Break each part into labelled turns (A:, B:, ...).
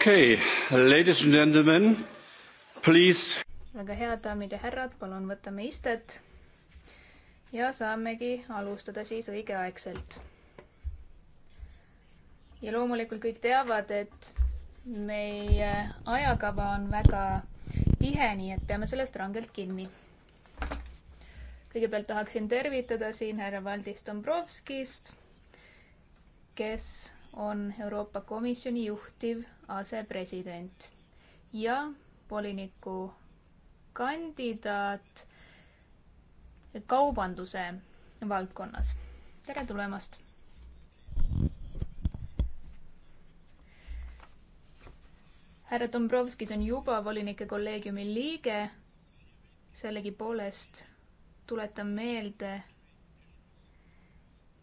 A: okei okay,, ladies and gentlemen, please.
B: väga head daamid ja härrad, palun võtame istet. ja saamegi alustada siis õigeaegselt. ja loomulikult kõik teavad, et meie ajakava on väga tihe, nii et peame sellest rangelt kinni. kõigepealt tahaksin tervitada siin härra Valdis Dombrovskist, kes on Euroopa Komisjoni juhtiv asepresident ja voliniku kandidaat kaubanduse valdkonnas. tere tulemast! härra Dombrovskis on juba volinike kolleegiumi liige. sellegipoolest tuletan meelde,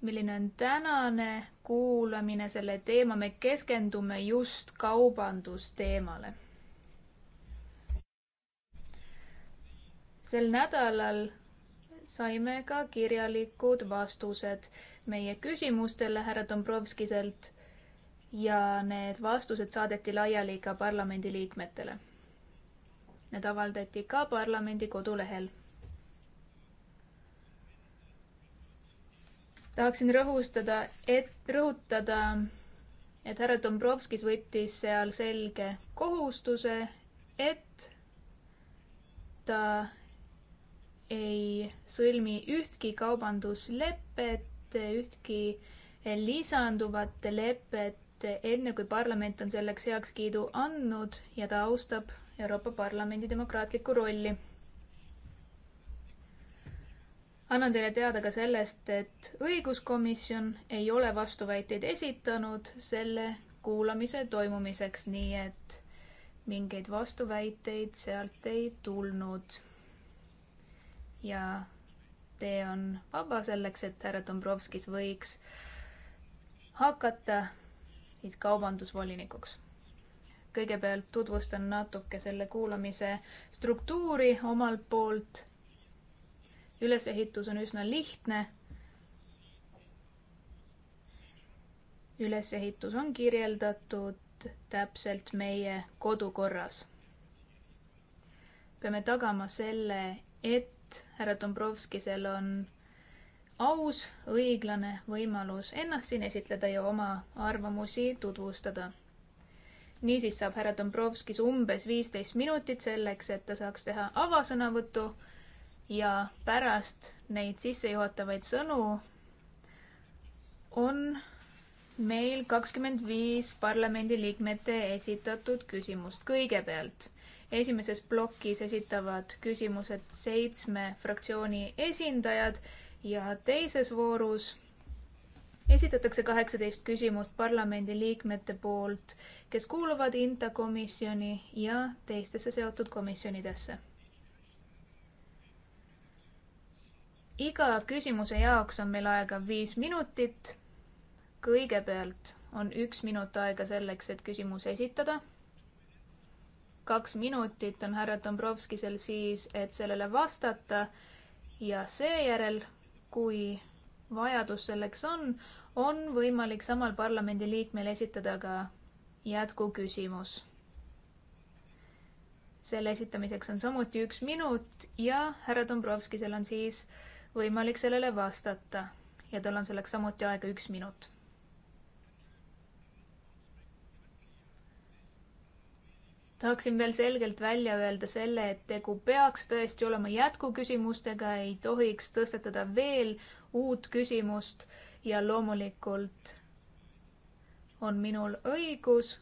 B: milline on tänane kuulamine, selle teema, me keskendume just kaubandusteemale. sel nädalal saime ka kirjalikud vastused meie küsimustele härra Dombrovskiselt ja need vastused saadeti laiali ka parlamendiliikmetele. Need avaldati ka parlamendi kodulehel tahaksin rõhustada, et rõhutada, et härra Dombrovskis võttis seal selge kohustuse, et ta ei sõlmi ühtki kaubanduslepet, ühtki lisanduvat lepet, enne kui parlament on selleks heakskiidu andnud ja ta austab Euroopa Parlamendi demokraatlikku rolli annan teile teada ka sellest, et õiguskomisjon ei ole vastuväiteid esitanud selle kuulamise toimumiseks, nii et mingeid vastuväiteid sealt ei tulnud. ja tee on vaba selleks, et härra Dombrovskis võiks hakata siis kaubandusvolinikuks. kõigepealt tutvustan natuke selle kuulamise struktuuri omalt poolt ülesehitus on üsna lihtne. ülesehitus on kirjeldatud täpselt meie kodukorras. peame tagama selle, et härra Dombrovskisel on aus, õiglane võimalus ennast siin esitleda ja oma arvamusi tutvustada. niisiis saab härra Dombrovskis umbes viisteist minutit selleks, et ta saaks teha avasõnavõtu ja pärast neid sissejuhatavaid sõnu on meil kakskümmend viis parlamendiliikmete esitatud küsimust. kõigepealt esimeses plokis esitavad küsimused seitsme fraktsiooni esindajad ja teises voorus esitatakse kaheksateist küsimust parlamendiliikmete poolt, kes kuuluvad INTA komisjoni ja teistesse seotud komisjonidesse iga küsimuse jaoks on meil aega viis minutit. kõigepealt on üks minut aega selleks, et küsimus esitada. kaks minutit on härra Dombrovskisel siis, et sellele vastata ja seejärel, kui vajadus selleks on, on võimalik samal parlamendiliikmel esitada ka jätkuküsimus. selle esitamiseks on samuti üks minut ja härra Dombrovskisel on siis äh, võimalik sellele vastata ja tal on selleks samuti aega üks minut. tahaksin veel selgelt välja öelda selle, et tegu peaks tõesti olema jätkuküsimustega, ei tohiks tõstetada veel uut küsimust ja loomulikult on minul õigus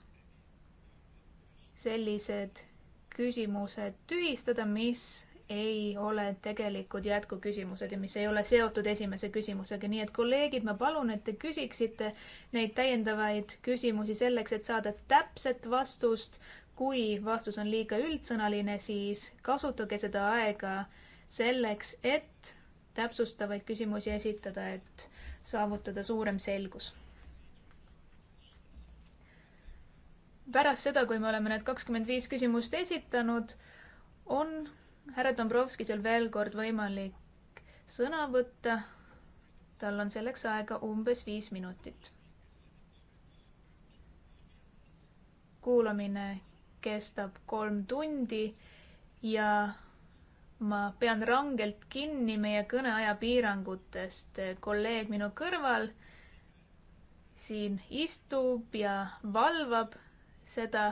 B: sellised küsimused tühistada, mis ei ole tegelikud jätkuküsimused ja mis ei ole seotud esimese küsimusega, nii et kolleegid, ma palun, et te küsiksite neid täiendavaid küsimusi selleks, et saada täpset vastust. kui vastus on liiga üldsõnaline, siis kasutage seda aega selleks, et täpsustavaid küsimusi esitada, et saavutada suurem selgus pärast seda, kui me oleme need kakskümmend viis küsimust esitanud, on härra Dombrovskisel veel kord võimalik sõna võtta. tal on selleks aega umbes viis minutit. kuulamine kestab kolm tundi ja ma pean rangelt kinni meie kõneaja piirangutest. kolleeg minu kõrval siin istub ja valvab seda,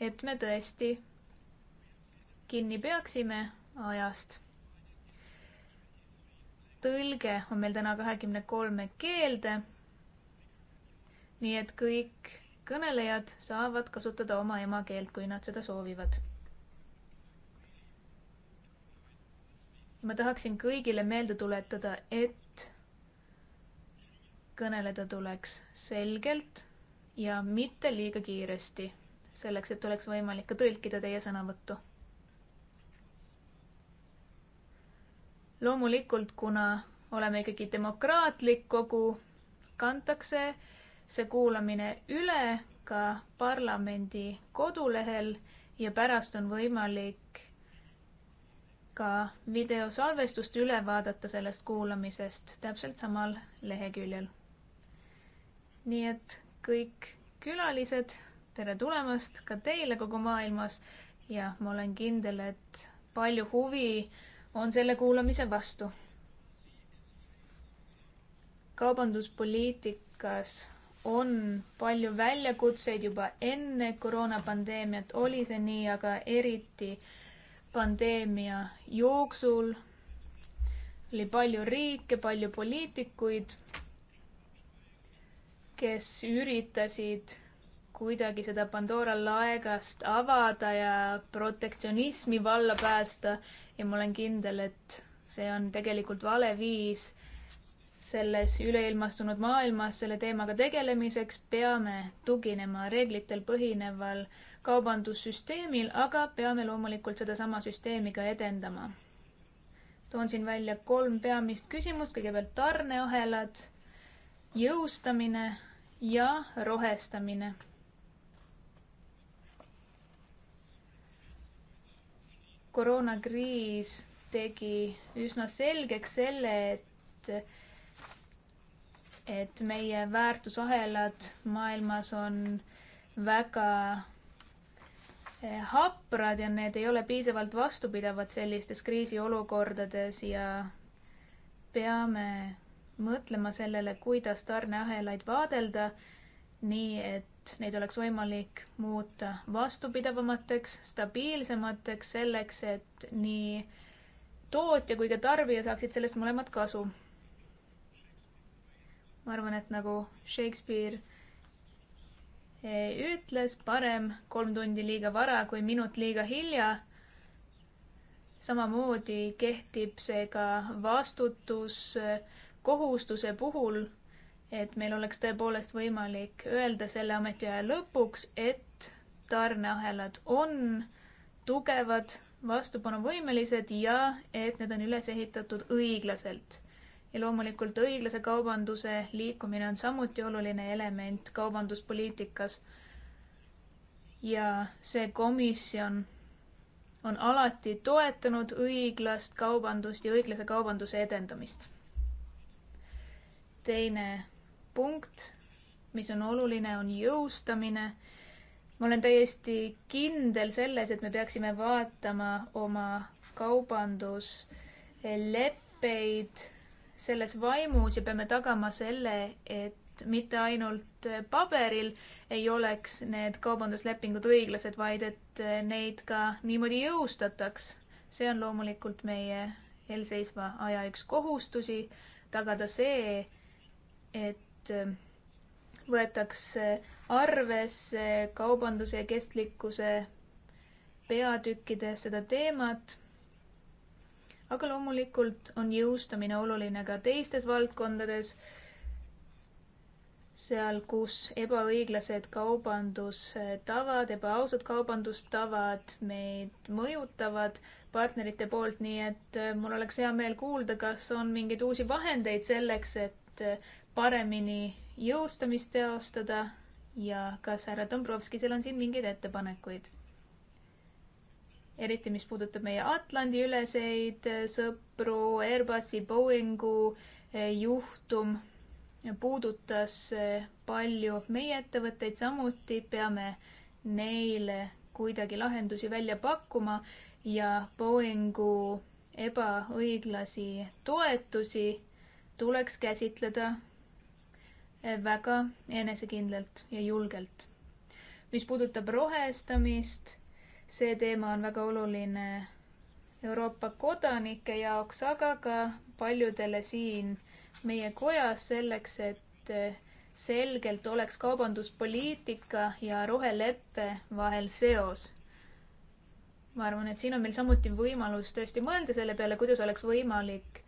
B: et me tõesti kinni peaksime ajast. tõlge on meil täna kahekümne kolme keelde. nii et kõik kõnelejad saavad kasutada oma emakeelt, kui nad seda soovivad. ma tahaksin kõigile meelde tuletada, et kõneleda tuleks selgelt ja mitte liiga kiiresti, selleks et oleks võimalik ka tõlkida teie sõnavõttu loomulikult, kuna oleme ikkagi demokraatlik kogu, kantakse see kuulamine üle ka parlamendi kodulehel ja pärast on võimalik ka videosalvestust üle vaadata sellest kuulamisest täpselt samal leheküljel. nii et kõik külalised, tere tulemast ka teile kogu maailmas ja ma olen kindel, et palju huvi on selle kuulamise vastu. kaubanduspoliitikas on palju väljakutseid juba enne koroonapandeemiat oli see nii, aga eriti pandeemia jooksul oli palju riike, palju poliitikuid, kes üritasid kuidagi seda Pandora laegast avada ja protektsionismi valla päästa ja ma olen kindel, et see on tegelikult vale viis selles üleilmastunud maailmas selle teemaga tegelemiseks peame tuginema reeglitel põhineval kaubandussüsteemil, aga peame loomulikult sedasama süsteemi ka edendama. toon siin välja kolm peamist küsimust, kõigepealt tarneahelad, jõustamine ja rohestamine koroonakriis tegi üsna selgeks selle, et et meie väärtusahelad maailmas on väga eh, haprad ja need ei ole piisavalt vastupidavad sellistes kriisiolukordades ja peame mõtlema sellele, kuidas tarneahelaid vaadelda, nii et et neid oleks võimalik muuta vastupidavamateks, stabiilsemateks, selleks et nii tootja kui ka tarbija saaksid sellest mõlemat kasu. ma arvan, et nagu Shakespeare eh, ütles, parem kolm tundi liiga vara kui minut liiga hilja. samamoodi kehtib see ka vastutuskohustuse puhul et meil oleks tõepoolest võimalik öelda selle ametiaja lõpuks, et tarneahelad on tugevad, vastupanuvõimelised ja et need on üles ehitatud õiglaselt. ja loomulikult õiglase kaubanduse liikumine on samuti oluline element kaubanduspoliitikas. ja see komisjon on alati toetanud õiglast kaubandust ja õiglase kaubanduse edendamist. teine punkt, mis on oluline, on jõustamine. ma olen täiesti kindel selles, et me peaksime vaatama oma kaubandusleppeid selles vaimus ja peame tagama selle, et mitte ainult paberil ei oleks need kaubanduslepingud õiglased, vaid et neid ka niimoodi jõustataks. see on loomulikult meie eelseisva aja üks kohustusi, tagada see, et et äh, võetakse arvesse kaubanduse ja kestlikkuse peatükkides seda teemat. aga loomulikult on jõustamine oluline ka teistes valdkondades. seal, kus ebaõiglased kaubandustavad, ebaausad kaubandustavad meid mõjutavad partnerite poolt, nii et äh, mul oleks hea meel kuulda, kas on mingeid uusi vahendeid selleks, et äh, paremini jõustamist teostada ja kas härra Dombrovskisel on siin mingeid ettepanekuid? eriti, mis puudutab meie Atlandi-üleseid sõpru, Airbusi, Boeingu eh, juhtum puudutas eh, palju meie ettevõtteid, samuti peame neile kuidagi lahendusi välja pakkuma ja Boeingu ebaõiglasi toetusi tuleks käsitleda väga enesekindlalt ja julgelt. mis puudutab rohestamist, see teema on väga oluline Euroopa kodanike jaoks, aga ka paljudele siin meie kojas selleks, et selgelt oleks kaubanduspoliitika ja roheleppe vahel seos. ma arvan, et siin on meil samuti võimalus tõesti mõelda selle peale, kuidas oleks võimalik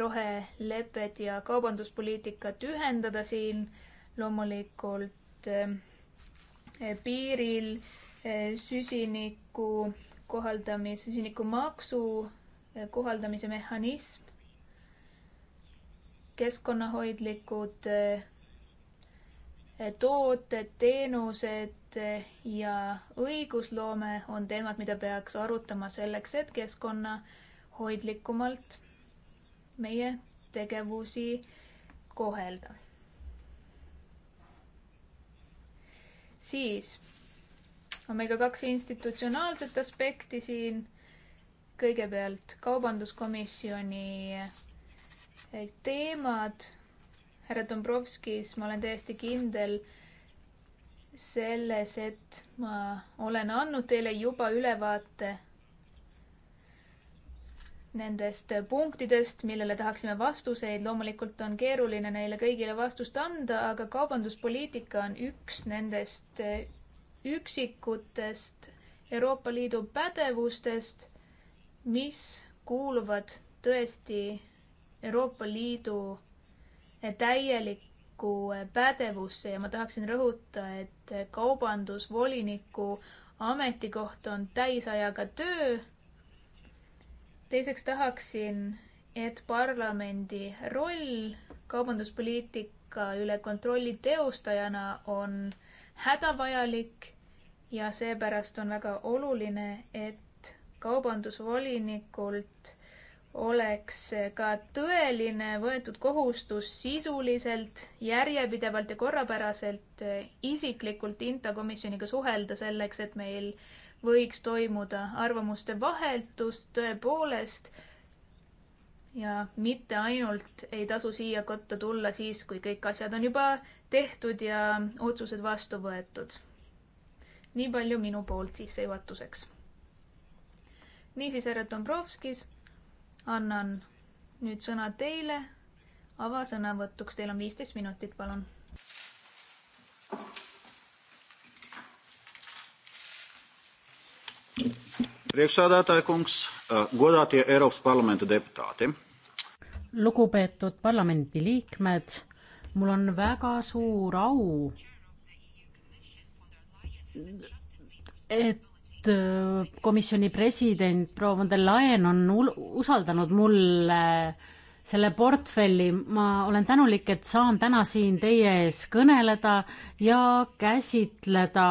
B: rohelepped ja kaubanduspoliitikat ühendada siin loomulikult eh, piiril eh, süsiniku kohaldamise, süsinikumaksu eh, kohaldamise mehhanism, keskkonnahoidlikud tooted, teenused ja õigusloome on teemad, mida peaks arutama selleks, et keskkonnahoidlikumalt meie tegevusi kohelda. siis on meil ka kaks institutsionaalset aspekti siin. kõigepealt Kaubanduskomisjoni teemad. härra Dombrovskis, ma olen täiesti kindel selles, et ma olen andnud teile juba ülevaate nendest punktidest, millele tahaksime vastuseid. loomulikult on keeruline neile kõigile vastust anda, aga kaubanduspoliitika on üks nendest eh, üksikutest Euroopa Liidu pädevustest, mis kuuluvad tõesti Euroopa Liidu eh, täielikku eh, pädevusse ja ma tahaksin rõhuta, et kaubandusvoliniku ametikoht on täisajaga töö teiseks tahaksin, et parlamendi roll kaubanduspoliitika üle kontrolli teostajana on hädavajalik ja seepärast on väga oluline, et kaubandusvolinikult oleks ka tõeline võetud kohustus sisuliselt, järjepidevalt ja korrapäraselt isiklikult Inta komisjoniga suhelda selleks, et meil võiks toimuda arvamuste vahetus tõepoolest ja mitte ainult ei tasu siia kotta tulla siis, kui kõik asjad on juba tehtud ja otsused vastu võetud. nii palju minu poolt sissejuhatuseks. niisiis, härra Dombrovskis, annan nüüd sõna teile avasõnavõtuks, teil on viisteist minutit, palun.
C: priekšsādātāja kungs, eh, godātie Eiropas parlamenta deputāti.
D: lugupeetud parlamendi liikmed, mul on väga suur au, et eh, komisjoni president proua von der Leyen on usaldanud mulle selle portfelli, ma olen tänulik, et saan täna siin teie ees kõneleda ja käsitleda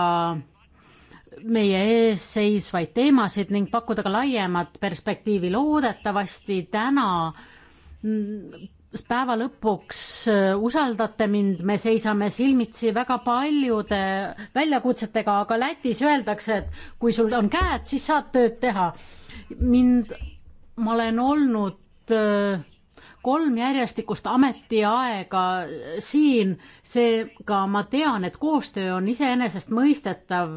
D: meie ees seisvaid teemasid ning pakkuda ka laiemat perspektiivi. loodetavasti täna mm, päeva lõpuks äh, usaldate mind, me seisame silmitsi väga paljude väljakutsetega, aga Lätis öeldakse, et kui sul on käed, siis saad tööd teha. mind, ma olen olnud äh, kolm järjestikust ametiaega äh, siin, seega ma tean, et koostöö on iseenesestmõistetav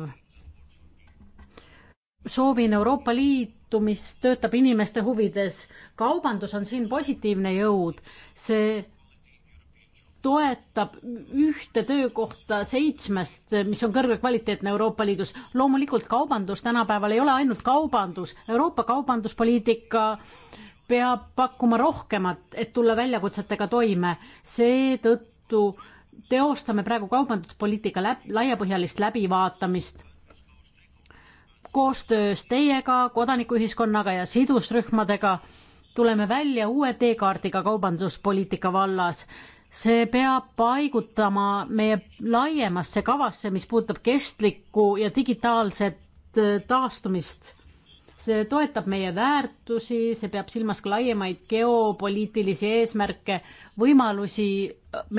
D: soovin Euroopa Liitu, mis töötab inimeste huvides. kaubandus on siin positiivne jõud, see toetab ühte töökohta seitsmest, mis on kõrgekvaliteetne Euroopa Liidus. loomulikult kaubandus tänapäeval ei ole ainult kaubandus, Euroopa kaubanduspoliitika peab pakkuma rohkemat, et tulla väljakutsetega toime. seetõttu teostame praegu kaubanduspoliitika läb, laiapõhjalist läbivaatamist koostöös teiega, kodanikuühiskonnaga ja sidusrühmadega tuleme välja uue teekaardiga kaubanduspoliitika vallas. see peab paigutama meie laiemasse kavasse, mis puudutab kestlikku ja digitaalset äh, taastumist see toetab meie väärtusi, see peab silmas ka laiemaid geopoliitilisi eesmärke, võimalusi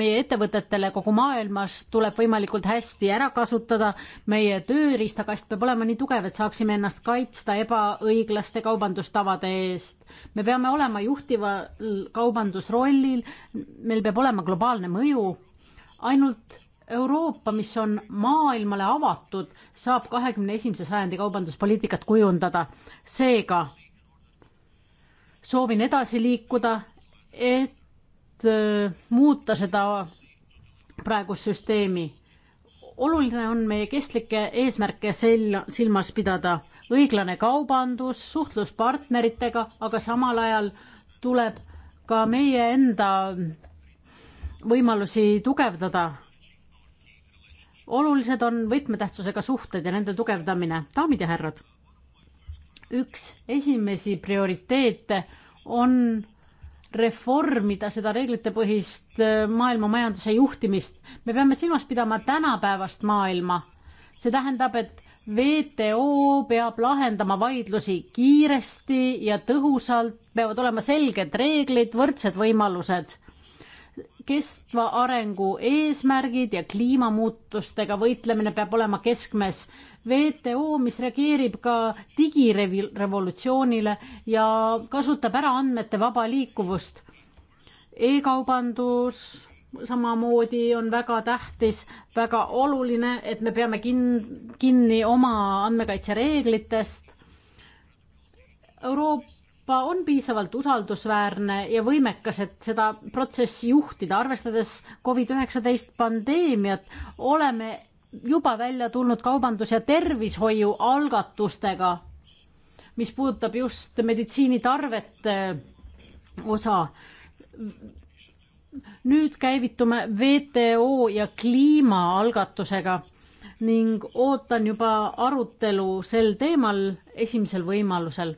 D: meie ettevõtetele kogu maailmas tuleb võimalikult hästi ära kasutada, meie tööriistakast peab olema nii tugev, et saaksime ennast kaitsta ebaõiglaste kaubandustavade eest. me peame olema juhtival kaubandusrollil, meil peab olema globaalne mõju, ainult Euroopa, mis on maailmale avatud, saab kahekümne esimese sajandi kaubanduspoliitikat kujundada. seega soovin edasi liikuda, et äh, muuta seda praegust süsteemi. oluline on meie kestlikke eesmärke sel-, silmas pidada, õiglane kaubandus, suhtlus partneritega, aga samal ajal tuleb ka meie enda võimalusi tugevdada olulised on võtmetähtsusega suhted ja nende tugevdamine. daamid ja härrad, üks esimesi prioriteete on reformida seda reeglitepõhist äh, maailma majanduse juhtimist. me peame silmas pidama tänapäevast maailma. see tähendab, et WTO peab lahendama vaidlusi kiiresti ja tõhusalt, peavad olema selged reeglid, võrdsed võimalused kestva arengu eesmärgid ja kliimamuutustega võitlemine peab olema keskmes. WTO, mis reageerib ka digirevolutsioonile ja kasutab ära andmete vaba liikuvust e. e-kaubandus samamoodi on väga tähtis, väga oluline, et me peame kin-, kinni oma andmekaitsereeglitest. Euroopa Euroopa on piisavalt usaldusväärne ja võimekas, et seda protsessi juhtida, arvestades Covid-19 pandeemiat, oleme juba välja tulnud kaubandus- ja tervishoiu algatustega, mis puudutab just meditsiinitarvete osa. nüüd käivitume WTO ja kliimaalgatusega ning ootan juba arutelu sel teemal esimesel võimalusel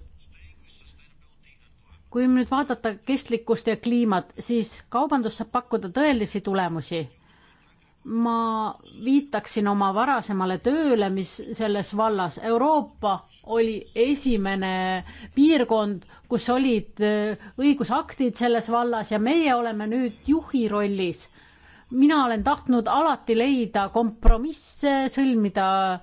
D: kui nüüd vaadata kestlikkust ja kliimat, siis kaubandus saab pakkuda tõelisi tulemusi. ma viitaksin oma varasemale tööle, mis selles vallas Euroopa oli esimene piirkond, kus olid äh, õigusaktid selles vallas ja meie oleme nüüd juhi rollis. mina olen tahtnud alati leida kompromisse, sõlmida äh,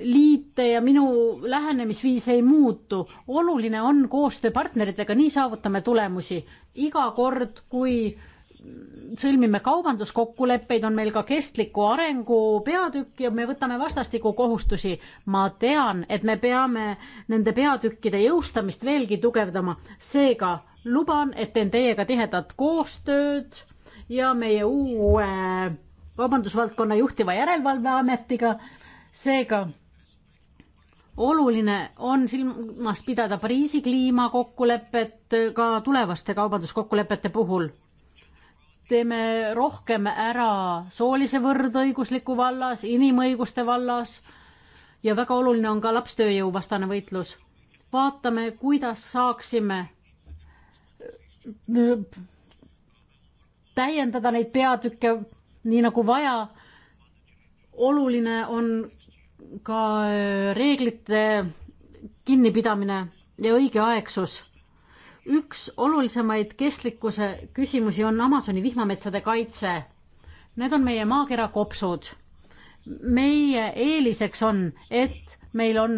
D: liite ja minu lähenemisviis ei muutu. oluline on koostöö partneritega, nii saavutame tulemusi. iga kord, kui sõlmime kaubanduskokkuleppeid, on meil ka kestliku arengu peatükk ja me võtame vastastikku kohustusi. ma tean, et me peame nende peatükkide jõustamist veelgi tugevdama, seega luban, et teen teiega tihedat koostööd ja meie uue kaubandusvaldkonna juhtiva järelevalveametiga. seega oluline on silmas pidada Pariisi kliimakokkulepet ka tulevaste kaubanduskokkulepete puhul. teeme rohkem ära soolise võrdõigusliku vallas, inimõiguste vallas ja väga oluline on ka lapstööjõu vastane võitlus. vaatame, kuidas saaksime äh, täiendada neid peatükke nii nagu vaja. oluline on ka äh, reeglite kinnipidamine ja õigeaegsus. üks olulisemaid kestlikkuse küsimusi on Amazoni vihmametsade kaitse. Need on meie maakera kopsud. meie eeliseks on, et meil on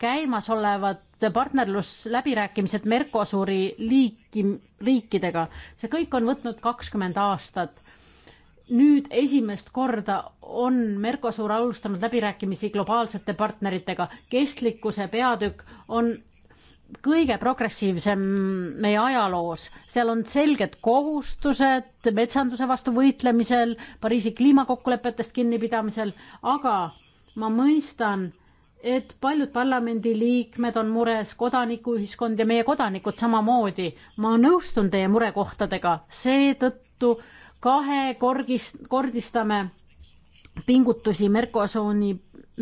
D: käimasolevad partnerlusläbirääkimised Mercosuri liiki, riikidega. see kõik on võtnud kakskümmend aastat nüüd esimest korda on Mercosur alustanud läbirääkimisi globaalsete partneritega. kestlikkuse peatükk on kõige progressiivsem meie ajaloos, seal on selged kohustused metsanduse vastu võitlemisel, Pariisi kliimakokkulepetest kinnipidamisel, aga ma mõistan, et paljud parlamendiliikmed on mures, kodanikuühiskond ja meie kodanikud samamoodi. ma nõustun teie murekohtadega, seetõttu kahekordist, kordistame pingutusi Mercosuri,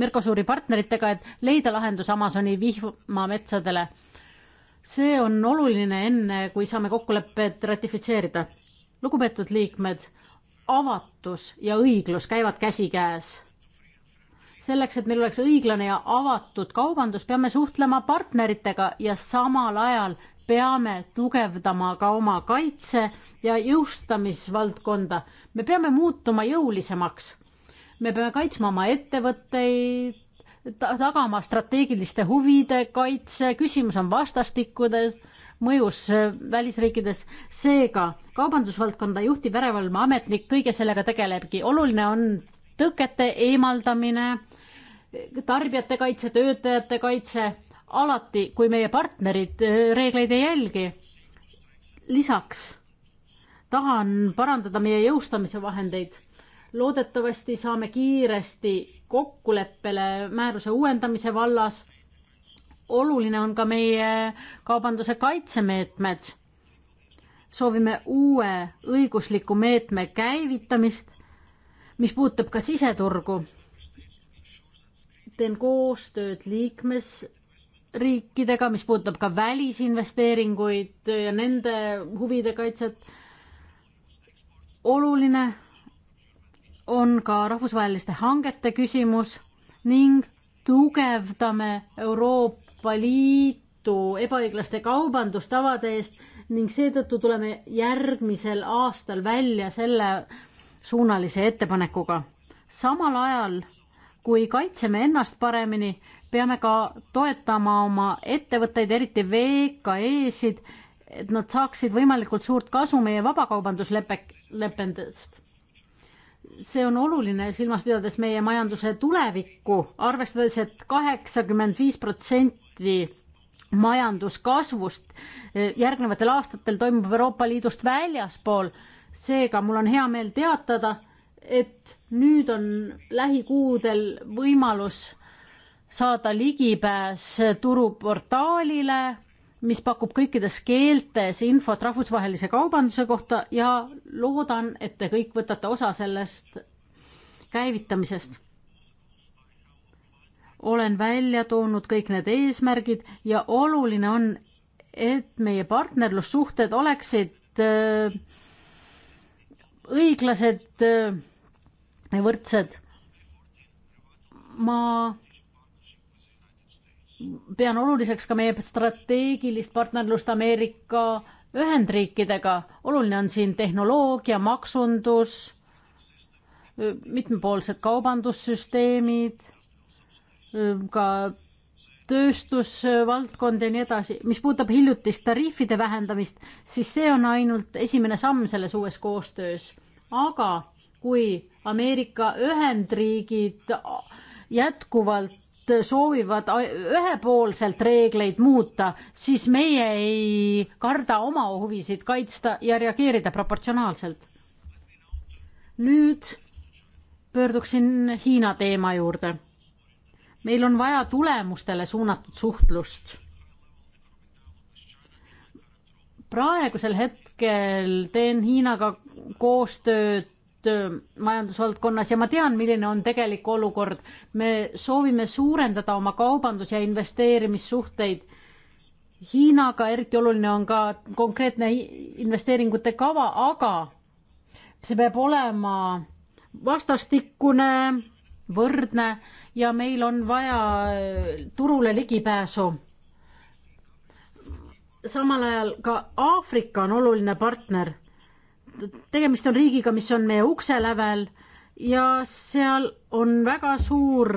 D: Mercosuri partneritega, et leida lahendus Amazoni vihmametsadele. see on oluline enne, kui saame kokkulepped ratifitseerida. lugupeetud liikmed, avatus ja õiglus käivad käsikäes. selleks, et meil oleks õiglane ja avatud kaubandus, peame suhtlema partneritega ja samal ajal peame tugevdama ka oma kaitse ja jõustamisvaldkonda. me peame muutuma jõulisemaks. me peame kaitsma oma ettevõtteid, tagama strateegiliste huvide kaitse, küsimus on vastastikudes, mõjus äh, välisriikides, seega kaubandusvaldkonda juhtiv järelevalveametnik kõige sellega tegelebki. oluline on tõkete eemaldamine, tarbijate kaitse, töötajate kaitse alati, kui meie partnerid äh, reegleid ei jälgi. lisaks tahan parandada meie jõustamise vahendeid. loodetavasti saame kiiresti kokkuleppele määruse uuendamise vallas. oluline on ka meie kaubanduse kaitsemeetmed. soovime uue õigusliku meetme käivitamist, mis puudutab ka siseturgu. teen koostööd liikmes riikidega, mis puudutab ka välisinvesteeringuid ja nende huvide kaitset. oluline on ka rahvusvaheliste hangete küsimus ning tugevdame Euroopa Liitu ebaõiglaste kaubandustavade eest ning seetõttu tuleme järgmisel aastal välja selle suunalise ettepanekuga. samal ajal, kui kaitseme ennast paremini, peame ka toetama oma ettevõtteid, eriti VKE-sid, et nad saaksid võimalikult suurt kasu meie vabakaubanduslependest. see on oluline, silmas pidades meie majanduse tulevikku, arvestades et, et kaheksakümmend viis protsenti majanduskasvust eh, järgnevatel aastatel toimub Euroopa Liidust väljaspool. seega mul on hea meel teatada, et nüüd on lähikuudel võimalus saada ligipääs turuportaalile, mis pakub kõikides keeltes infot rahvusvahelise kaubanduse kohta ja loodan, et te kõik võtate osa sellest käivitamisest olen välja toonud kõik need eesmärgid ja oluline on, et meie partnerlussuhted oleksid äh, õiglased äh, ja võrdsed. ma pean oluliseks ka meie strateegilist partnerlust Ameerika Ühendriikidega. oluline on siin tehnoloogia, maksundus, mitmepoolsed kaubandussüsteemid, ka tööstusvaldkond ja nii edasi. mis puudutab hiljutist tariifide vähendamist, siis see on ainult esimene samm selles uues koostöös. aga kui Ameerika Ühendriigid jätkuvalt soovivad ühepoolselt reegleid muuta, siis meie ei karda oma huvisid kaitsta ja reageerida proportsionaalselt. nüüd pöörduksin Hiina teema juurde. meil on vaja tulemustele suunatud suhtlust. praegusel hetkel teen Hiinaga koostööd majandusvaldkonnas ja ma tean, milline on tegelik olukord. me soovime suurendada oma kaubandus- ja investeerimissuhteid Hiinaga, eriti oluline on ka konkreetne investeeringute kava, aga see peab olema vastastikune, võrdne ja meil on vaja äh, turule ligipääsu samal ajal ka Aafrika on oluline partner tegemist on riigiga, mis on meie ukse lävel ja seal on väga suur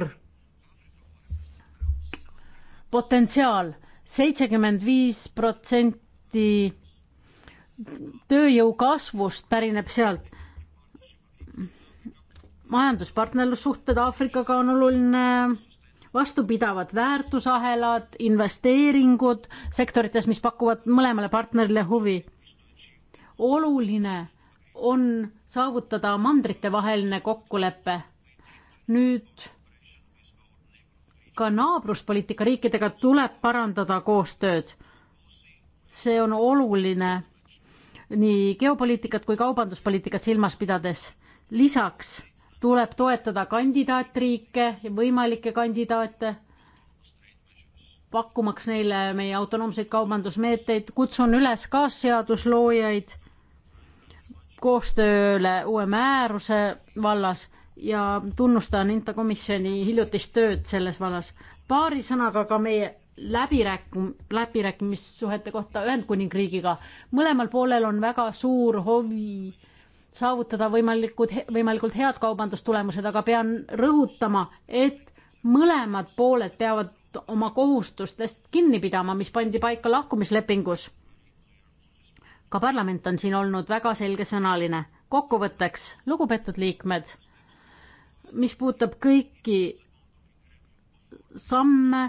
D: potentsiaal, seitsekümmend viis protsenti tööjõu kasvust pärineb sealt. majanduspartnerlussuhted Aafrikaga on oluline, vastupidavad väärtusahelad, investeeringud sektorites, mis pakuvad mõlemale partnerile huvi oluline on saavutada mandritevaheline kokkulepe. nüüd ka naabruspoliitika riikidega tuleb parandada koostööd. see on oluline nii geopoliitikat kui kaubanduspoliitikat silmas pidades. lisaks tuleb toetada kandidaatriike ja võimalikke kandidaate, pakkumaks neile meie autonoomseid kaubandusmeeteid. kutsun üles kaasseadusloojaid koostööle uue määruse vallas ja tunnustan Inta komisjoni hiljutist tööd selles vallas. paari sõnaga ka meie läbirääkim-, läbirääkimissuhete kohta Ühendkuningriigiga. mõlemal poolel on väga suur hovi saavutada võimalikud, võimalikult head kaubandustulemused, aga pean rõhutama, et mõlemad pooled peavad oma kohustustest kinni pidama, mis pandi paika lahkumislepingus ka parlament on siin olnud väga selgesõnaline. kokkuvõtteks, lugupeetud liikmed, mis puudutab kõiki samme,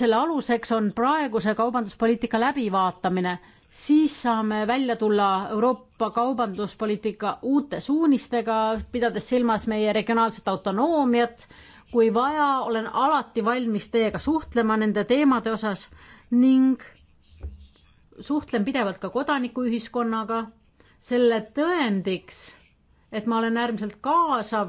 D: selle aluseks on praeguse kaubanduspoliitika läbivaatamine, siis saame välja tulla Euroopa kaubanduspoliitika uute suunistega, pidades silmas meie regionaalset autonoomiat. kui vaja, olen alati valmis teiega suhtlema nende teemade osas ning suhtlen pidevalt ka kodanikuühiskonnaga. selle tõendiks, et ma olen äärmiselt kaasav,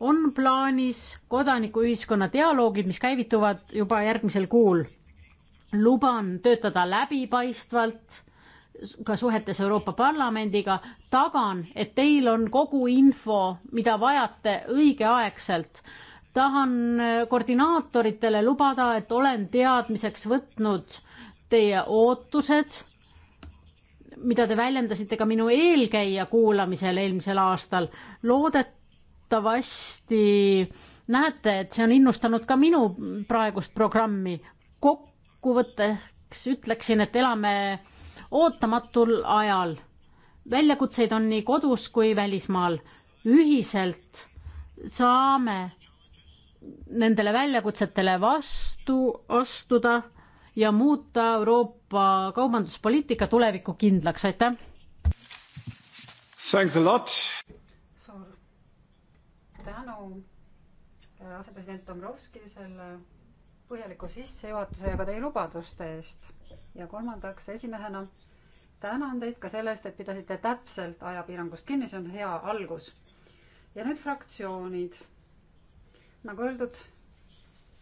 D: on plaanis kodanikuühiskonna dialoogid, mis käivituvad juba järgmisel kuul. luban töötada läbipaistvalt ka suhetes Euroopa Parlamendiga, tagan, et teil on kogu info, mida vajate õigeaegselt. tahan koordinaatoritele lubada, et olen teadmiseks võtnud teie ootused, mida te väljendasite ka minu eelkäija kuulamisel eelmisel aastal. loodetavasti näete, et see on innustanud ka minu praegust programmi. kokkuvõtteks ütleksin, et elame ootamatul ajal. väljakutseid on nii kodus kui välismaal. ühiselt saame nendele väljakutsetele vastu astuda ja muuta Euroopa kaubanduspoliitika tulevikku kindlaks, aitäh!
E: Thanks a lot! suur tänu äh, asepresident Dombrovskile selle põhjaliku sissejuhatuse ja ka teie lubaduste eest. ja kolmandaks esimehena tänan teid ka selle eest, et pidasite täpselt ajapiirangust kinni, see on hea algus. ja nüüd fraktsioonid. nagu öeldud,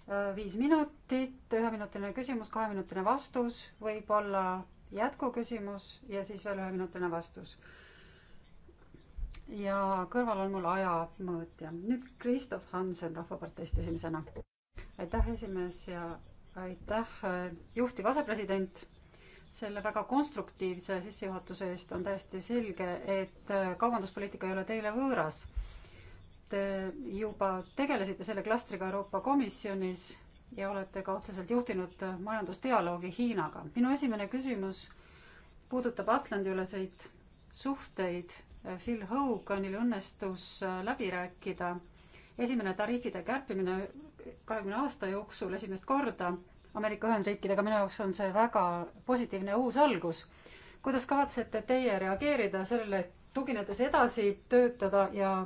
E: Äh, viis minutit, üheminutiline küsimus, kaheminutiline vastus, võib-olla jätkuküsimus ja siis veel üheminutiline vastus. ja kõrval on mul ajamõõtja. nüüd Kristof Hansen Rahvaparteist esimesena. aitäh, esimees ja aitäh, äh, juhtiv asepresident, selle väga konstruktiivse sissejuhatuse eest. on täiesti selge, et äh, kaubanduspoliitika ei ole teile võõras Te äh, juba tegelesite selle klastriga Euroopa Komisjonis ja olete ka otseselt juhtinud äh, majandusdialoogi Hiinaga. minu esimene küsimus puudutab Atlandi-üleseid suhteid. Äh, Phil Hoganil õnnestus läbi rääkida esimene tariifide kärpimine kahekümne aasta jooksul esimest korda Ameerika Ühendriikidega. minu jaoks on see väga positiivne ja uus algus. kuidas kavatsete teie reageerida sellele, tuginedes edasi töötada ja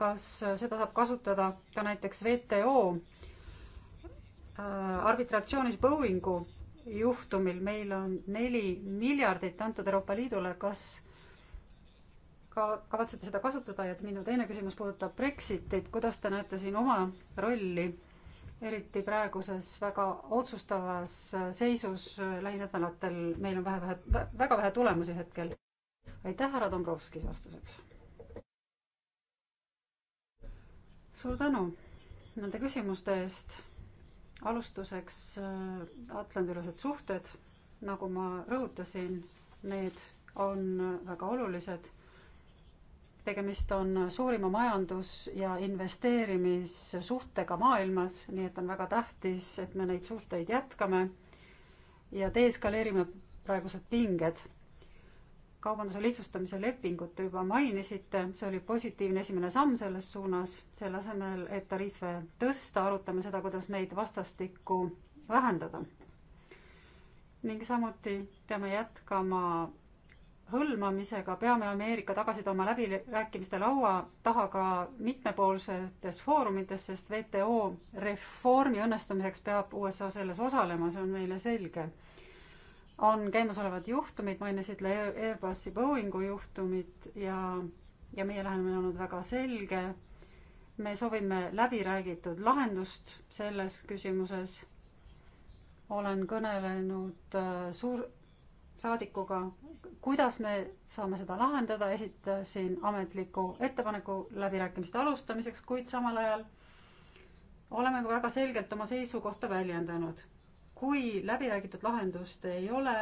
E: kas seda saab kasutada ka näiteks WTO äh, arbitratsioonis Boeingu juhtumil, meil on neli miljardit antud Euroopa Liidule, kas ka kavatsete seda kasutada ja minu teine küsimus puudutab Brexitit, kuidas te näete siin oma rolli, eriti praeguses väga otsustavas äh, seisus äh, lähinädalatel, meil on vähe, vähe, väga vähe tulemusi hetkel. aitäh, härra Dombrovskis vastuseks suur tänu nende küsimuste eest. alustuseks äh, Atlandi-ülesed suhted, nagu ma rõhutasin, need on väga olulised. tegemist on suurima majandus- ja investeerimissuhtega maailmas, nii et on väga tähtis, et me neid suhteid jätkame ja deeskaleerime praegused pinged kaubanduse lihtsustamise lepingut te juba mainisite, see oli positiivne esimene samm selles suunas, selle asemel, et tariife tõsta, arutame seda, kuidas neid vastastikku vähendada. ning samuti peame jätkama hõlmamisega, peame Ameerika tagasi tooma läbirääkimiste laua taha ka mitmepoolsetes foorumites, sest WTO reformi õnnestumiseks peab USA selles osalema, see on meile selge on käimasolevad juhtumid, mainisid Airbusi Boeingu juhtumit ja, ja meie lähenemine on olnud väga selge. me soovime läbiräägitud lahendust selles küsimuses. olen kõnelenud äh, suur, saadikuga, kuidas me saame seda lahendada, esitasin ametliku ettepaneku läbirääkimiste alustamiseks, kuid samal ajal oleme väga selgelt oma seisukohta väljendanud kui läbiräägitud lahendust ei ole,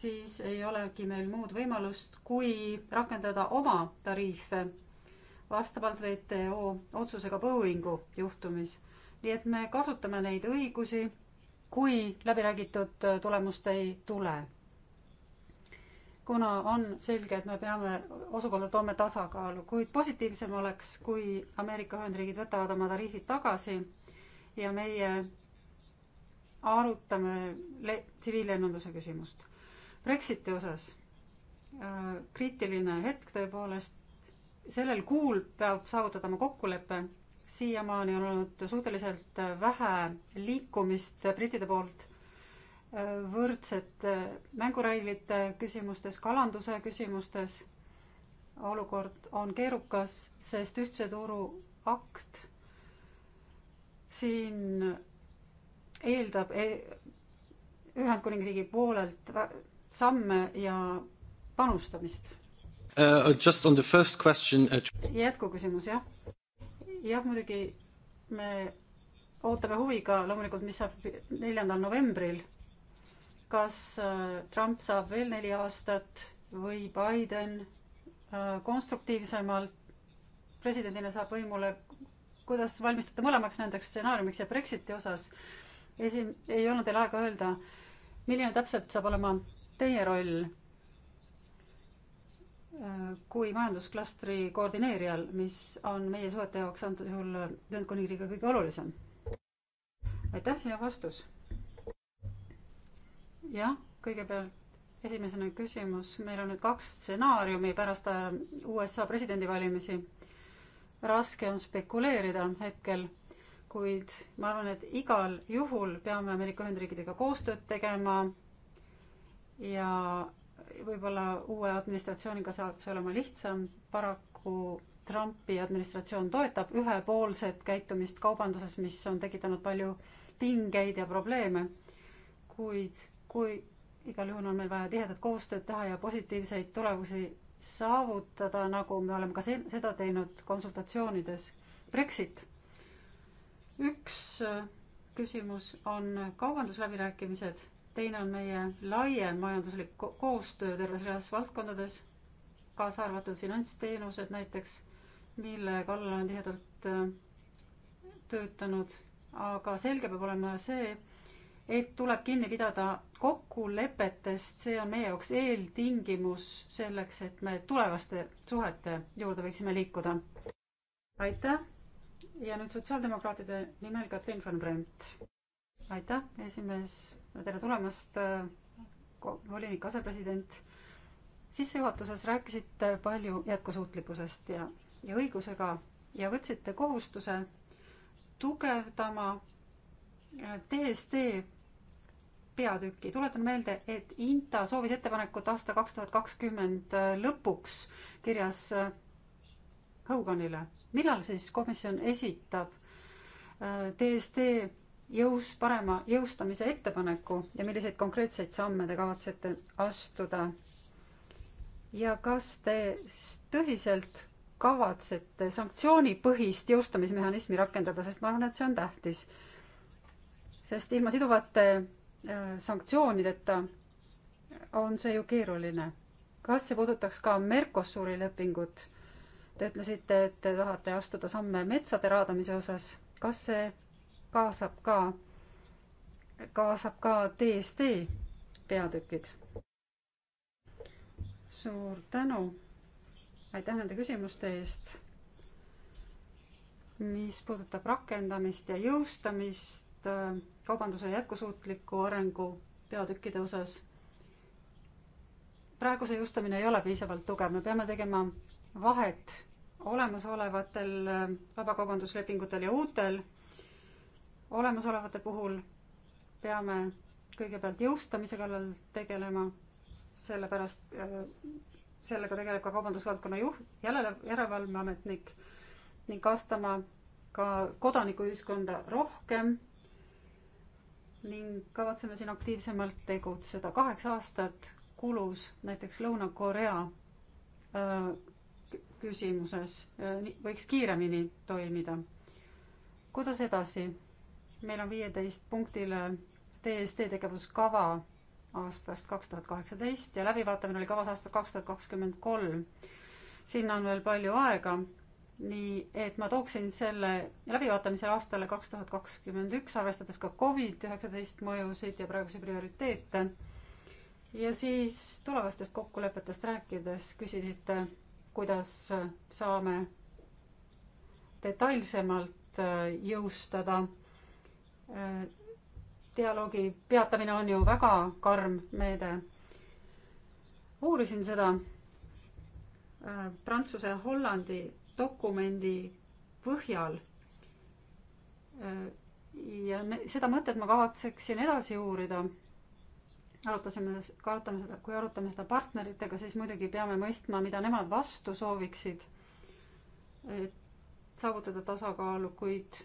E: siis ei olegi meil muud võimalust, kui rakendada oma tariife vastavalt WTO otsusega Boeingu juhtumis. nii et me kasutame neid õigusi, kui läbiräägitud tulemust ei tule. kuna on selge, et me peame osukorda toome tasakaalu, kuid positiivsem oleks, kui Ameerika Ühendriigid võtavad oma tariifid tagasi ja meie arutame tsiviillennunduse küsimust. Brexiti osas äh, kriitiline hetk tõepoolest, sellel kuul peab saavutatama kokkulepe, siiamaani on olnud suhteliselt vähe liikumist brittide poolt äh, võrdsete äh, mängureeglite äh, küsimustes, kalanduse küsimustes. olukord on keerukas, sest ühtse turu akt siin eeldab e-, Ühendkuningriigi poolelt samme ja panustamist
D: uh,? Just on the first question uh....
E: jätkuküsimus, jah. jah, muidugi me ootame huviga loomulikult, mis saab neljandal novembril. kas uh, Trump saab veel neli aastat või Biden uh, konstruktiivsemalt presidendina saab võimule, kuidas valmistuda mõlemaks nendeks stsenaariumiks ja Brexiti osas esi-, ei olnud teil aega öelda, milline täpselt saab olema teie roll äh, kui majandusklastri koordineerijal, mis on meie suhete jaoks antud juhul Ühendkuningriigiga kõige olulisem? aitäh, hea vastus. jah, kõigepealt esimesena küsimus, meil on nüüd kaks stsenaariumi pärast äh, USA presidendivalimisi. raske on spekuleerida hetkel kuid ma arvan, et igal juhul peame Ameerika Ühendriikidega koostööd tegema ja võib-olla uue administratsiooniga saab see olema lihtsam, paraku Trumpi administratsioon toetab ühepoolset käitumist kaubanduses, mis on tekitanud palju pingeid ja probleeme, kuid kui igal juhul on meil vaja tihedat koostööd teha ja positiivseid tulemusi saavutada, nagu me oleme ka seda teinud konsultatsioonides. Brexit üks äh, küsimus on kaubandusläbirääkimised, teine on meie laiem majanduslik ko koostöö terves reas valdkondades, kaasa arvatud finantsteenused näiteks, mille kallal olen tihedalt äh, töötanud, aga selge peab olema see, et tuleb kinni pidada kokkulepetest, see on meie jaoks eeltingimus selleks, et me tulevaste suhete juurde võiksime liikuda. aitäh! ja nüüd sotsiaaldemokraatide nimel Katrin von Bremt. aitäh, esimees, tere tulemast, äh, volinik, asepresident. sissejuhatuses rääkisite palju jätkusuutlikkusest ja, ja õigusega ja võtsite kohustuse tugevdama DSD äh, peatüki. tuletan meelde, et INTA soovis ettepanekut aasta kaks tuhat kakskümmend äh, lõpuks kirjas Hoganile millal siis komisjon esitab DSD äh, jõus, parema jõustamise ettepaneku ja milliseid konkreetseid samme te kavatsete astuda? ja kas te tõsiselt kavatsete sanktsioonipõhist jõustamismehhanismi rakendada, sest ma arvan, et see on tähtis. sest ilma siduvate äh, sanktsioonideta on see ju keeruline. kas see puudutaks ka Mercosuri lepingut? Te ütlesite, et te tahate astuda samme metsade raadamise osas. kas see kaasab ka, kaasab ka DSD peatükid? suur tänu. aitäh nende küsimuste eest. mis puudutab rakendamist ja jõustamist äh, kaubanduse jätkusuutliku arengu peatükkide osas praegu see jõustamine ei ole piisavalt tugev, me peame tegema vahet olemasolevatel äh, vabakaubanduslepingutel ja uutel. olemasolevate puhul peame kõigepealt jõustamise kallal tegelema, sellepärast äh, sellega tegeleb ka kaubandusvaldkonna juht, jälle järelevalveametnik ning kaastama ka kodanikuühiskonda rohkem ning kavatseme siin aktiivsemalt tegutseda. kaheksa aastat kulus näiteks Lõuna-Korea äh, küsimuses võiks kiiremini toimida. kuidas edasi? meil on viieteist punktile DSD tegevuskava aastast kaks tuhat kaheksateist ja läbivaatamine oli kavas aastal kaks tuhat kakskümmend kolm. sinna on veel palju aega, nii et ma tooksin selle läbivaatamise aastale kaks tuhat kakskümmend üks, arvestades ka Covid üheksateist mõjusid ja praegusi prioriteete. ja siis tulevastest kokkulepetest rääkides küsisite kuidas saame detailsemalt äh, jõustada. Äh, dialoogi peatamine on ju väga karm meede. uurisin seda äh, Prantsuse-Hollandi dokumendi põhjal. ja seda mõtet ma kavatseksin edasi uurida arutasime, arutame seda, kui arutame seda partneritega, siis muidugi peame mõistma, mida nemad vastu sooviksid, et saavutada tasakaalu, kuid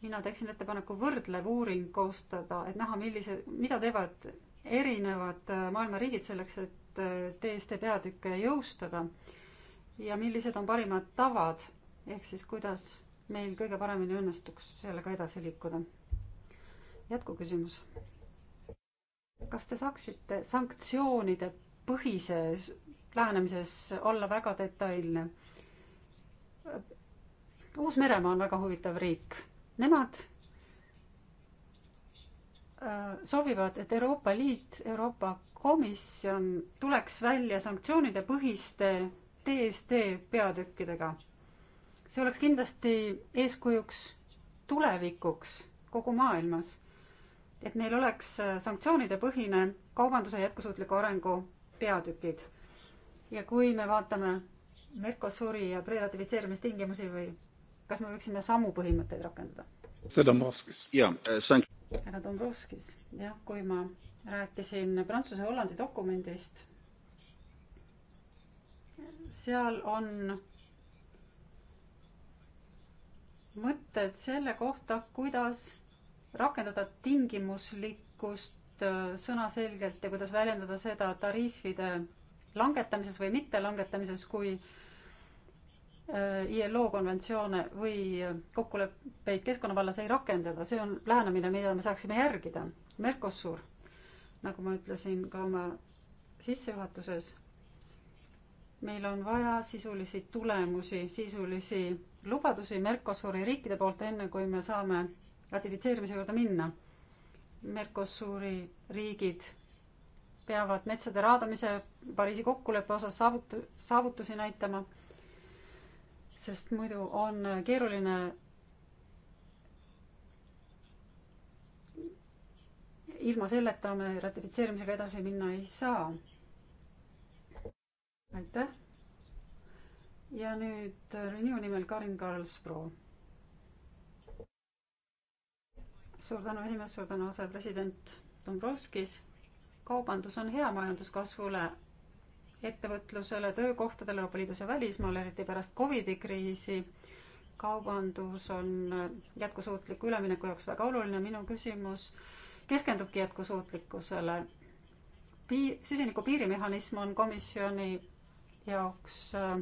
E: mina teeksin ettepaneku võrdlev uuring koostada, et näha, millise, mida teevad erinevad äh, maailma riigid selleks, et DSD äh, peatükke jõustada ja millised on parimad tavad, ehk siis kuidas meil kõige paremini õnnestuks sellega edasi liikuda. jätkuküsimus kas te saaksite sanktsioonide põhises lähenemises olla väga detailne? Uus-Meremaa on väga huvitav riik. Nemad äh, soovivad, et Euroopa Liit, Euroopa Komisjon tuleks välja sanktsioonide põhiste DSD peatükkidega. see oleks kindlasti eeskujuks tulevikuks kogu maailmas et meil oleks äh, sanktsioonide põhine kaubanduse jätkusuutliku arengu peatükid. ja kui me vaatame Mercosuri ja preratifitseerimistingimusi või kas me võiksime samu põhimõtteid rakendada?
C: Äh,
E: härra Dombrovskis, jah, kui ma rääkisin Prantsuse-Hollandi dokumendist, seal on mõtted selle kohta, kuidas rakendada tingimuslikkust äh, sõnaselgelt ja kuidas väljendada seda tariifide langetamises või mittelangetamises, kui äh, ILO konventsioone või äh, kokkuleppeid keskkonna vallas ei rakendada, see on lähenemine, mida me saaksime järgida. Mercosur, nagu ma ütlesin ka oma sissejuhatuses, meil on vaja sisulisi tulemusi, sisulisi lubadusi Mercosuri riikide poolt, enne kui me saame ratifitseerimise juurde minna. Mercosuri riigid peavad metsade raadamise Pariisi kokkuleppe osas saavut-, saavutusi näitama, sest muidu on keeruline ilma selleta me ratifitseerimisega edasi minna ei saa. aitäh. ja nüüd Renew nimel Karin Karlsbro suur tänu, esimees, suur tänu, asepresident Dombrovskis. kaubandus on hea majanduskasvule, ettevõtlusele, töökohtadele Euroopa Liidus ja välismaal, eriti pärast Covidi kriisi. kaubandus on jätkusuutliku ülemineku jaoks väga oluline. minu küsimus keskendubki jätkusuutlikkusele. Pii-, süsiniku piirimehhanism on komisjoni jaoks äh,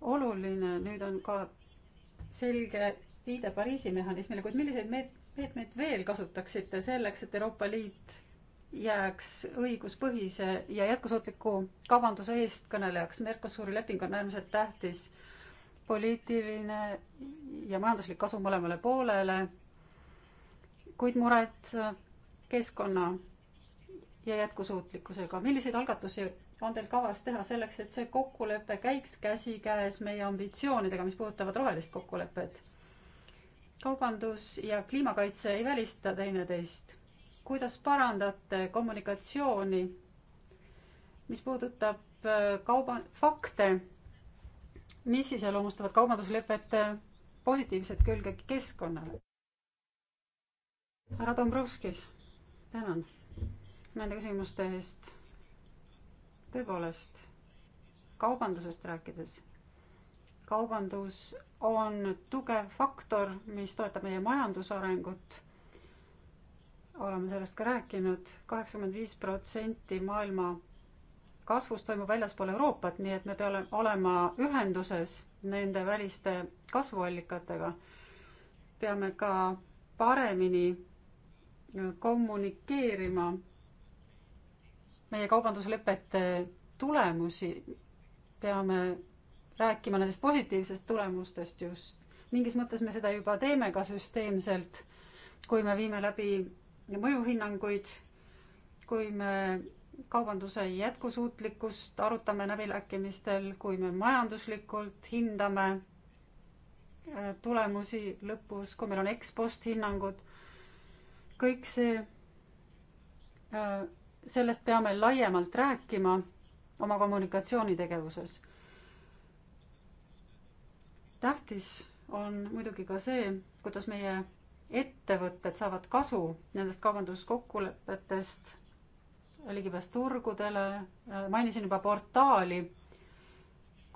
E: oluline, nüüd on ka selge viide Pariisi mehhanismile, kuid milliseid meet-, meetmeid veel kasutaksite selleks, et Euroopa Liit jääks õiguspõhise ja jätkusuutliku kaubanduse eestkõnelejaks. Mercosuri leping on äärmiselt tähtis poliitiline ja majanduslik kasu mõlemale poolele, kuid mured keskkonna ja jätkusuutlikkusega. milliseid algatusi on teil kavas teha selleks, et see kokkulepe käiks käsikäes meie ambitsioonidega, mis puudutavad rohelist kokkulepet? kaubandus ja kliimakaitse ei välista teineteist. kuidas parandate kommunikatsiooni, mis puudutab äh, kauba, fakte, mis iseloomustavad kaubanduslepete äh, positiivset külge keskkonnale? härra Dombrovskis, tänan nende küsimuste eest. tõepoolest, kaubandusest rääkides kaubandus on tugev faktor, mis toetab meie majandusarengut. oleme sellest ka rääkinud, kaheksakümmend viis protsenti maailma kasvust toimub väljaspool Euroopat, nii et me peame olema ühenduses nende väliste kasvuallikatega. peame ka paremini äh, kommunikeerima meie kaubanduslepete tulemusi, peame rääkima nendest positiivsest tulemustest just. mingis mõttes me seda juba teeme ka süsteemselt, kui me viime läbi mõjuhinnanguid, kui me kaubanduse jätkusuutlikkust arutame läbirääkimistel, kui me majanduslikult hindame äh, tulemusi lõpus, kui meil on ekspost hinnangud, kõik see, äh, sellest peame laiemalt rääkima oma kommunikatsioonitegevuses tähtis on muidugi ka see, kuidas meie ettevõtted saavad kasu nendest kaubanduskokkulepetest, ligipääs turgudele, mainisin juba portaali,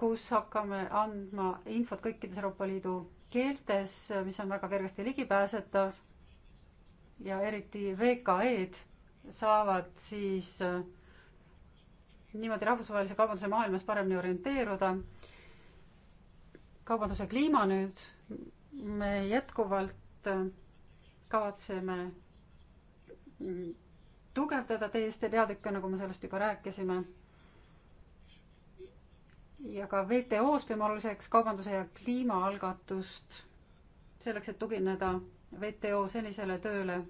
E: kus hakkame andma infot kõikides Euroopa Liidu keeltes, mis on väga kergesti ligipääsetav ja eriti VKE-d saavad siis niimoodi rahvusvahelise kaubanduse maailmas paremini orienteeruda kaubanduse kliima nüüd, me jätkuvalt äh, kavatseme mm, tugevdada TSD peatükke, nagu me sellest juba rääkisime. ja ka WTO-s peame oluliseks kaubanduse ja kliima algatust selleks, et tugineda WTO senisele tööle äh,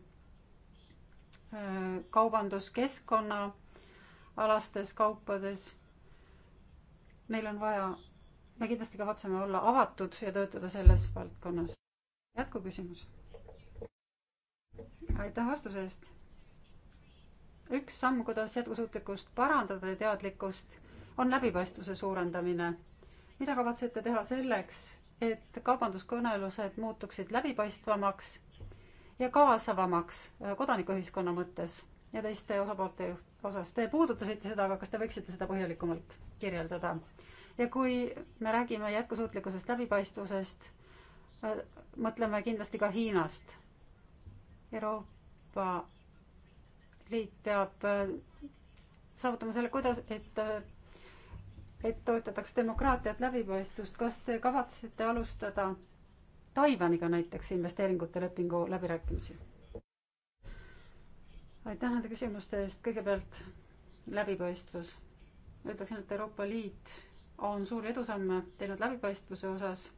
E: kaubanduskeskkonna alastes kaupades. meil on vaja me kindlasti kavatseme olla avatud ja töötada selles valdkonnas. jätkuküsimus. aitäh vastuse eest. üks samm, kuidas jätkusuutlikkust parandada ja teadlikkust, on läbipaistvuse suurendamine. mida kavatsete teha selleks, et kaubanduskõnelused muutuksid läbipaistvamaks ja kaasavamaks kodanikuühiskonna mõttes ja teiste osapoolte osas. Te puudutasite seda, aga kas te võiksite seda põhjalikumalt kirjeldada? ja kui me räägime jätkusuutlikkusest, läbipaistvusest, äh, mõtleme kindlasti ka Hiinast. Euroopa Liit peab äh, saavutama selle, kuidas, et, äh, et toetataks demokraatiat, läbipaistvust. kas te kavatsete alustada Taiwaniga näiteks investeeringute lepingu läbirääkimisi? aitäh nende küsimuste eest, kõigepealt läbipaistvus. ütleksin, et Euroopa Liit on suuri edusamme teinud läbipaistvuse osas,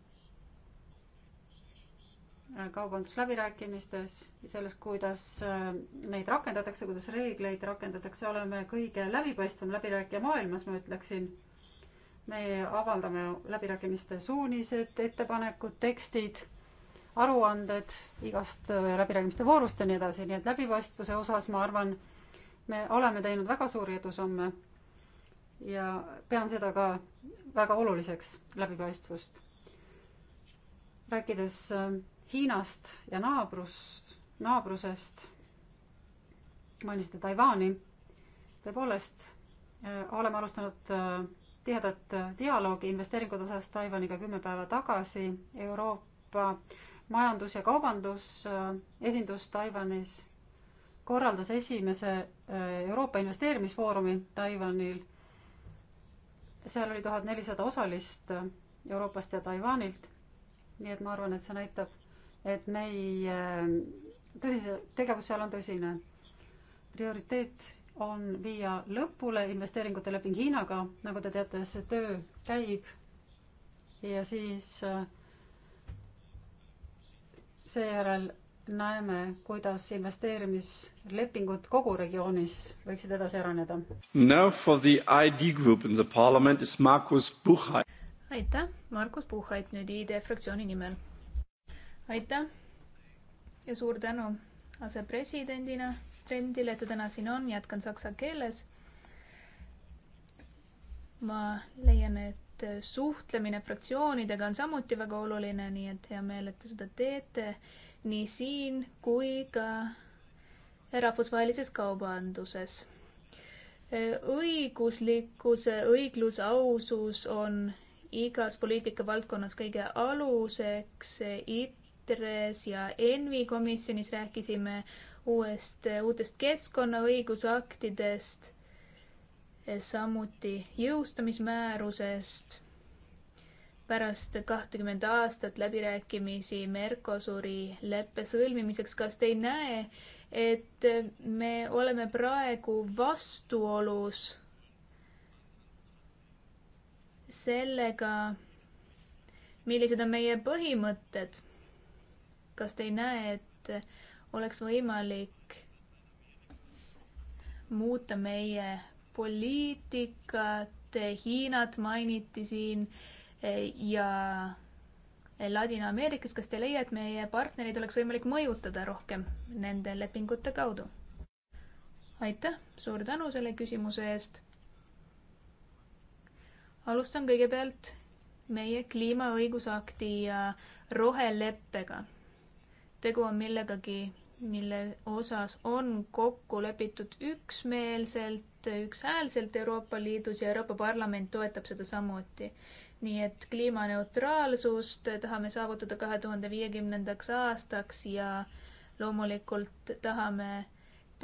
E: äh, kaubandusläbirääkimistes ja selles, kuidas äh, neid rakendatakse, kuidas reegleid rakendatakse, oleme kõige läbipaistvam läbirääkija maailmas, ma ütleksin. me avaldame läbirääkimiste suunised, ettepanekud, tekstid, aruanded igast äh, läbirääkimiste voorust ja nii edasi, nii et läbipaistvuse osas ma arvan, me oleme teinud väga suuri edusamme ja pean seda ka väga oluliseks, läbipaistvust. rääkides äh, Hiinast ja naabrust, naabrusest, mainisite Taiwan'i, tõepoolest äh, oleme alustanud äh, tihedat dialoogi investeeringute osas Taiwan'iga kümme päeva tagasi Euroopa Majandus- ja Kaubandusesindus Taiwan'is korraldas esimese Euroopa investeerimisfoorumi Taiwan'il seal oli tuhat nelisada osalist Euroopast ja Taiwanilt. nii et ma arvan, et see näitab, et meie äh, tõsise, tegevus seal on tõsine. prioriteet on viia lõpule investeeringute leping Hiinaga, nagu te teate, see töö käib. ja siis äh, seejärel näeme, kuidas investeerimislepingud kogu regioonis võiksid edasi areneda.
B: aitäh, Markus Puhhait nüüd ID fraktsiooni nimel. aitäh ja suur tänu asepresidendina Trendile, et ta täna siin on, jätkan saksa keeles. ma leian, et suhtlemine fraktsioonidega on samuti väga oluline, nii et hea meel, et te seda teete nii siin kui ka rahvusvahelises kaubanduses. õiguslikkus, õiglus, ausus on igas poliitikavaldkonnas kõige aluseks. ITRE-s ja ENVI komisjonis rääkisime uuest, uutest keskkonnaõigusaktidest, samuti jõustamismäärusest pärast kahtekümmend aastat läbirääkimisi Mercosuri leppe sõlmimiseks, kas te ei näe, et me oleme praegu vastuolus sellega, millised on meie põhimõtted? kas te ei näe, et oleks võimalik muuta meie poliitikat, Hiinat mainiti siin ja Ladina-Ameerikas, kas te ei leia, et meie partnereid oleks võimalik mõjutada rohkem nende lepingute kaudu? aitäh, suur tänu selle küsimuse eest. alustan kõigepealt meie kliimaõigusakti ja roheleppega. tegu on millegagi, mille osas on kokku lepitud üksmeelselt, ükshäälselt Euroopa Liidus ja Euroopa Parlament toetab seda samuti nii et kliimaneutraalsust tahame saavutada kahe tuhande viiekümnendaks aastaks ja loomulikult tahame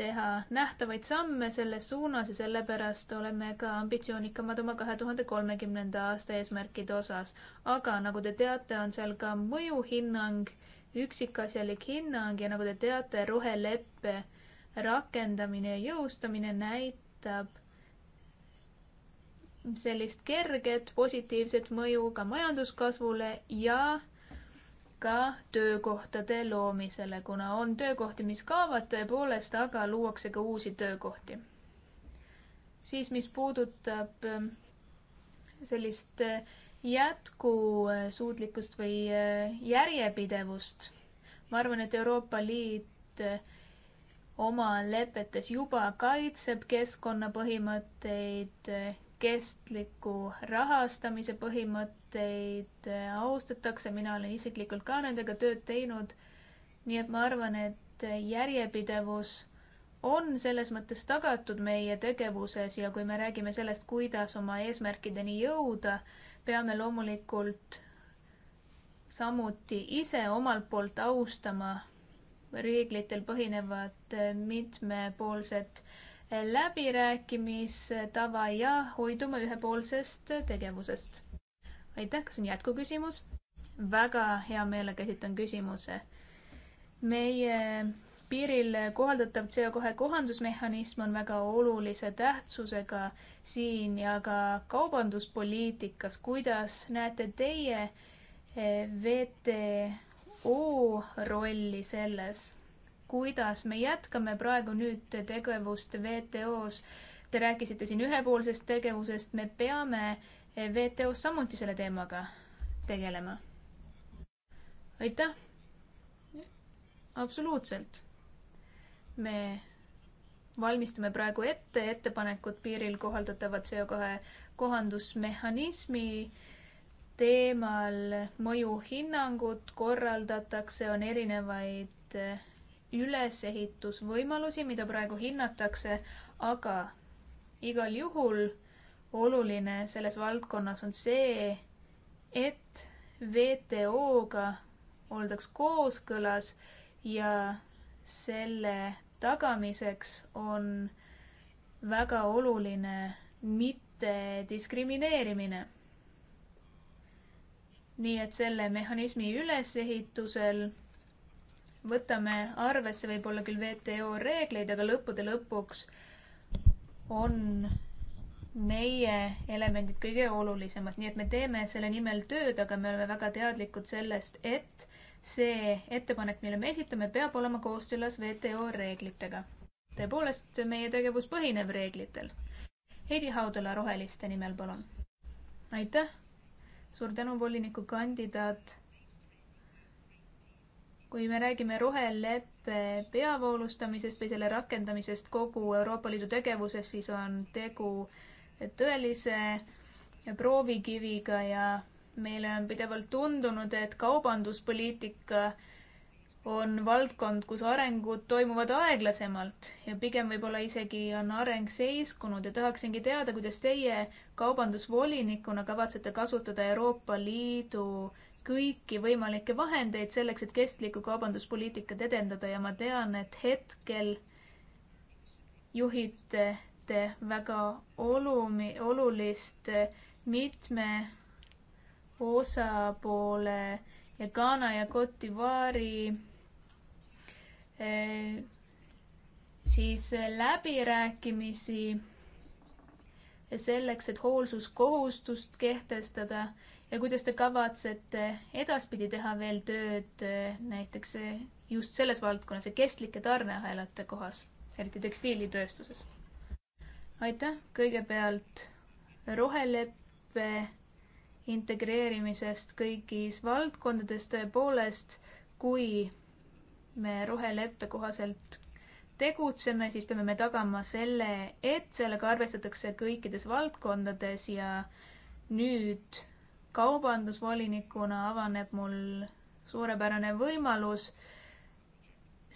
B: teha nähtavaid samme selles suunas ja sellepärast oleme ka ambitsioonikamad oma kahe tuhande kolmekümnenda aasta eesmärkide osas. aga nagu te teate, on seal ka mõjuhinnang, üksikasjalik hinnang ja nagu te teate, roheleppe rakendamine ja jõustamine näitab sellist kerget positiivset mõju ka majanduskasvule ja ka töökohtade loomisele, kuna on töökohti, mis kaovad tõepoolest, aga luuakse ka uusi töökohti. siis, mis puudutab ähm, sellist äh, jätkusuutlikkust või äh, järjepidevust, ma arvan, et Euroopa Liit äh, oma lepetes juba kaitseb keskkonnapõhimõtteid kestliku rahastamise põhimõtteid äh, austatakse, mina olen isiklikult ka nendega tööd teinud. nii et ma arvan, et äh, järjepidevus on selles mõttes tagatud meie tegevuses ja kui me räägime sellest, kuidas oma eesmärkideni jõuda, peame loomulikult samuti ise omalt poolt austama reeglitel põhinevat äh, mitmepoolset läbirääkimistava ja hoiduma ühepoolsest tegevusest. aitäh, kas on jätkuküsimus? väga hea meelega esitan küsimuse. meie piiril kohaldatav CO2 kohandusmehhanism on väga olulise tähtsusega siin ja ka kaubanduspoliitikas. kuidas näete teie eh, VTO rolli selles? kuidas me jätkame praegu nüüd tegevust WTO-s. Te rääkisite siin ühepoolsest tegevusest, me peame WTO-s samuti selle teemaga tegelema. aitäh. absoluutselt. me valmistame praegu ette ettepanekut piiril kohaldatava CO2 kohandusmehhanismi teemal mõjuhinnangut korraldatakse, on erinevaid ülesehitusvõimalusi, mida praegu hinnatakse, aga igal juhul oluline selles valdkonnas on see, et WTO-ga oldaks kooskõlas ja selle tagamiseks on väga oluline mitte diskrimineerimine. nii et selle mehhanismi ülesehitusel võtame arvesse võib-olla küll WTO reegleid, aga lõppude lõpuks on meie elemendid kõige olulisemad, nii et me teeme selle nimel tööd, aga me oleme väga teadlikud sellest, et see ettepanek, mille me esitame, peab olema kooskõlas WTO reeglitega. tõepoolest, meie tegevus põhineb reeglitel. Heidi Haudala Roheliste nimel, palun. aitäh. suur tänu, voliniku kandidaat kui me räägime roheleppe peavoolustamisest või selle rakendamisest kogu Euroopa Liidu tegevuses, siis on tegu tõelise proovikiviga ja meile on pidevalt tundunud, et kaubanduspoliitika on valdkond, kus arengud toimuvad aeglasemalt ja pigem võib-olla isegi on areng seiskunud ja tahaksingi teada, kuidas teie kaubandusvolinikuna kavatsete kasutada Euroopa Liidu kõiki võimalikke vahendeid selleks, et kestlikku kaubanduspoliitikat edendada ja ma tean, et hetkel juhite te väga olumi-, olulist eh, mitme osapoole ja Ghana ja Cote d'Ivoire'i eh, siis eh, läbirääkimisi selleks, et hoolsuskohustust kehtestada ja kuidas te kavatsete edaspidi teha veel tööd äh, näiteks äh, just selles valdkonnas ja äh, kestlike tarneahelate kohas, eriti tekstiilitööstuses? aitäh, kõigepealt roheleppe integreerimisest kõigis valdkondades tõepoolest, kui me roheleppe kohaselt tegutseme, siis peame me tagama selle, et sellega arvestatakse kõikides valdkondades ja nüüd kaubandusvolinikuna avaneb mul suurepärane võimalus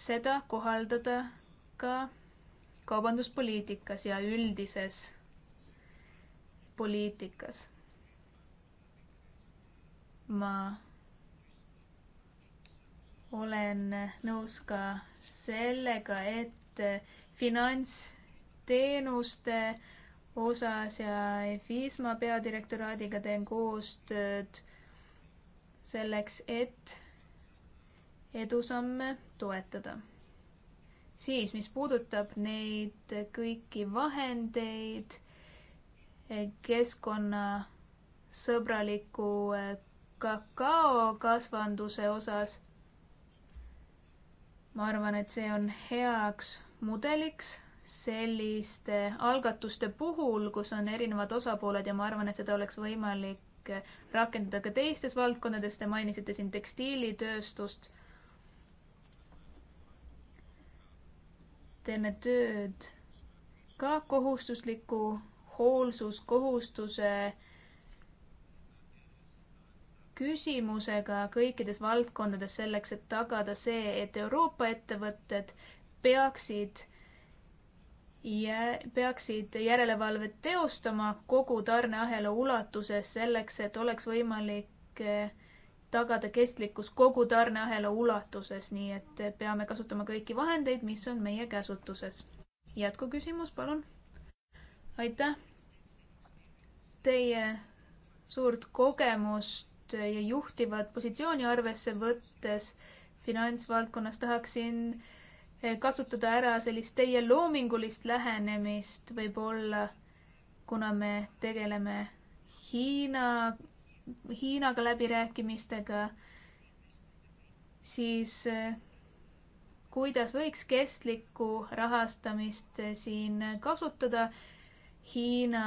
B: seda kohaldada ka kaubanduspoliitikas ja üldises poliitikas. ma olen nõus ka sellega, et finantsteenuste osas ja FISMA peadirektoraadiga teen koostööd selleks, et edusamme toetada. siis, mis puudutab neid kõiki vahendeid, keskkonnasõbraliku eh, kakaokasvanduse osas, ma arvan, et see on heaks mudeliks selliste algatuste puhul, kus on erinevad osapooled ja ma arvan, et seda oleks võimalik rakendada ka teistes valdkondades, te mainisite siin tekstiilitööstust. teeme tööd ka kohustusliku hoolsuskohustuse küsimusega kõikides valdkondades selleks, et tagada see, et Euroopa ettevõtted peaksid ja peaksid järelevalvet teostama kogu tarneahela ulatuses selleks, et oleks võimalik eh, tagada kestlikkus kogu tarneahela ulatuses, nii et peame kasutama kõiki vahendeid, mis on meie käsutuses. jätkuküsimus, palun. aitäh. Teie suurt kogemust ja juhtivat positsiooni arvesse võttes finantsvaldkonnas tahaksin äh, Eh, kasutada ära sellist teie loomingulist lähenemist võib-olla, kuna me tegeleme Hiina, Hiinaga läbirääkimistega, siis eh, kuidas võiks kestlikku rahastamist eh, siin kasutada Hiina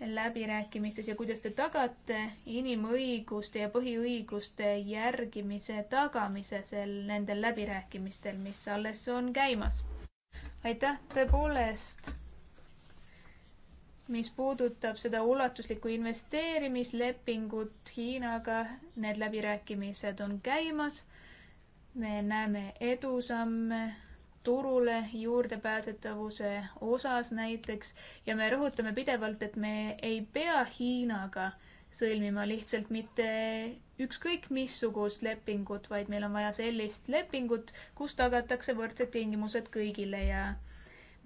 B: läbirääkimistes ja kuidas te tagate inimõiguste ja põhiõiguste järgimise tagamise sel, nendel läbirääkimistel, mis alles on käimas? aitäh, tõepoolest mis puudutab seda ulatuslikku investeerimislepingut Hiinaga, need läbirääkimised on käimas. me näeme edusamme turule juurdepääsetavuse osas näiteks ja me rõhutame pidevalt, et me ei pea Hiinaga sõlmima lihtsalt mitte ükskõik missugust lepingut, vaid meil on vaja sellist lepingut, kus tagatakse võrdsed tingimused kõigile ja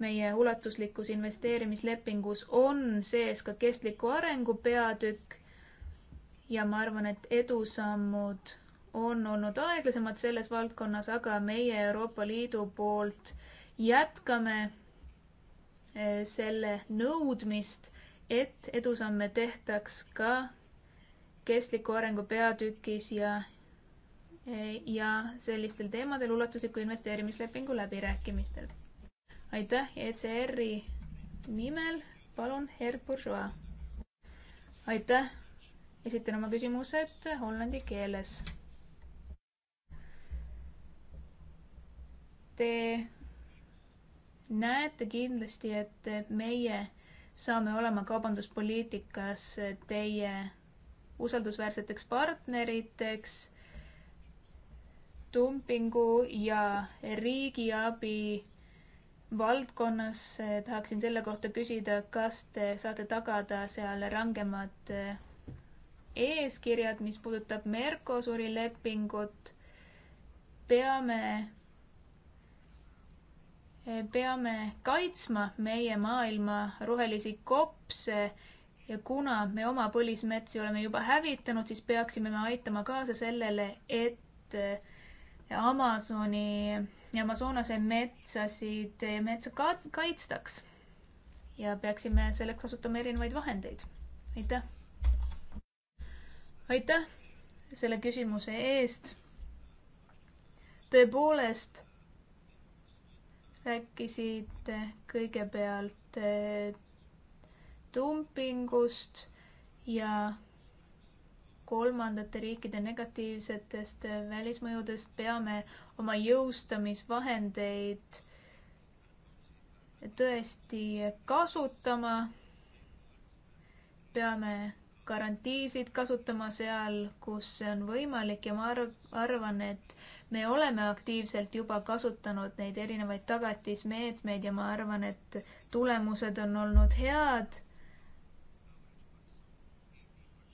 B: meie ulatuslikus investeerimislepingus on sees ka kestliku arengu peatükk. ja ma arvan, et edusammud on olnud aeglasemad selles valdkonnas, aga meie Euroopa Liidu poolt jätkame eh, selle nõudmist, et edusamme tehtaks ka kestliku arengu peatükis ja, eh, ja sellistel teemadel ulatusliku investeerimislepingu läbirääkimistel. aitäh ECR-i nimel, palun, Herr Bourgeois. aitäh, esitan oma küsimused hollandi keeles Te näete kindlasti, et meie saame olema kaubanduspoliitikas teie usaldusväärseteks partneriteks dumpingu ja riigiabi valdkonnas tahaksin selle kohta küsida, kas te saate tagada seal rangemad eeskirjad, mis puudutab Mercosuri lepingut. peame peame kaitsma meie maailma rohelisi kopse ja kuna me oma põlismetsi oleme juba hävitanud, siis peaksime me aitama kaasa sellele, et Amazoni ja Amazonase metsasid, metsa kaitstaks. ja peaksime selleks kasutama erinevaid vahendeid. aitäh. aitäh selle küsimuse eest. tõepoolest rääkisid kõigepealt eh, dumpingust ja kolmandate riikide negatiivsetest välismõjudest peame oma jõustamisvahendeid tõesti kasutama. peame garantiisid kasutama seal, kus see on võimalik ja ma arv, arvan, et me oleme aktiivselt juba kasutanud neid erinevaid tagatismeetmeid ja ma arvan, et tulemused on olnud head.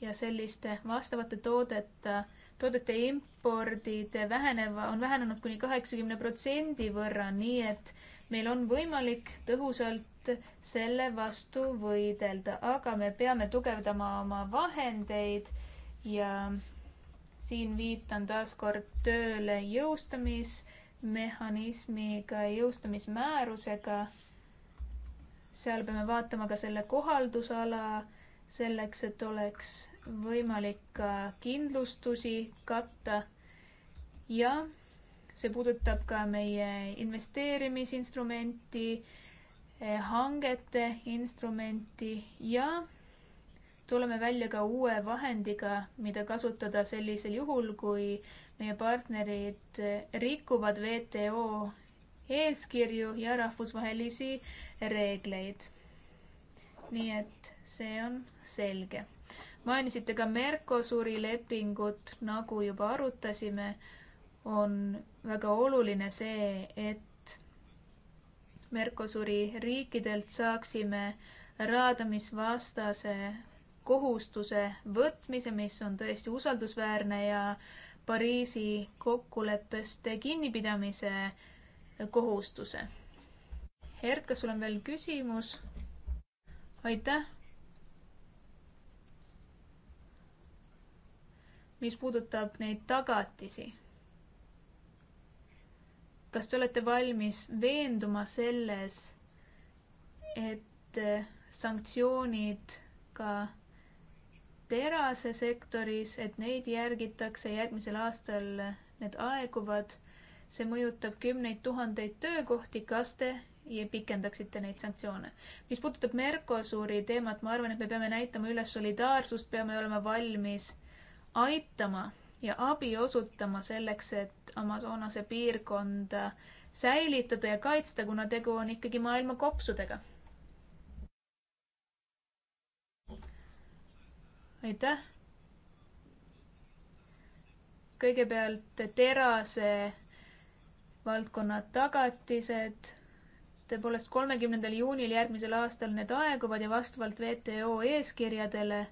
B: ja selliste vastavate toodete, toodete impordid väheneva, on vähenenud kuni kaheksakümne protsendi võrra, nii et meil on võimalik tõhusalt selle vastu võidelda, aga me peame tugevdama oma vahendeid ja siin viitan taaskord tööle jõustamismehhanismiga, jõustamismäärusega. seal peame vaatama ka selle kohaldusala selleks, et oleks võimalik ka kindlustusi katta. ja see puudutab ka meie investeerimisinstrumenti Eh, hangete instrumenti ja tuleme välja ka uue vahendiga, mida kasutada sellisel juhul, kui meie partnerid eh, rikuvad WTO eeskirju ja rahvusvahelisi reegleid. nii et see on selge. mainisite ka Mercosuri lepingut, nagu juba arutasime, on väga oluline see, et Mercosuri riikidelt saaksime raadamisvastase kohustuse võtmise, mis on tõesti usaldusväärne ja Pariisi kokkuleppest kinnipidamise kohustuse. Hert, kas sul on veel küsimus? aitäh. mis puudutab neid tagatisi kas te olete valmis veenduma selles, et äh, sanktsioonid ka terasesektoris, et neid järgitakse järgmisel aastal, need aeguvad. see mõjutab kümneid tuhandeid töökohti, kas te pikendaksite neid sanktsioone? mis puudutab Mercosuri teemat, ma arvan, et me peame näitama üles solidaarsust, peame olema valmis aitama ja abi osutama selleks, et Amazonase piirkonda säilitada ja kaitsta, kuna tegu on ikkagi maailma kopsudega. aitäh. kõigepealt terase valdkonna tagatised. tõepoolest, kolmekümnendal juunil järgmisel aastal need aeguvad ja vastavalt WTO eeskirjadele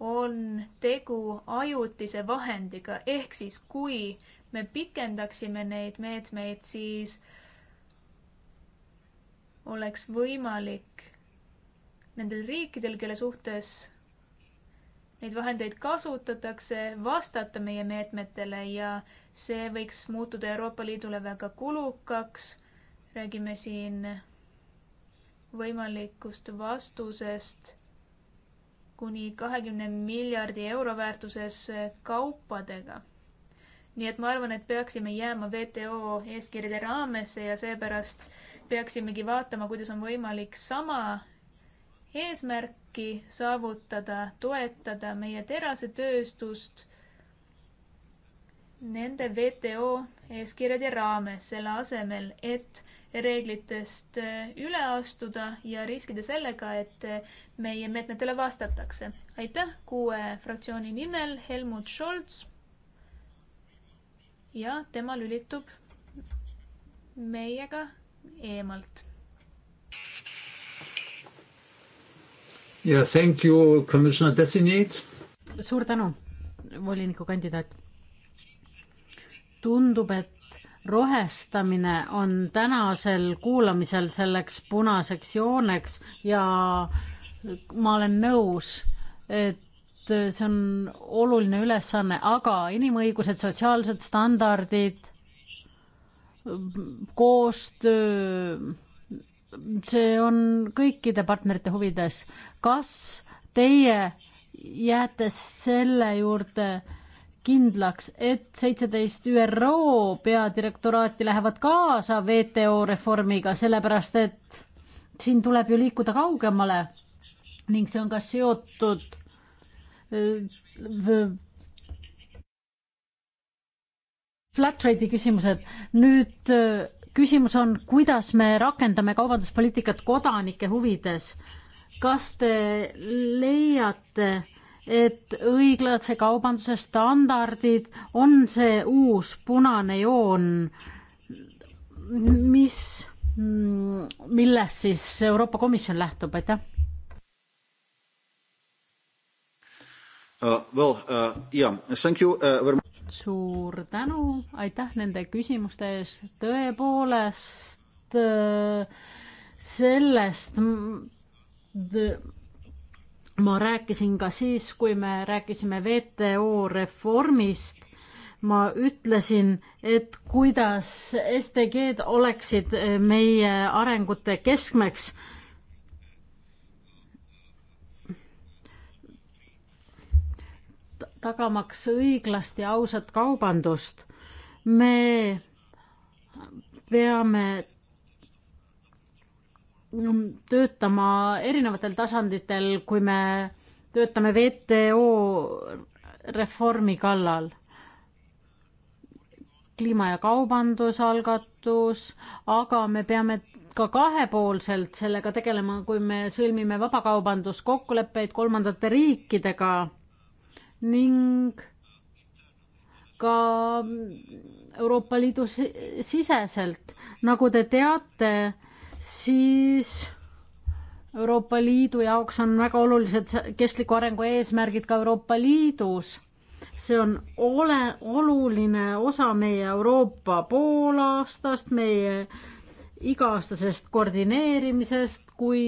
B: on tegu ajutise vahendiga, ehk siis kui me pikendaksime neid meetmeid, siis oleks võimalik nendel riikidel, kelle suhtes neid vahendeid kasutatakse, vastata meie meetmetele ja see võiks muutuda Euroopa Liidule väga kulukaks. räägime siin võimalikust vastusest kuni kahekümne miljardi euro väärtuses eh, kaupadega. nii et ma arvan, et peaksime jääma WTO eeskirjade raamesse ja seepärast peaksimegi vaatama, kuidas on võimalik sama eesmärki saavutada, toetada meie terasetööstust nende WTO eeskirjade raames, selle asemel, et reeglitest eh, üle astuda ja riskida sellega, et eh, meie meetmetele vastatakse. aitäh kuue fraktsiooni nimel, Helmut Scholz. ja tema lülitub meiega
D: eemalt.
C: ja thank you, commissioner designate.
D: suur tänu, volinikukandidaat. tundub, et rohestamine on tänasel kuulamisel selleks punaseks jooneks ja ma olen nõus, et see on oluline ülesanne, aga inimõigused, sotsiaalsed standardid, koostöö, see on kõikide partnerite huvides. kas teie jääte selle juurde, kindlaks, et seitseteist ÜRO peadirektoraati lähevad kaasa WTO reformiga, sellepärast et siin tuleb ju liikuda kaugemale ning see on ka seotud äh, flat rate'i küsimused. nüüd äh, küsimus on, kuidas me rakendame kaubanduspoliitikat kodanike huvides. kas te leiate, et õiglase kaubanduse standardid on see uus punane joon, mis, millest siis Euroopa Komisjon lähtub, aitäh?
C: Uh, well, uh, yeah, thank you uh, very much
D: suur tänu, aitäh nende küsimuste eest, tõepoolest uh, sellest ma rääkisin ka siis, kui me rääkisime WTO reformist, ma ütlesin, et kuidas STG-d oleksid eh, meie arengute keskmeks. tagamaks õiglast ja ausat kaubandust. me peame Mm, töötama erinevatel tasanditel, kui me töötame WTO reformi kallal. kliima ja kaubandusalgatus, aga me peame ka kahepoolselt sellega tegelema, kui me sõlmime vabakaubanduskokkuleppeid kolmandate riikidega ning ka Euroopa Liidu siseselt. nagu te teate, siis Euroopa Liidu jaoks on väga olulised kestliku arengu eesmärgid ka Euroopa Liidus. see on ole, oluline osa meie Euroopa poolaastast, meie iga-aastasest koordineerimisest, kui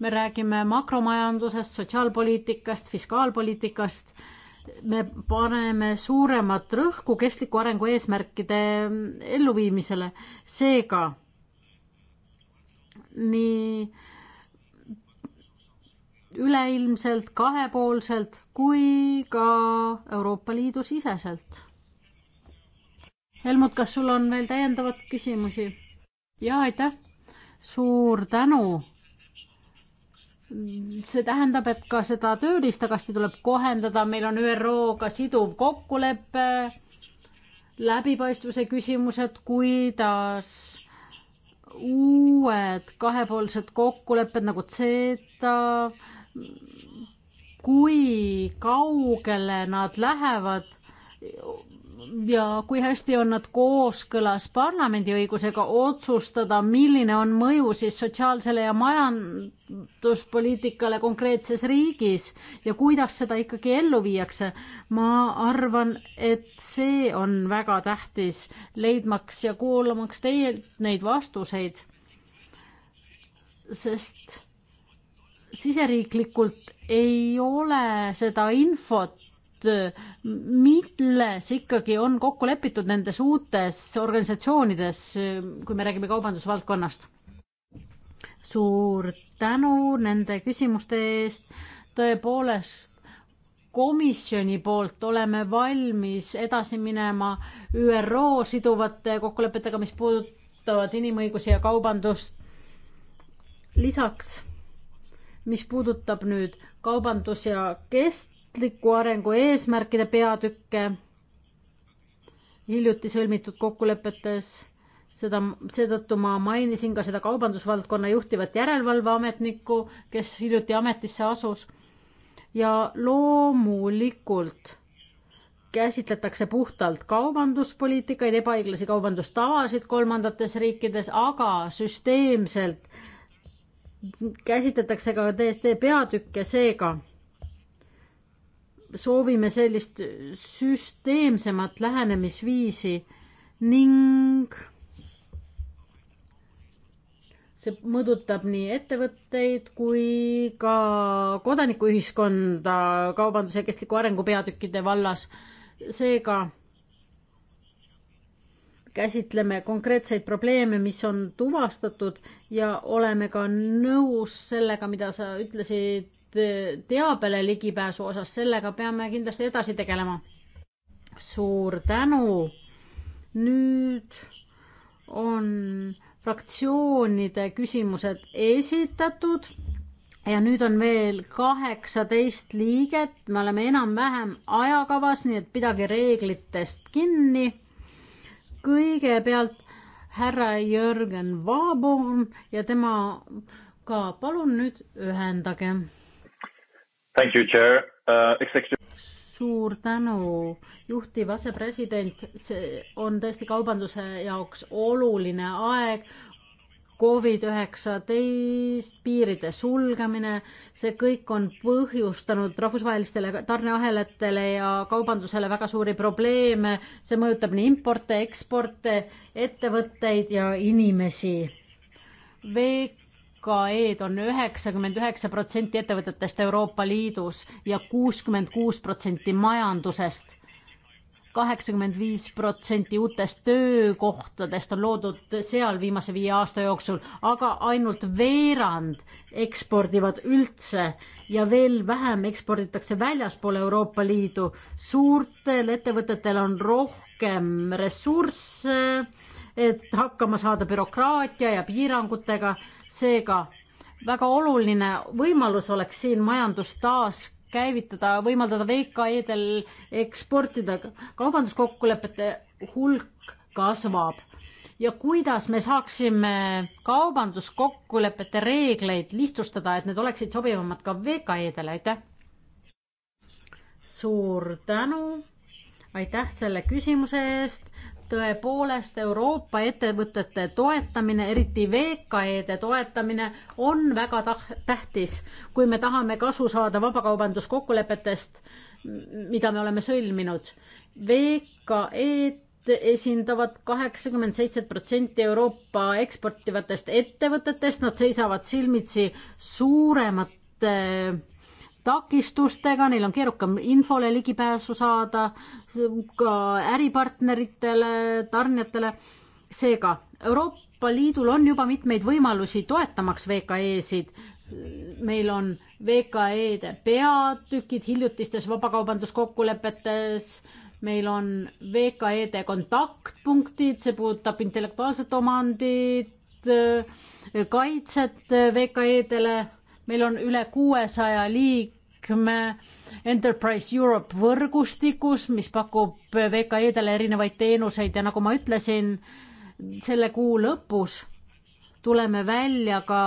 D: me räägime makromajandusest, sotsiaalpoliitikast, fiskaalpoliitikast, me paneme suuremat rõhku kestliku arengu eesmärkide elluviimisele. seega nii üleilmselt, kahepoolselt kui ka Euroopa Liidu siseselt. Helmut, kas sul on veel täiendavaid küsimusi? jaa, aitäh. suur tänu. see tähendab, et ka seda tööriistakasti tuleb kohendada, meil on ÜRO-ga siduv kokkulepe, läbipaistvuse küsimused, kuidas uued kahepoolsed kokkulepped nagu CETA, kui kaugele nad lähevad ja kui hästi on nad kooskõlas parlamendi õigusega otsustada, milline on mõju siis sotsiaalsele ja majanduspoliitikale konkreetses riigis ja kuidas seda ikkagi ellu viiakse. ma arvan, et see on väga tähtis, leidmaks ja kuulamaks teilt neid vastuseid. sest siseriiklikult ei ole seda infot Äh, milles ikkagi on kokku lepitud nendes uutes organisatsioonides, kui me räägime kaubandusvaldkonnast? suur tänu nende küsimuste eest. tõepoolest, komisjoni poolt oleme valmis edasi minema ÜRO siduvate kokkulepetega, mis puudutavad inimõigusi ja kaubandust. lisaks, mis puudutab nüüd kaubandus- ja kest-, kestliku arengu eesmärkide peatükke hiljuti sõlmitud kokkulepetes. seda, seetõttu ma mainisin ka seda kaubandusvaldkonna juhtivat järelevalveametnikku, kes hiljuti ametisse asus. ja loomulikult käsitletakse puhtalt kaubanduspoliitikaid, ebaõiglasi kaubandustavasid kolmandates riikides, aga süsteemselt käsitletakse ka DSD peatükke, seega soovime sellist süsteemsemat lähenemisviisi ning see mõõdutab nii ettevõtteid kui ka kodanikuühiskonda kaubanduse kestliku arengu peatükkide vallas. seega käsitleme konkreetseid probleeme, mis on tuvastatud ja oleme ka nõus sellega, mida sa ütlesid teabele ligipääsu osas, sellega peame kindlasti edasi tegelema. suur tänu. nüüd on fraktsioonide küsimused esitatud ja nüüd on veel kaheksateist liiget, me oleme enam-vähem ajakavas, nii et pidage reeglitest kinni. kõigepealt härra Jörgen Vaaborn ja tema ka, palun nüüd ühendage
C: Thank you, Chair uh,. Executive
D: suur tänu, juhtiv asepresident, see on tõesti kaubanduse jaoks oluline aeg. Covid üheksateist, piiride sulgemine, see kõik on põhjustanud rahvusvahelistele tarneahelatele ja kaubandusele väga suuri probleeme. see mõjutab nii importe, eksporte, ettevõtteid ja inimesi. VK VKE-d on üheksakümmend üheksa protsenti ettevõtetest Euroopa Liidus ja kuuskümmend kuus protsenti majandusest. kaheksakümmend viis protsenti uutest töökohtadest on loodud seal viimase viie aasta jooksul, aga ainult veerand ekspordivad üldse ja veel vähem eksporditakse väljaspool Euroopa Liidu. suurtel ettevõtetel on rohkem ressursse et hakkama saada bürokraatia ja piirangutega. seega väga oluline võimalus oleks siin majandus taas käivitada, võimaldada VKE-del eksportida, kaubanduskokkulepete hulk kasvab ja kuidas me saaksime kaubanduskokkulepete reegleid lihtsustada, et need oleksid sobivamad ka VKE-dele, aitäh! suur tänu, aitäh selle küsimuse eest, tõepoolest Euroopa ettevõtete toetamine, eriti VKE-de toetamine on väga tähtis, kui me tahame kasu saada vabakaubanduskokkulepetest, mida me oleme sõlminud. VKE-d esindavad kaheksakümmend seitse protsenti Euroopa eksportivatest ettevõtetest, nad seisavad silmitsi suuremate takistustega, neil on keerukam infole ligipääsu saada, ka äripartneritele, tarnijatele. seega Euroopa Liidul on juba mitmeid võimalusi toetamaks VKE-sid. meil on VKE-de peatükid hiljutistes vabakaubanduskokkulepetes, meil on VKE-de kontaktpunktid, see puudutab intellektuaalset omandit, kaitset VKE-dele, meil on üle kuuesaja liik-, liikme Enterprise Europe võrgustikus, mis pakub VKE-dele erinevaid teenuseid ja nagu ma ütlesin, selle kuu lõpus tuleme välja ka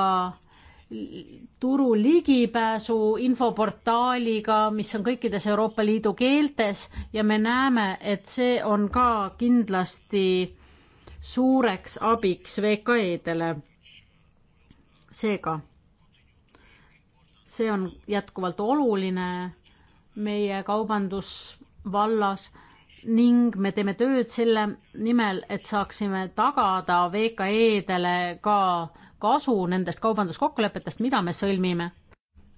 D: turu ligipääsu infoportaaliga, mis on kõikides Euroopa Liidu keeltes ja me näeme, et see on ka kindlasti suureks abiks VKE-dele. seega see on jätkuvalt oluline meie kaubandusvallas ning me teeme tööd selle nimel, et saaksime tagada VKE-dele ka kasu nendest kaubanduskokkulepetest, mida me sõlmime.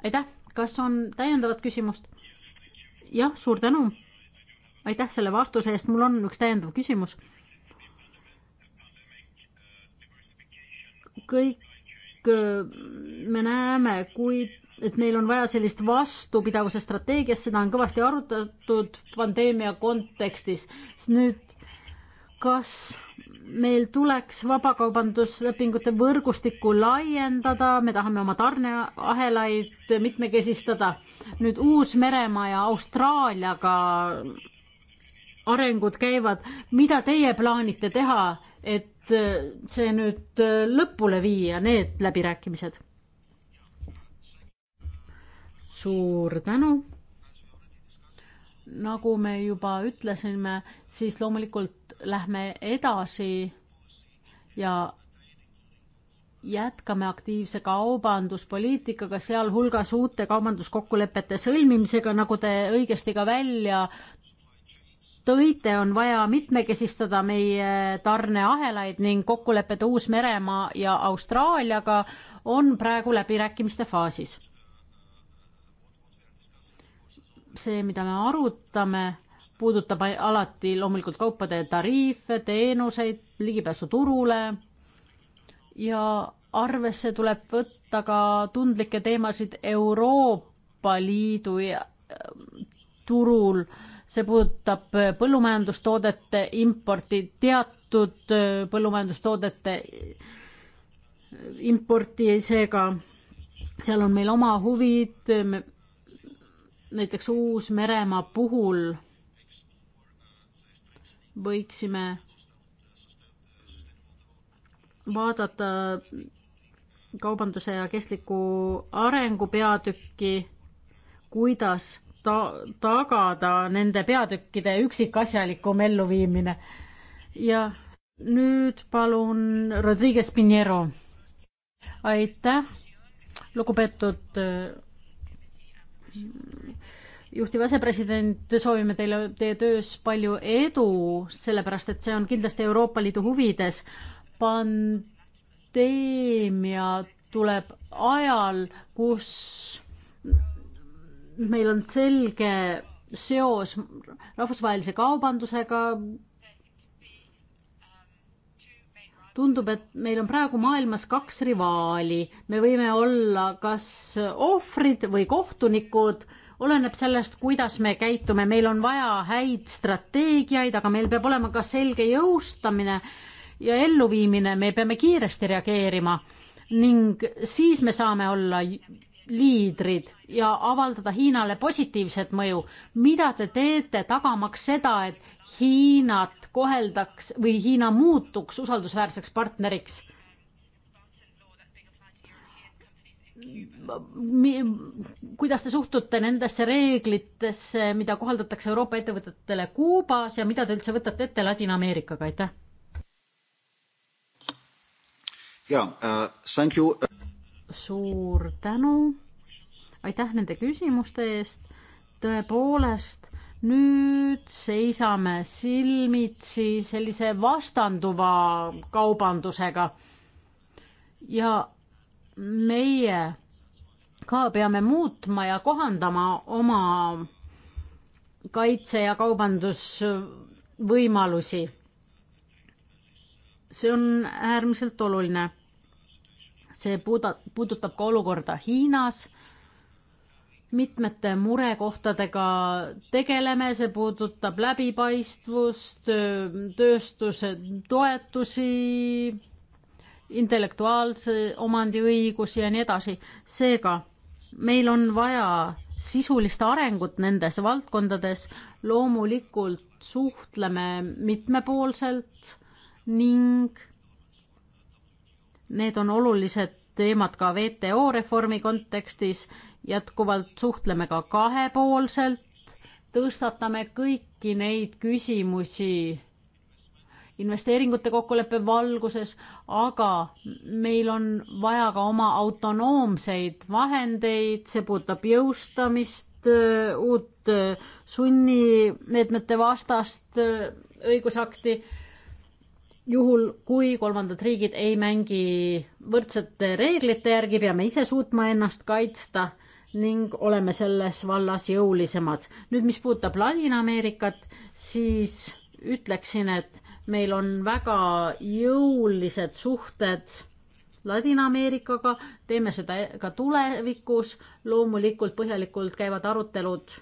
D: aitäh, kas on täiendavat küsimust? jah, suur tänu. aitäh selle vastuse eest, mul on üks täiendav küsimus. kõik me näeme, kui et meil on vaja sellist vastupidavuse strateegiast, seda on kõvasti arutatud pandeemia kontekstis. nüüd, kas meil tuleks vabakaubanduslepingute võrgustikku laiendada, me tahame oma tarneahelaid mitmekesistada. nüüd Uus-Meremaa ja Austraaliaga arengud käivad, mida teie plaanite teha, et see nüüd lõpule viia, need läbirääkimised? suur tänu. nagu me juba ütlesime, siis loomulikult lähme edasi ja jätkame aktiivse kaubanduspoliitikaga, sealhulgas uute kaubanduskokkulepete sõlmimisega, nagu te õigesti ka välja tõite, on vaja mitmekesistada meie tarneahelaid ning kokkulepped Uus-Meremaa ja Austraaliaga on praegu läbirääkimiste faasis see, mida me arutame, puudutab alati loomulikult kaupade tariife, teenuseid, ligipääsu turule ja arvesse tuleb võtta ka tundlikke teemasid Euroopa Liidu äh, turul. see puudutab äh, põllumajandustoodete importi, teatud äh, põllumajandustoodete importi, seega seal on meil oma huvid, me näiteks Uus-Meremaa puhul võiksime vaadata kaubanduse ja kestliku arengu peatükki, kuidas ta-, tagada nende peatükkide üksikasjalikum elluviimine. ja nüüd palun Rodriguez Pinheiro. aitäh, lugupeetud juhtiv asepresident, soovime teile teie töös palju edu, sellepärast et see on kindlasti Euroopa Liidu huvides. pandeemia tuleb ajal, kus meil on selge seos rahvusvahelise kaubandusega. tundub, et meil on praegu maailmas kaks rivaali, me võime olla kas ohvrid või kohtunikud oleneb sellest, kuidas me käitume, meil on vaja häid strateegiaid, aga meil peab olema ka selge jõustamine ja elluviimine, me peame kiiresti reageerima ning siis me saame olla liidrid ja avaldada Hiinale positiivset mõju. mida te teete tagamaks seda, et Hiinat koheldaks või Hiina muutuks usaldusväärseks partneriks? kuidas te suhtute nendesse reeglitesse, mida kohaldatakse Euroopa ettevõtetele Kuubas ja mida te üldse võtate ette Ladina-Ameerikaga, aitäh?
C: jaa uh,, thank you.
D: suur tänu, aitäh nende küsimuste eest, tõepoolest, nüüd seisame silmitsi sellise vastanduva kaubandusega ja meie ka peame muutma ja kohandama oma kaitse- ja kaubandusvõimalusi. see on äärmiselt oluline. see puuda-, puudutab ka olukorda Hiinas, mitmete murekohtadega tegeleme, see puudutab läbipaistvust, tööstuse toetusi, intellektuaalse omandiõigusi ja nii edasi. seega meil on vaja sisulist arengut nendes valdkondades, loomulikult suhtleme mitmepoolselt ning need on olulised teemad ka WTO reformi kontekstis, jätkuvalt suhtleme ka kahepoolselt, tõstatame kõiki neid küsimusi investeeringute kokkuleppe valguses, aga meil on vaja ka oma autonoomseid vahendeid, see puudutab jõustamist, uut äh, sunnimeetmete vastast äh, õigusakti, juhul kui kolmandad riigid ei mängi võrdsete reeglite järgi, peame ise suutma ennast kaitsta ning oleme selles vallas jõulisemad. nüüd, mis puudutab Ladina-Ameerikat, siis ütleksin, et meil on väga jõulised suhted Ladina-Ameerikaga, teeme seda ka tulevikus, loomulikult põhjalikult käivad arutelud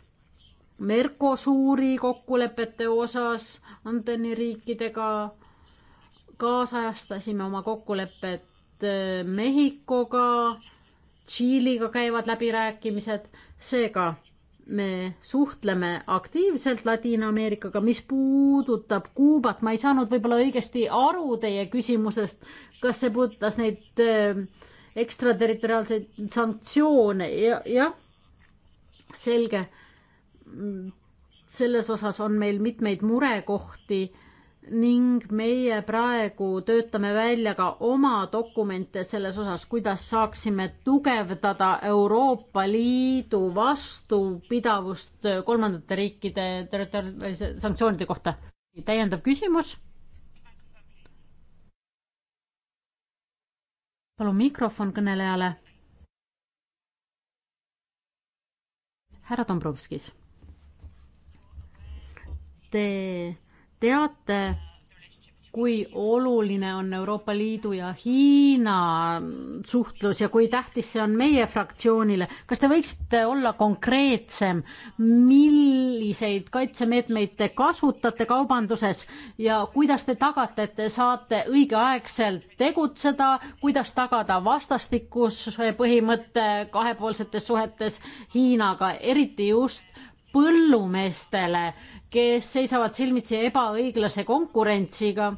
D: Mercosuri kokkulepete osas Antoni riikidega, kaasajastasime oma kokkulepped äh, Mehhikoga, Tšiiliga käivad läbirääkimised, seega me suhtleme aktiivselt Ladina-Ameerikaga, mis puudutab Kuubat, ma ei saanud võib-olla õigesti aru teie küsimusest, kas see puudutas neid äh, ekstraterritoriaalseid sanktsioone ja, jah, selge. Mm, selles osas on meil mitmeid murekohti ning meie praegu töötame välja ka oma dokumente selles osas, kuidas saaksime tugevdada Euroopa Liidu vastupidavust kolmandate riikide territoriaalse sanktsioonide kohta. täiendav küsimus? palun mikrofon kõnelejale. härra Dombrovskis. Te teate, kui oluline on Euroopa Liidu ja Hiina suhtlus ja kui tähtis see on meie fraktsioonile. kas te võiksite olla konkreetsem, milliseid kaitsemeetmeid te kasutate kaubanduses ja kuidas te tagate, et te saate õigeaegselt tegutseda, kuidas tagada vastastikuse põhimõte kahepoolsetes suhetes Hiinaga, eriti just põllumeestele, kes seisavad silmitsi ebaõiglase konkurentsiga.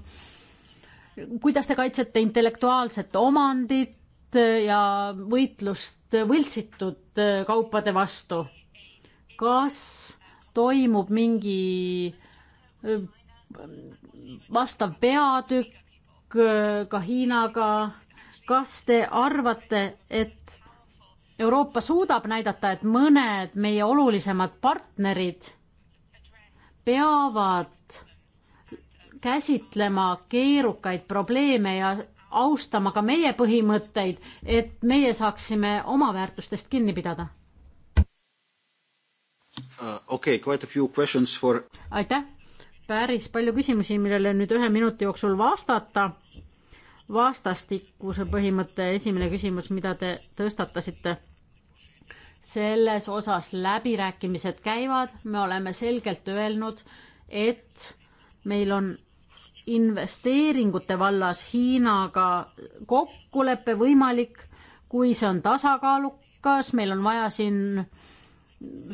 D: kuidas te kaitsete intellektuaalset omandit ja võitlust võltsitud kaupade vastu? kas toimub mingi vastav peatükk äh, ka Hiinaga? kas te arvate, et Euroopa suudab näidata, et mõned meie olulisemad partnerid peavad käsitlema keerukaid probleeme ja austama ka meie põhimõtteid, et meie saaksime oma väärtustest kinni pidada uh,.
C: Okay, quite a few questions for.
D: aitäh, päris palju küsimusi, millele nüüd ühe minuti jooksul vastata. vastastikuse põhimõte, esimene küsimus, mida te tõstatasite selles osas läbirääkimised käivad, me oleme selgelt öelnud, et meil on investeeringute vallas Hiinaga kokkulepe võimalik, kui see on tasakaalukas, meil on vaja siin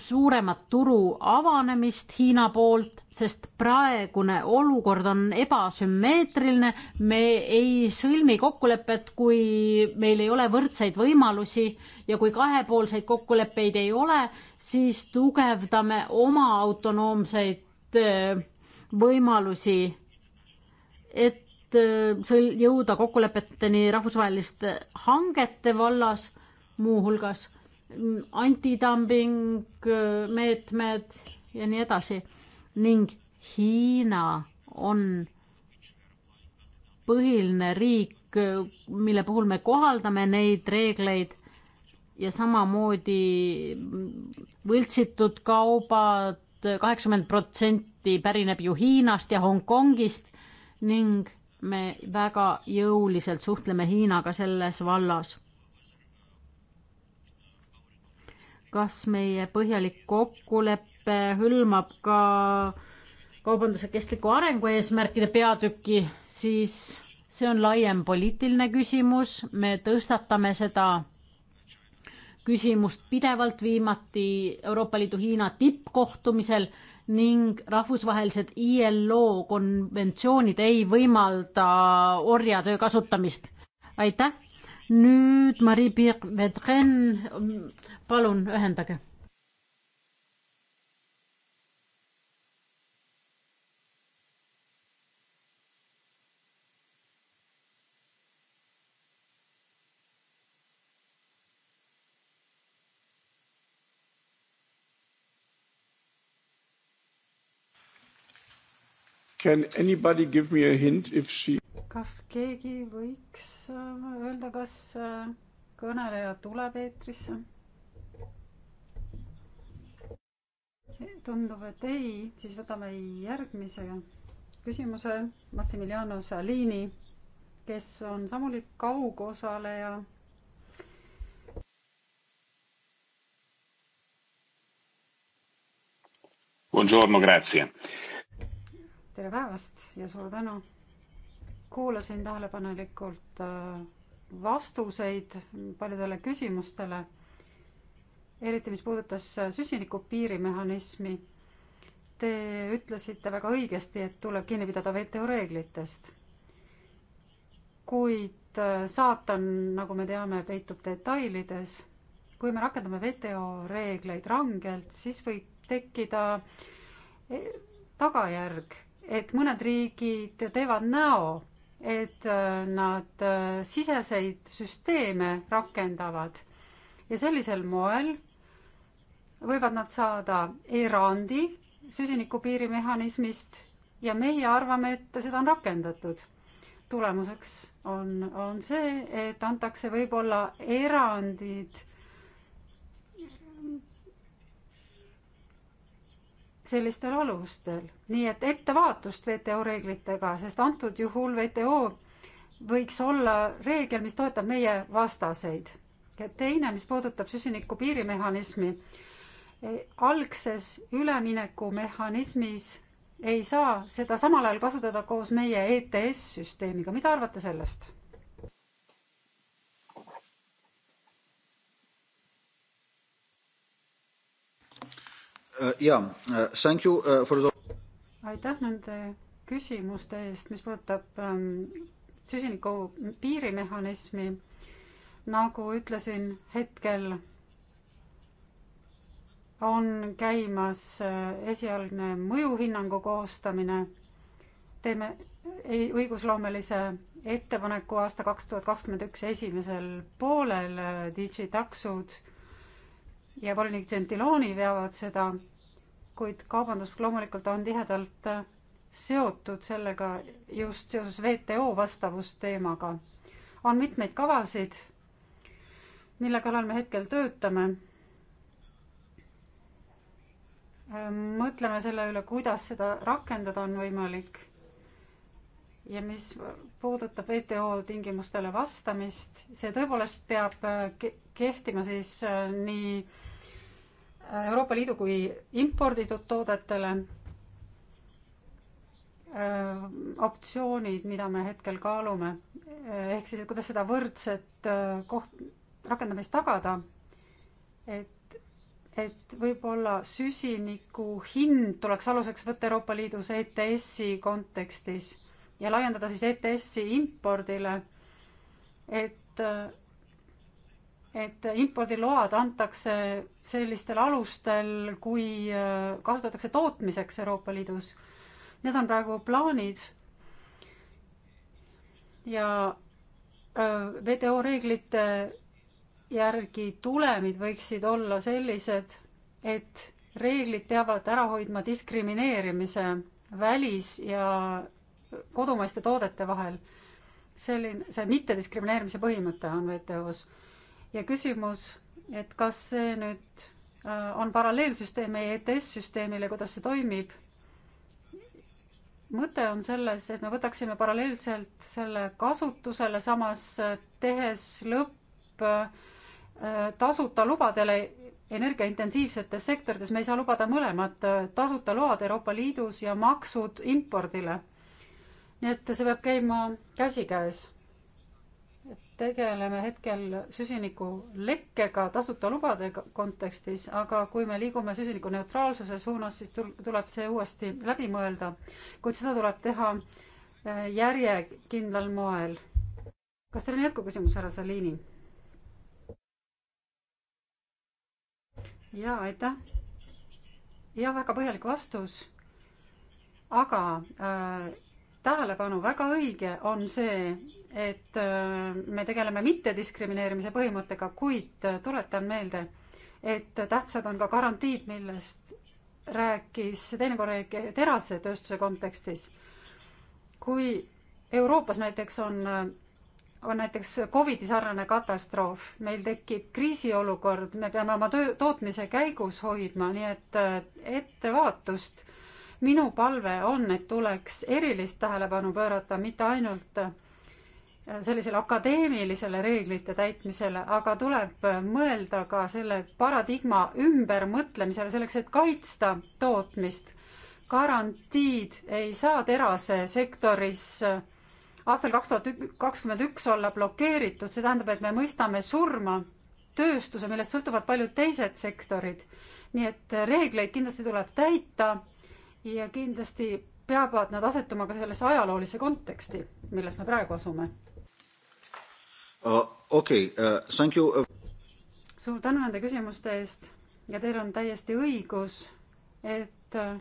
D: suuremat turu avanemist Hiina poolt, sest praegune olukord on ebasümmeetriline. me ei sõlmi kokkulepet, kui meil ei ole võrdseid võimalusi ja kui kahepoolseid kokkuleppeid ei ole, siis tugevdame oma autonoomseid äh, võimalusi, et äh, jõuda kokkulepeteni rahvusvaheliste hangete vallas muuhulgas antidumping äh, meetmed ja nii edasi ning Hiina on põhiline riik, äh, mille puhul me kohaldame neid reegleid ja samamoodi võltsitud kaubad, kaheksakümmend protsenti pärineb ju Hiinast ja Hongkongist ning me väga jõuliselt suhtleme Hiinaga selles vallas kas meie põhjalik kokkulepe hõlmab ka kaubanduse kestliku arengu eesmärkide peatüki, siis see on laiem poliitiline küsimus, me tõstatame seda küsimust pidevalt viimati Euroopa Liidu Hiina tippkohtumisel ning rahvusvahelised ILO konventsioonid ei võimalda orjatöö kasutamist. aitäh nüüd Marie Pierre-Vedren, palun ühendage.
E: Can anybody give me a hint if she kas keegi võiks äh, öelda, kas äh, kõneleja tuleb eetrisse? tundub, et ei, siis võtame järgmise küsimuse Massimiliano Salini, kes on samuti kaugosaleja
F: Buongiorno, grazie.
E: tere päevast ja suur tänu kuulasin tähelepanelikult äh, vastuseid paljudele küsimustele, eriti mis puudutas äh, süsiniku piirimehhanismi. Te ütlesite väga õigesti, et tuleb kinni pidada WTO reeglitest. kuid äh, saatan, nagu me teame, peitub detailides. kui me rakendame WTO reegleid rangelt, siis võib tekkida eh, tagajärg, et mõned riigid teevad näo, et äh, nad äh, siseseid süsteeme rakendavad ja sellisel moel võivad nad saada erandi süsiniku piirimehhanismist ja meie arvame, et seda on rakendatud. tulemuseks on, on see, et antakse võib-olla erandid sellistel alustel. nii et ettevaatust WTO reeglitega, sest antud juhul WTO võiks olla reegel, mis toetab meie vastaseid. ja teine, mis puudutab süsiniku piirimehhanismi, e, algses üleminekumehhanismis ei saa seda samal ajal kasutada koos meie ETS-süsteemiga, mida arvate sellest?
C: Äh, jaa, äh, thank you äh, for the
E: aitäh nende küsimuste eest, mis puudutab ähm, süsiniku piirimehhanismi. nagu ütlesin, hetkel on käimas esialgne mõjuhinnangu koostamine. teeme õigusloomelise ettepaneku aasta kaks tuhat kakskümmend üks esimesel poolel, digitaksud ja volinik Gentiloni veavad seda, kuid kaubandus loomulikult on tihedalt seotud sellega just seoses WTO vastavusteemaga. on mitmeid kavasid, mille kallal me hetkel töötame. mõtleme selle üle, kuidas seda rakendada on võimalik. ja mis puudutab WTO tingimustele vastamist, see tõepoolest peab kehtima siis äh, nii äh, Euroopa Liidu kui imporditud toodetele äh, optsioonid, mida me hetkel kaalume, ehk siis, et kuidas seda võrdset äh, koht, rakendamist tagada, et, et võib-olla süsiniku hind tuleks aluseks võtta Euroopa Liidus ETS-i kontekstis ja laiendada siis ETS-i impordile, et äh, et impordiload antakse sellistel alustel, kui äh, kasutatakse tootmiseks Euroopa Liidus. Need on praegu plaanid. ja äh, WTO reeglite järgi tulemid võiksid olla sellised, et reeglid peavad ära hoidma diskrimineerimise välis ja kodumaiste toodete vahel. selline, see mittediskrimineerimise põhimõte on WTO-s ja küsimus, et kas see nüüd äh, on paralleelsüsteem meie ETS-süsteemile, kuidas see toimib? mõte on selles, et me võtaksime paralleelselt selle kasutusele, samas äh, tehes lõpp äh, tasuta lubadele energiaintensiivsetes sektorites, me ei saa lubada mõlemat, tasuta load Euroopa Liidus ja maksud impordile. nii et see peab käima käsikäes tegeleme hetkel süsinikulekkega tasuta lubade kontekstis, aga kui me liigume süsinikuneutraalsuse suunas, siis tuleb see uuesti läbi mõelda, kuid seda tuleb teha äh, järjekindlal moel. kas teil on jätkuküsimus, härra Salini? jaa, aitäh. jah, väga põhjalik vastus. aga äh, tähelepanu, väga õige on see et äh, me tegeleme mittediskrimineerimise põhimõttega, kuid äh, tuletan meelde, et tähtsad on ka garantiid, millest rääkis teine kolleeg terasetööstuse kontekstis. kui Euroopas näiteks on, on näiteks Covidi sarnane katastroof, meil tekib kriisiolukord, me peame oma töö, tootmise käigus hoidma, nii et äh, ettevaatust. minu palve on, et tuleks erilist tähelepanu pöörata mitte ainult äh, sellisele akadeemilisele reeglite täitmisele, aga tuleb mõelda ka selle paradigma ümbermõtlemisele selleks, et kaitsta tootmist. garantiid ei saa terasesektoris äh, aastal kaks tuhat kakskümmend üks olla blokeeritud, see tähendab, et me mõistame surma tööstuse, millest sõltuvad paljud teised sektorid. nii et reegleid kindlasti tuleb täita ja kindlasti peavad nad asetuma ka sellesse ajaloolisse konteksti, milles me praegu asume
C: uh,. okei okay, uh,, thank you. Uh,
E: suur tänu nende küsimuste eest ja teil on täiesti õigus, et uh,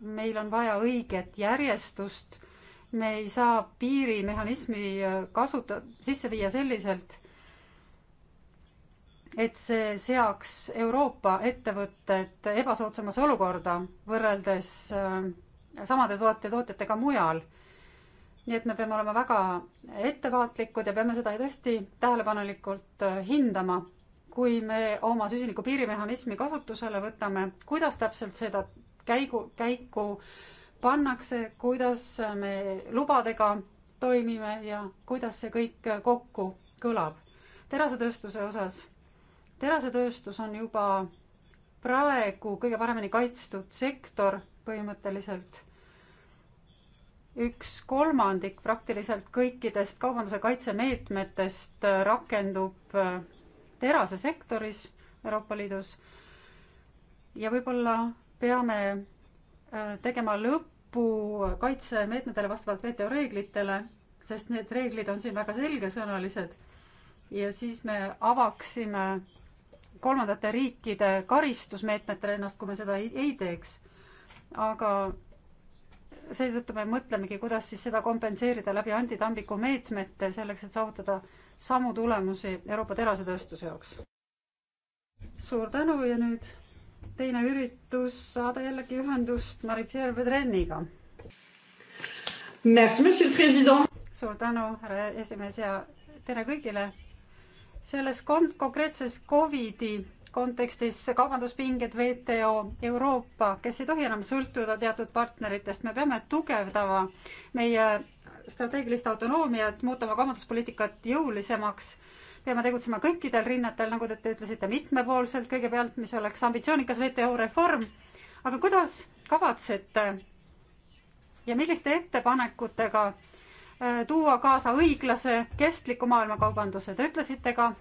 E: meil on vaja õiget järjestust. me ei saa piirimehhanismi uh, kasuta-, sisse viia selliselt, et see seaks Euroopa ettevõtted ebasoodsamasse olukorda võrreldes samade toote tootjatega mujal nii et me peame olema väga ettevaatlikud ja peame seda tõesti tähelepanelikult äh, hindama, kui me oma süsiniku piirimehhanismi kasutusele võtame, kuidas täpselt seda käigu, käiku pannakse, kuidas äh, me lubadega toimime ja kuidas see kõik äh, kokku kõlab. terasetööstuse osas, terasetööstus on juba praegu kõige paremini kaitstud sektor põhimõtteliselt üks kolmandik praktiliselt kõikidest kaubanduse kaitsemeetmetest rakendub äh, terasesektoris Euroopa Liidus. ja võib-olla peame äh, tegema lõppu kaitsemeetmetele vastavalt WTO reeglitele, sest need reeglid on siin väga selgesõnalised. ja siis me avaksime kolmandate riikide karistusmeetmetele ennast, kui me seda ei, ei teeks. aga seetõttu me mõtlemegi, kuidas siis seda kompenseerida läbi antitambiku meetmete, selleks et saavutada samu tulemusi Euroopa terasetööstuse jaoks. suur tänu ja nüüd teine üritus saada jällegi ühendust Marie-Pierre Vedreniga. suur tänu, härra esimees ja tere kõigile. selles kon-, konkreetses Covidi kontekstis kaubanduspinged WTO Euroopa, kes ei tohi enam sõltuda teatud partneritest, me peame tugevdama meie strateegilist autonoomiat, muutuma kaubanduspoliitikat jõulisemaks, peame tegutsema kõikidel rinnetel, nagu te, te ütlesite, mitmepoolselt kõigepealt, mis oleks ambitsioonikas WTO reform, aga kuidas kavatsete ja milliste ettepanekutega äh, tuua kaasa õiglase kestliku maailmakaubanduse, te ütlesite ka,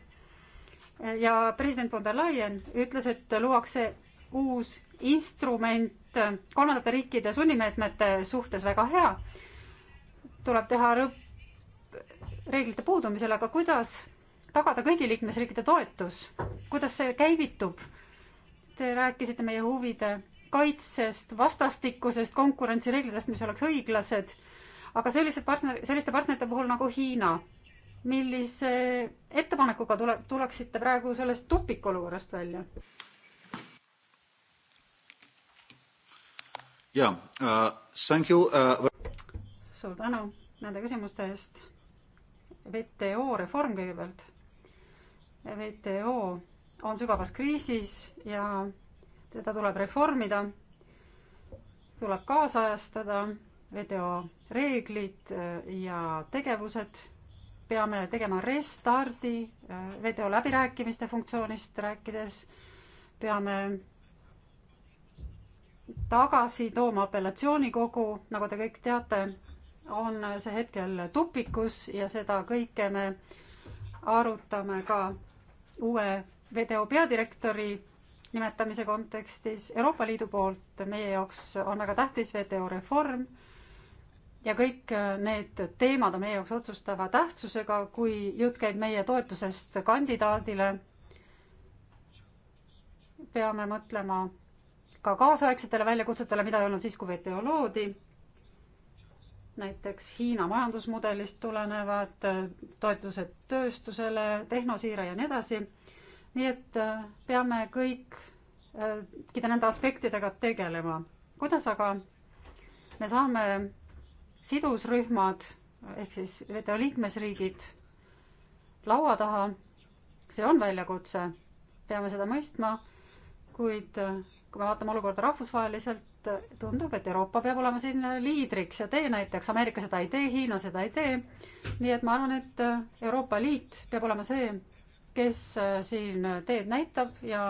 E: ja president von der Leyen ütles, et luuakse uus instrument kolmandate riikide sunnimeetmete suhtes väga hea. tuleb teha rõpp reeglite puudumisele, aga kuidas tagada kõigi liikmesriikide toetus, kuidas see käivitub? Te rääkisite meie huvide kaitsest, vastastikusest, konkurentsireeglidest, mis oleks õiglased, aga sellised partner, selliste partnerite puhul nagu Hiina millise ettepanekuga tule, tuleksite praegu sellest tupikolukorrast välja?
C: jaa uh,, thank you uh....
E: suur tänu nende küsimuste eest. WTO reform kõigepealt. WTO on sügavas kriisis ja teda tuleb reformida, tuleb kaasajastada WTO reeglid uh, ja tegevused peame tegema restardi äh, WTO läbirääkimiste funktsioonist rääkides, peame tagasi tooma apellatsioonikogu, nagu te kõik teate, on see hetkel tupikus ja seda kõike me arutame ka uue WTO peadirektori nimetamise kontekstis Euroopa Liidu poolt. meie jaoks on väga tähtis WTO reform ja kõik äh, need teemad on meie jaoks otsustava tähtsusega, kui jutt käib meie toetusest kandidaadile. peame mõtlema ka kaasaegsetele väljakutsetele, mida ei olnud siis, kui WTO loodi. näiteks Hiina majandusmudelist tulenevad äh, toetused tööstusele, tehnosiire ja nii edasi. nii et äh, peame kõik nende aspektidega tegelema. kuidas aga me saame sidusrühmad ehk siis WTO liikmesriigid laua taha. see on väljakutse, peame seda mõistma, kuid kui me vaatame olukorda rahvusvaheliselt, tundub, et Euroopa peab olema siin liidriks ja teenäitajaks, Ameerika seda ei tee, Hiina seda ei tee. nii et ma arvan, et Euroopa Liit peab olema see, kes siin teed näitab ja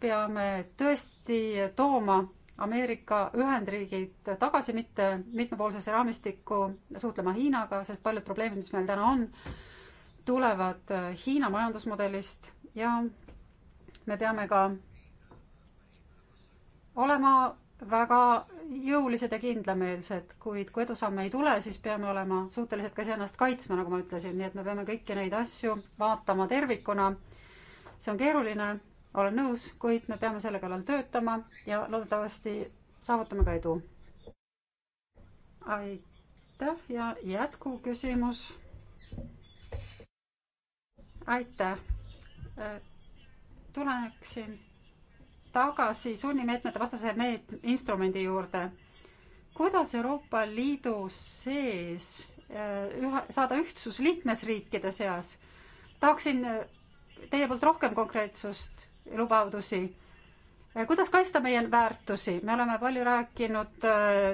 E: peame tõesti tooma Ameerika Ühendriigid tagasi mitte mitmepoolsesse raamistikku suhtlema Hiinaga, sest paljud probleemid, mis meil täna on, tulevad äh, Hiina majandusmudelist ja me peame ka olema väga jõulised ja kindlameelsed, kuid kui edusamme ei tule, siis peame olema suutelised ka iseennast kaitsma, nagu ma ütlesin, nii et me peame kõiki neid asju vaatama tervikuna. see on keeruline, olen nõus, kuid me peame selle kallal töötama ja loodetavasti saavutame ka edu. aitäh ja jätkuküsimus. aitäh. Äh, tuleneksin tagasi sunnimeetmete vastase meet-, instrumendi juurde. kuidas Euroopa Liidu sees äh, üha, saada ühtsus liikmesriikide seas? tahaksin äh, teie poolt rohkem konkreetsust lubadusi. kuidas kaitsta meie väärtusi, me oleme palju rääkinud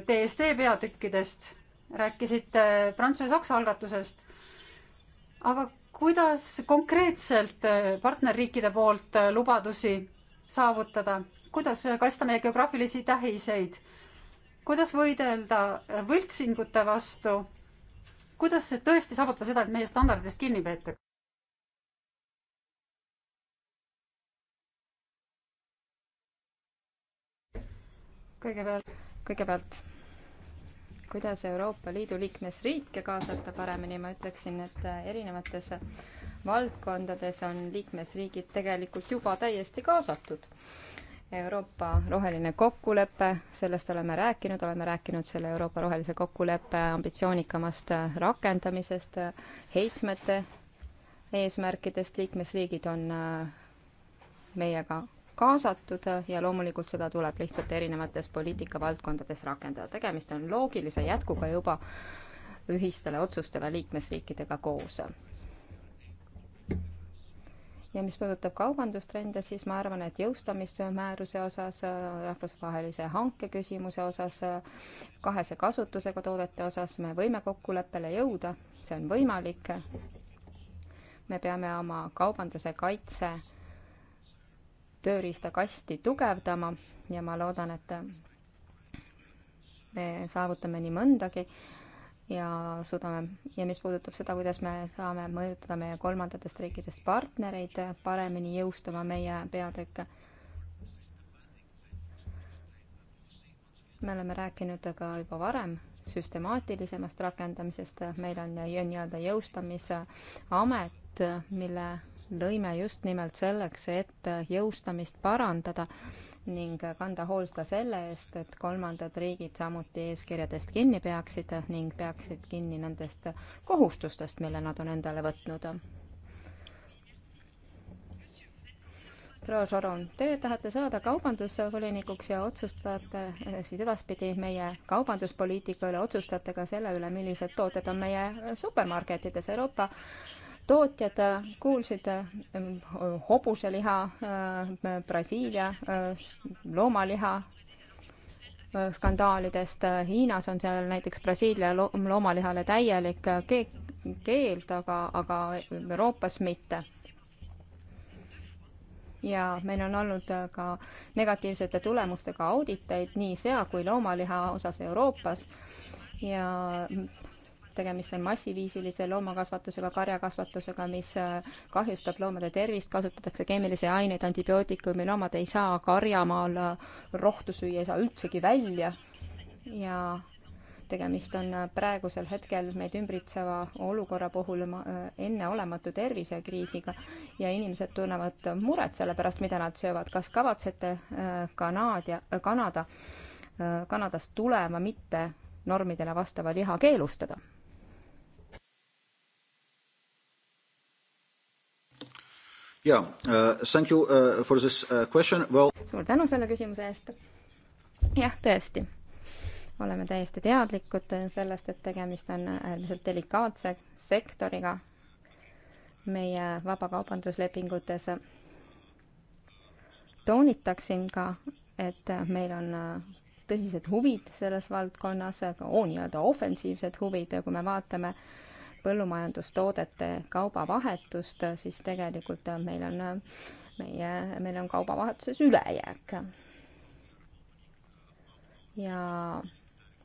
E: DSD äh, peatükkidest, rääkisite Prantsuse-Saksa algatusest, aga kuidas konkreetselt äh, partnerriikide poolt äh, lubadusi saavutada, kuidas kaitsta meie geograafilisi tähiseid, kuidas võidelda võltsingute vastu, kuidas tõesti saavutada seda, et meie standardidest kinni peetakse?
A: kõigepealt, kõigepealt, kuidas Euroopa Liidu liikmesriike kaasata paremini, ma ütleksin, et äh, erinevates valdkondades on liikmesriigid tegelikult juba täiesti kaasatud. Euroopa roheline kokkulepe, sellest oleme rääkinud, oleme rääkinud selle Euroopa rohelise kokkuleppe ambitsioonikamast äh, rakendamisest, äh, heitmete eesmärkidest, liikmesriigid on meiega kaasatud ja loomulikult seda tuleb lihtsalt erinevates poliitikavaldkondades rakendada. tegemist on loogilise jätkuga juba ühistele otsustele liikmesriikidega koos. ja mis puudutab kaubandustrende, siis ma arvan, et jõustamismääruse osas, rahvusvahelise hanke küsimuse osas, kahese kasutusega toodete osas me võime kokkuleppele jõuda, see on võimalik. me peame oma kaubanduse kaitse tööriistakasti tugevdama ja ma loodan, et me saavutame nii mõndagi ja suudame ja mis puudutab seda, kuidas me saame mõjutada meie kolmandatest riikidest partnereid paremini jõustama meie peatükke. me oleme rääkinud ka juba varem süstemaatilisemast rakendamisest, meil on nii-öelda jõustamisamet, mille lõime just nimelt selleks, et jõustamist parandada ning kanda hoolt ka selle eest, et kolmandad riigid samuti eeskirjadest kinni peaksid ning peaksid kinni nendest kohustustest, mille nad on endale võtnud. proua Šoron, teie tahate saada kaubandusvolinikuks ja otsustate eh, siis edaspidi meie kaubanduspoliitika üle, otsustate ka selle üle, millised tooted on meie supermarketides Euroopa tootjad kuulsid ähm, hobuseliha, äh, Brasiilia äh, loomaliha äh, skandaalidest, Hiinas on seal näiteks Brasiilia loomalihale täielik keeld, aga, aga Euroopas mitte ja meil on olnud ka negatiivsete tulemustega auditeid nii sea kui loomaliha osas Euroopas ja tegemist on massiviisilise loomakasvatusega, karjakasvatusega, mis äh, kahjustab loomade tervist, kasutatakse keemilisi aineid, antibiootikume, loomad ei saa karjamaal äh, rohtu süüa, ei saa üldsegi välja ja tegemist on äh, praegusel hetkel meid ümbritseva olukorra puhul enneolematu tervisekriisiga ja inimesed tunnevad muret selle pärast, mida nad söövad. kas kavatsete Kanaadia, Kanada, Kanadast tulema mitte normidele vastava liha keelustada?
C: Yeah, uh, thank you uh, for this uh, question. Well... suur
A: tänu selle küsimuse eest. jah, tõesti, oleme täiesti teadlikud sellest, et tegemist on äärmiselt delikaatse sektoriga meie vabakaubanduslepingutes. toonitaksin ka, et meil on tõsised huvid selles valdkonnas, ka nii-öelda ofensiivsed huvid, kui me vaatame äh, põllumajandustoodete kaubavahetust, siis tegelikult meil on, meie, meil on kaubavahetuses ülejääk. ja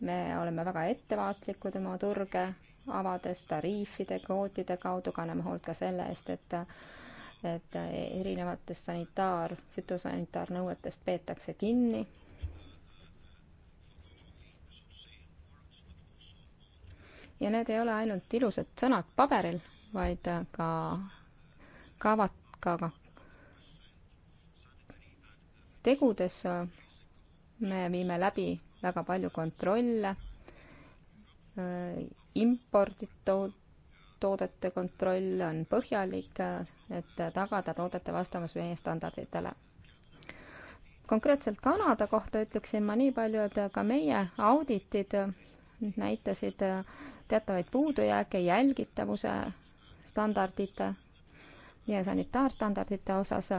A: me oleme väga ettevaatlikud oma turge avades tariifide, kvootide kaudu, kanname hoolt ka selle eest, et et erinevatest sanitaar, fütosanitaarnõuetest peetakse kinni ja need ei ole ainult ilusad sõnad paberil, vaid äh, ka kavad, ka, ka tegudes äh, me viime läbi väga palju kontrolle, äh, impordid, toodete kontroll on põhjalik, et tagada toodete vastavus meie standarditele konkreetselt Kanada kohta ütleksin ma nii palju, et ka meie auditid näitasid äh, teatavaid puudujääke jälgitavuse standardite ja sanitaarstandardite osas.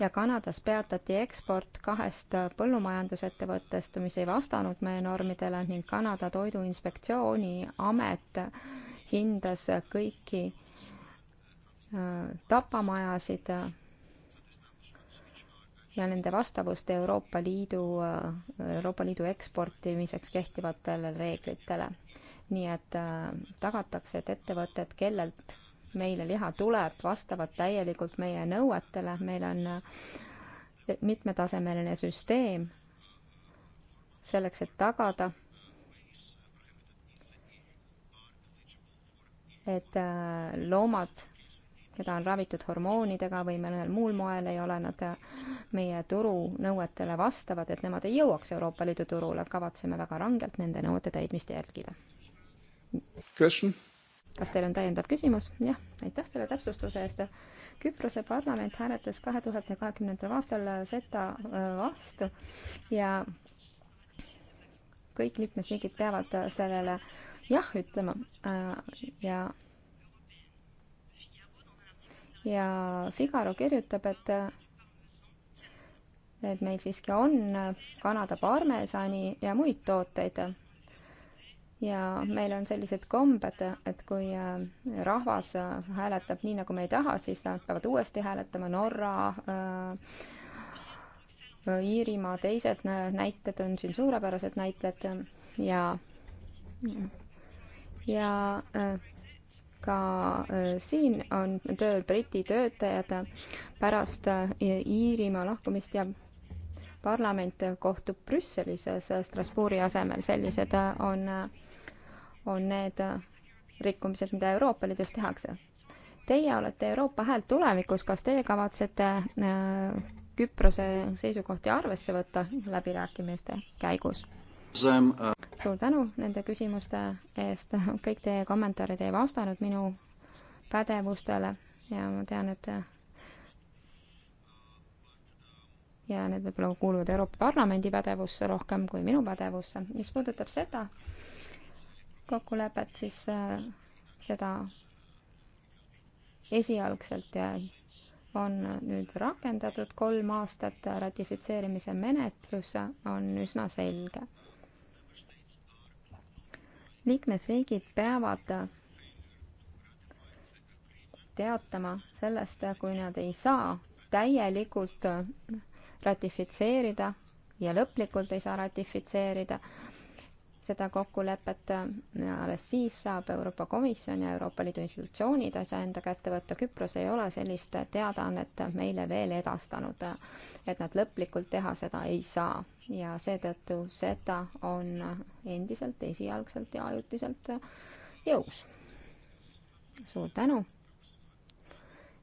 A: ja Kanadas peatati eksport kahest põllumajandusettevõttest, mis ei vastanud meie normidele ning Kanada Toiduinspektsiooni amet hindas kõiki äh, tapamajasid ja nende vastavust Euroopa Liidu, Euroopa Liidu eksportimiseks kehtivatele reeglitele. nii et äh, tagatakse, et ettevõtted, kellelt meile liha tuleb, vastavad täielikult meie nõuetele, meil on äh, mitmetasemeline süsteem selleks, et tagada, et äh, loomad keda on ravitud hormoonidega või mõnel muul moel ei ole nad äh, meie turu nõuetele vastavad, et nemad ei jõuaks Euroopa Liidu turule, kavatseme väga rangelt nende nõuete täitmist jälgida. kas teil on täiendav küsimus? jah, aitäh selle täpsustuse eest. Küprose parlament hääletas kahe tuhande kahekümnendal aastal seta äh, äh, vastu ja kõik liikmesriigid peavad sellele jah ütlema ja ja Figaro kirjutab, et et meil siiski on Kanada parmesani ja muid tooteid. ja meil on sellised kombed, et kui äh, rahvas äh, hääletab nii, nagu me ei taha, siis nad peavad uuesti hääletama Norra äh,, äh Iirimaa, teised näited on siin suurepärased näited ja ja äh, ka äh, siin on tööl Briti töötajad pärast äh, Iirimaa lahkumist ja parlament kohtub Brüsselis äh, Strasbourgi asemel, sellised on, on need rikkumised, mida Euroopa Liidus tehakse. Teie olete Euroopa häält tulevikus, kas teie kavatsete Küprose seisukohti arvesse võtta läbirääkimiste käigus? Äh, suur tänu nende küsimuste eest, kõik teie kommentaarid ei vastanud minu pädevustele ja ma tean, et ja need võib-olla kuuluvad Euroopa Parlamendi pädevusse rohkem kui minu pädevusse. mis puudutab seda kokkulepet, siis äh, seda esialgselt jäi on nüüd rakendatud kolm aastat, ratifitseerimise menetlus on üsna selge liikmesriigid peavad teatama sellest, kui nad ei saa täielikult ratifitseerida ja lõplikult ei saa ratifitseerida seda kokkulepet, alles siis saab Euroopa Komisjon ja Euroopa Liidu institutsioonid asja enda kätte võtta. Küpros ei ole sellist teadaannet meile veel edastanud, et nad lõplikult teha seda ei saa ja seetõttu seda on endiselt, esialgselt ja ajutiselt jõus. suur tänu.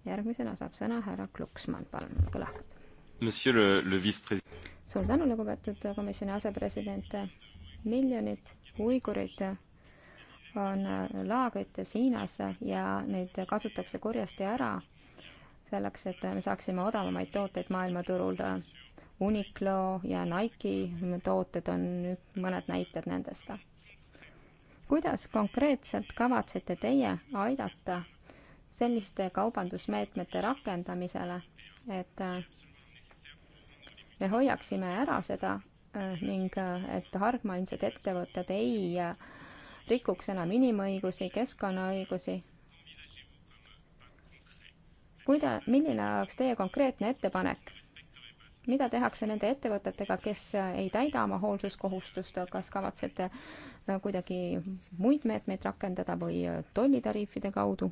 A: järgmisena saab sõna härra Kluksmann, palun, kõlakad.
C: Monsieur le, le vice-president.
A: suur tänu, lugupeetud komisjoni asepresident. miljonid uigurid on laagrites Hiinas ja neid kasutatakse kurjasti ära selleks, et me saaksime odavamaid tooteid maailmaturul Uniqlo ja Nike tooted on mõned näited nendest. kuidas konkreetselt kavatsete teie aidata selliste kaubandusmeetmete rakendamisele, et me hoiaksime ära seda ning et hargmainsed ettevõtted ei rikuks enam inimõigusi, keskkonnaõigusi. kuida-, milline oleks teie konkreetne ettepanek mida tehakse nende ettevõtetega, kes ei täida oma hoolsuskohustust, kas kavatsete äh, kuidagi muid meetmeid rakendada või äh, tollitariifide kaudu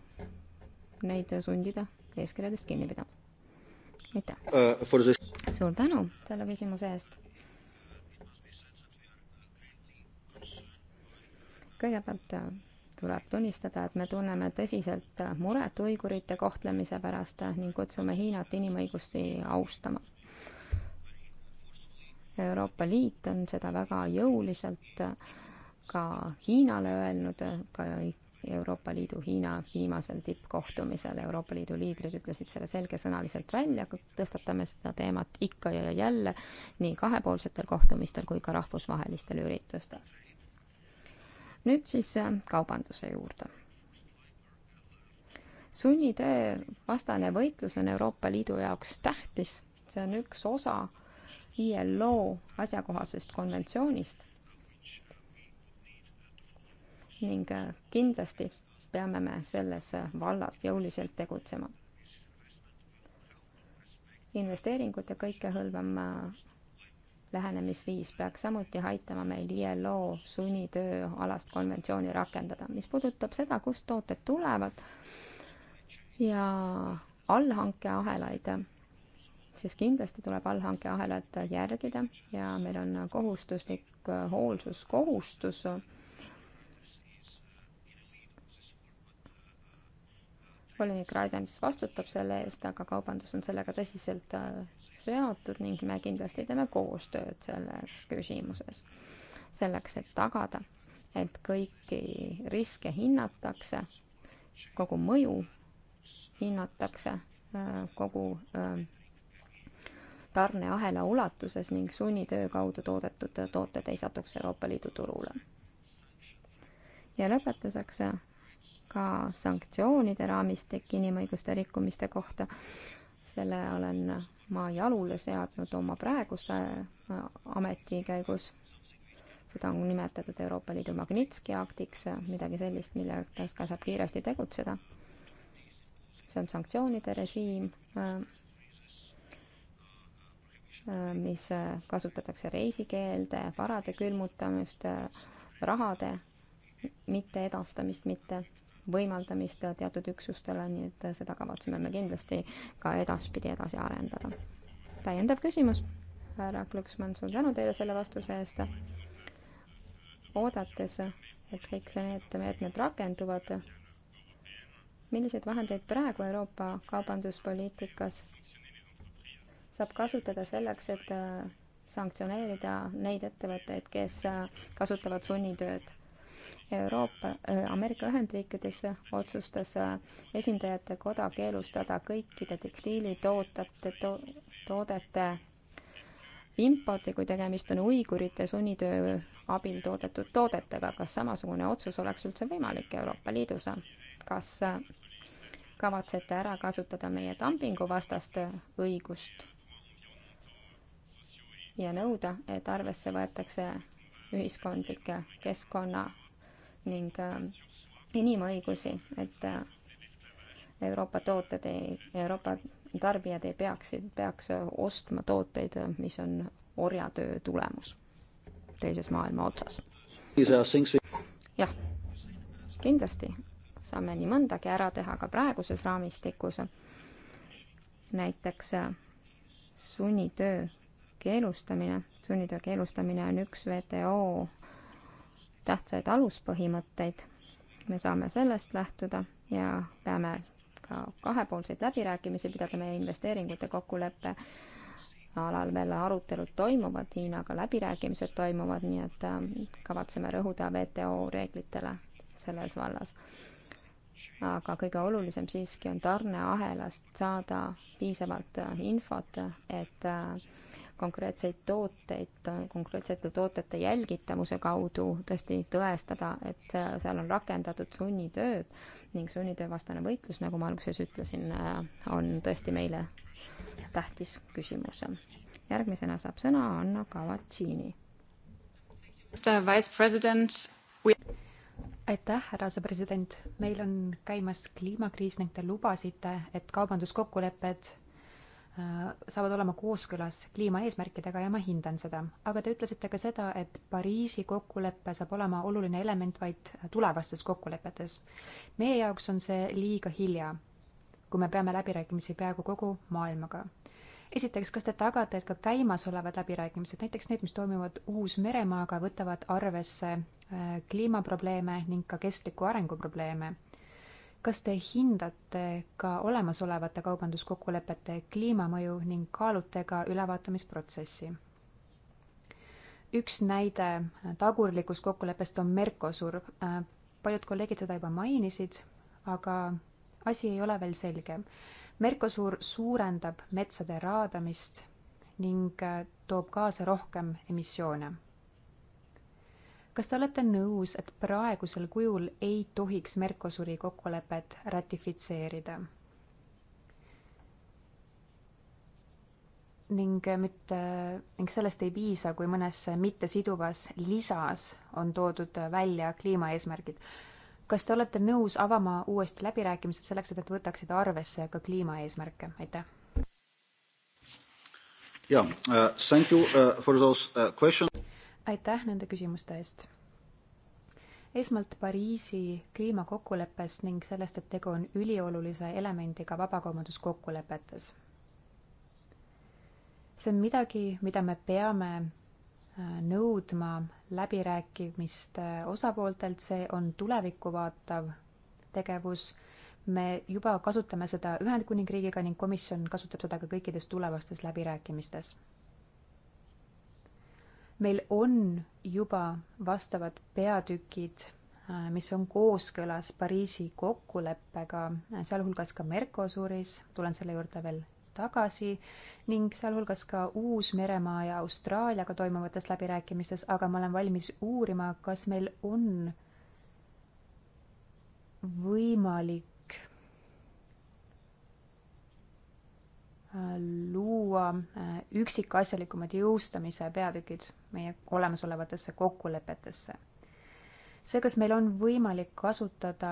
A: neid sundida eeskirjadest kinni pidama? aitäh
C: uh,! suur
A: tänu selle küsimuse eest! kõigepealt tuleb tunnistada, et me tunneme tõsiselt muret uigurite kohtlemise pärast ning kutsume Hiinat inimõigusi austama Euroopa Liit on seda väga jõuliselt ka Hiinale öelnud, ka Euroopa Liidu Hiina viimasel tippkohtumisel Euroopa Liidu liidrid ütlesid selle selgesõnaliselt välja, tõstatame seda teemat ikka ja jälle nii kahepoolsetel kohtumistel kui ka rahvusvahelistel üritustel. nüüd siis äh, kaubanduse juurde. sunnitöö vastane võitlus on Euroopa Liidu jaoks tähtis, see on üks osa ILO asjakohasest konventsioonist ning äh, kindlasti peame me selles äh, vallas jõuliselt tegutsema. investeeringute kõikehõlvam äh, lähenemisviis peaks samuti aitama meil ILO sunnitöö alast konventsiooni rakendada. mis puudutab seda, kust tooted tulevad ja allhankeahelaid, siis kindlasti tuleb allhankeahelat järgida ja meil on kohustuslik äh, hoolsuskohustus. volinik Raidens vastutab selle eest, aga kaubandus on sellega tõsiselt äh, seotud ning me kindlasti teeme koostööd selles küsimuses, selleks et tagada, et kõiki riske hinnatakse, kogu mõju hinnatakse, äh, kogu äh, tarneahela ulatuses ning sunnitöö kaudu toodetud tooted ei satuks Euroopa Liidu turule. ja lõpetuseks ka sanktsioonide raamistik inimõiguste rikkumiste kohta. selle olen ma jalule seadnud oma praeguse äh, ameti käigus. seda on nimetatud Euroopa Liidu Magnitski aktiks, midagi sellist, millega saab kiiresti tegutseda. see on sanktsioonide režiim äh, Äh, mis äh, kasutatakse reisikeelde, varade külmutamist, äh, rahade mitte edastamist, mitte võimaldamist teatud üksustele, nii et seda kavatseme me kindlasti ka edaspidi edasi arendada. täiendav küsimus, härra Klõksmann, suur tänu teile selle vastuse eest. oodates, et kõik need meetmed rakenduvad, milliseid vahendeid praegu Euroopa kaubanduspoliitikas saab kasutada selleks, et äh, sanktsioneerida neid ettevõtteid, kes äh, kasutavad sunnitööd. Euroopa äh,, Ameerika Ühendriikides otsustas äh, esindajate koda keelustada kõikide tekstiilitootjate to,, toodete importi, kui tegemist on uigurite sunnitöö abil toodetud toodetega. kas samasugune otsus oleks üldse võimalik Euroopa Liidus? kas kavatsete ära kasutada meie dumpinguvastast õigust? ja nõuda, et arvesse võetakse ühiskondlikke keskkonna ning äh, inimõigusi, et äh, Euroopa tooted ei, Euroopa tarbijad ei peaks, peaks äh, ostma tooteid, mis on orjatöö tulemus teises maailma otsas. jah, kindlasti saame nii mõndagi ära teha ka praeguses raamistikus. näiteks sunnitöö keelustamine, sunnitöö keelustamine on üks WTO tähtsaid aluspõhimõtteid. me saame sellest lähtuda ja peame ka kahepoolseid läbirääkimisi pidada, meie investeeringute kokkuleppe alal veel arutelud toimuvad, Hiinaga läbirääkimised toimuvad, nii et ähm, kavatseme rõhuda WTO reeglitele selles vallas. aga kõige olulisem siiski on tarneahelast saada piisavalt äh, infot, et äh, konkreetseid tooteid, konkreetsete toodete jälgitavuse kaudu tõesti tõestada, et seal on rakendatud sunnitööd ning sunnitöövastane võitlus, nagu ma alguses ütlesin, on tõesti meile tähtis küsimus. järgmisena saab sõna Anna Kavatsini.
G: aitäh, härra asepresident, meil on käimas kliimakriis ning te lubasite, et kaubanduskokkulepped Äh, saavad olema kooskõlas kliimaeesmärkidega ja ma hindan seda. aga te ütlesite ka seda, et Pariisi kokkulepe saab olema oluline element vaid tulevastes kokkulepetes. meie jaoks on see liiga hilja, kui me peame läbirääkimisi peaaegu kogu maailmaga. esiteks, kas te tagate, et ka käimasolevad läbirääkimised, näiteks need, mis toimuvad Uus-Meremaaga, võtavad arvesse äh, kliimaprobleeme ning ka kestliku arengu probleeme? kas te hindate ka olemasolevate kaubanduskokkulepete kliimamõju ning kaalute ka ülevaatamisprotsessi? üks näide tagurlikust kokkuleppest on Mercosur. Äh, paljud kolleegid seda juba mainisid, aga asi ei ole veel selge. Mercosur suurendab metsade raadamist ning äh, toob kaasa rohkem emissioone kas te olete nõus, et praegusel kujul ei tohiks Mercosuri kokkulepet ratifitseerida? ning äh, mitte, äh, ning sellest ei piisa, kui mõnes mittesiduvas lisas on toodud äh, välja kliimaeesmärgid. kas te olete nõus avama uuesti läbirääkimised selleks, et nad võtaksid arvesse ka kliimaeesmärke? aitäh.
C: jaa, uh, thank you uh, for those uh, questions
G: aitäh nende küsimuste eest! esmalt Pariisi kliimakokkuleppest ning sellest, et tegu on üliolulise elemendiga vabakaubanduskokkulepetes. see on midagi, mida me peame äh, nõudma läbirääkimiste äh, osapooltelt, see on tulevikku vaatav tegevus, me juba kasutame seda Ühendkuningriigiga ning komisjon kasutab seda ka kõikides tulevastes läbirääkimistes meil on juba vastavad peatükid, äh, mis on kooskõlas Pariisi kokkuleppega, äh, sealhulgas ka Mercosuris, tulen selle juurde veel tagasi, ning sealhulgas ka Uus-Meremaa ja Austraaliaga toimuvates läbirääkimistes, aga ma olen valmis uurima, kas meil on võimalik luua äh, üksikasjalikumad jõustamise peatükid meie olemasolevatesse kokkulepetesse. see, kas meil on võimalik kasutada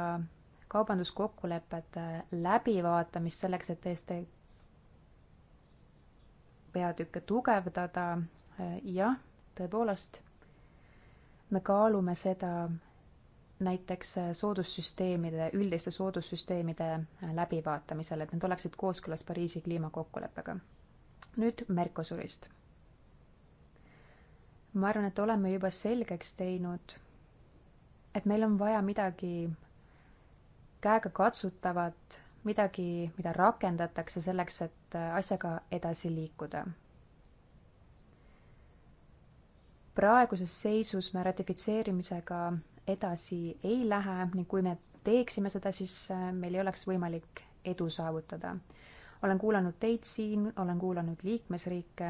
G: kaubanduskokkulepete läbivaatamist selleks, et tõesti peatükke tugevdada, äh, jah, tõepoolest, me kaalume seda näiteks äh, soodussüsteemide, üldiste soodussüsteemide äh, läbivaatamisel, et need oleksid kooskõlas Pariisi kliimakokkuleppega. nüüd Mercosurist. ma arvan, et oleme juba selgeks teinud, et meil on vaja midagi käegakatsutavat, midagi, mida rakendatakse selleks, et äh, asjaga edasi liikuda praeguses seisus me ratifitseerimisega edasi ei lähe ning kui me teeksime seda, siis äh, meil ei oleks võimalik edu saavutada. olen kuulanud teid siin, olen kuulanud liikmesriike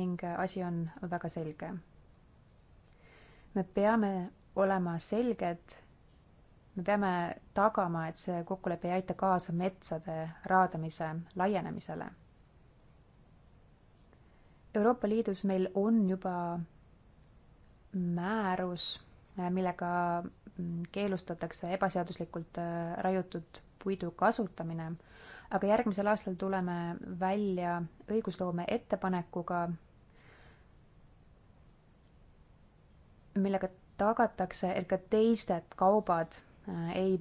G: ning äh, asi on väga selge. me peame olema selged, me peame tagama, et see kokkulepe ei aita kaasa metsade raadamise laienemisele. Euroopa Liidus meil on juba määrus Äh, millega mm, keelustatakse ebaseaduslikult äh, raiutud puidu kasutamine, aga järgmisel aastal tuleme välja õigusloome ettepanekuga, millega tagatakse, et ka teised kaubad äh, ei,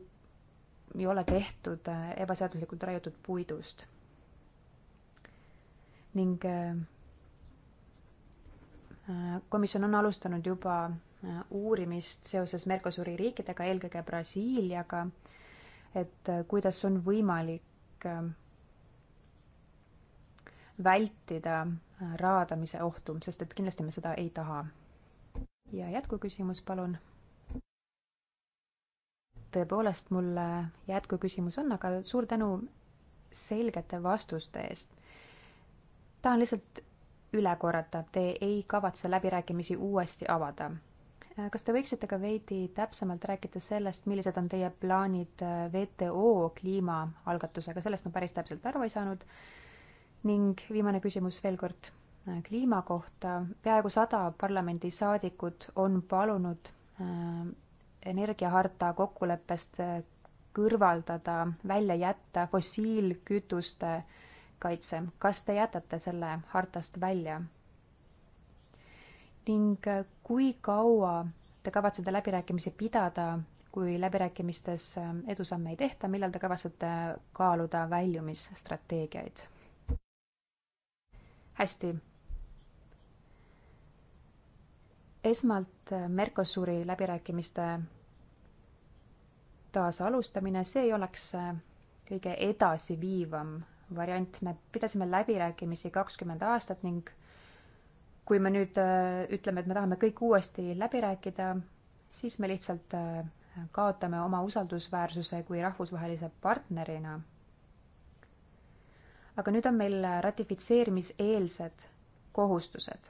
G: ei ole tehtud ebaseaduslikult raiutud puidust. ning komisjon on alustanud juba uurimist seoses Mercosuri riikidega, eelkõige Brasiiliaga, et äh, kuidas on võimalik äh, vältida äh, raadamise ohtu, sest et kindlasti me seda ei taha. ja jätkuküsimus, palun. tõepoolest, mul jätkuküsimus on, aga suur tänu selgete vastuste eest. tahan lihtsalt üle korrata, te ei kavatse läbirääkimisi uuesti avada Äh, kas te võiksite ka veidi täpsemalt rääkida sellest, millised on teie plaanid äh, WTO kliimaalgatusega, sellest ma päris täpselt aru ei saanud. ning viimane küsimus veel kord äh, kliima kohta. peaaegu sada parlamendisaadikut on palunud energiaharta kokkuleppest kõrvaldada, välja jätta fossiilkütuste kaitse. kas te jätate selle hartast välja? ning äh, kui kaua te kavatsete läbirääkimisi pidada, kui läbirääkimistes äh, edusamme ei tehta, millal te kavatsete kaaluda väljumisstrateegiaid? hästi. esmalt äh, Mercosuri läbirääkimiste taasalustamine, see ei oleks kõige edasiviivam variant, me pidasime läbirääkimisi kakskümmend aastat ning kui me nüüd äh, ütleme, et me tahame kõik uuesti läbi rääkida, siis me lihtsalt äh, kaotame oma usaldusväärsuse kui rahvusvahelise partnerina. aga nüüd on meil ratifitseerimiseelsed kohustused.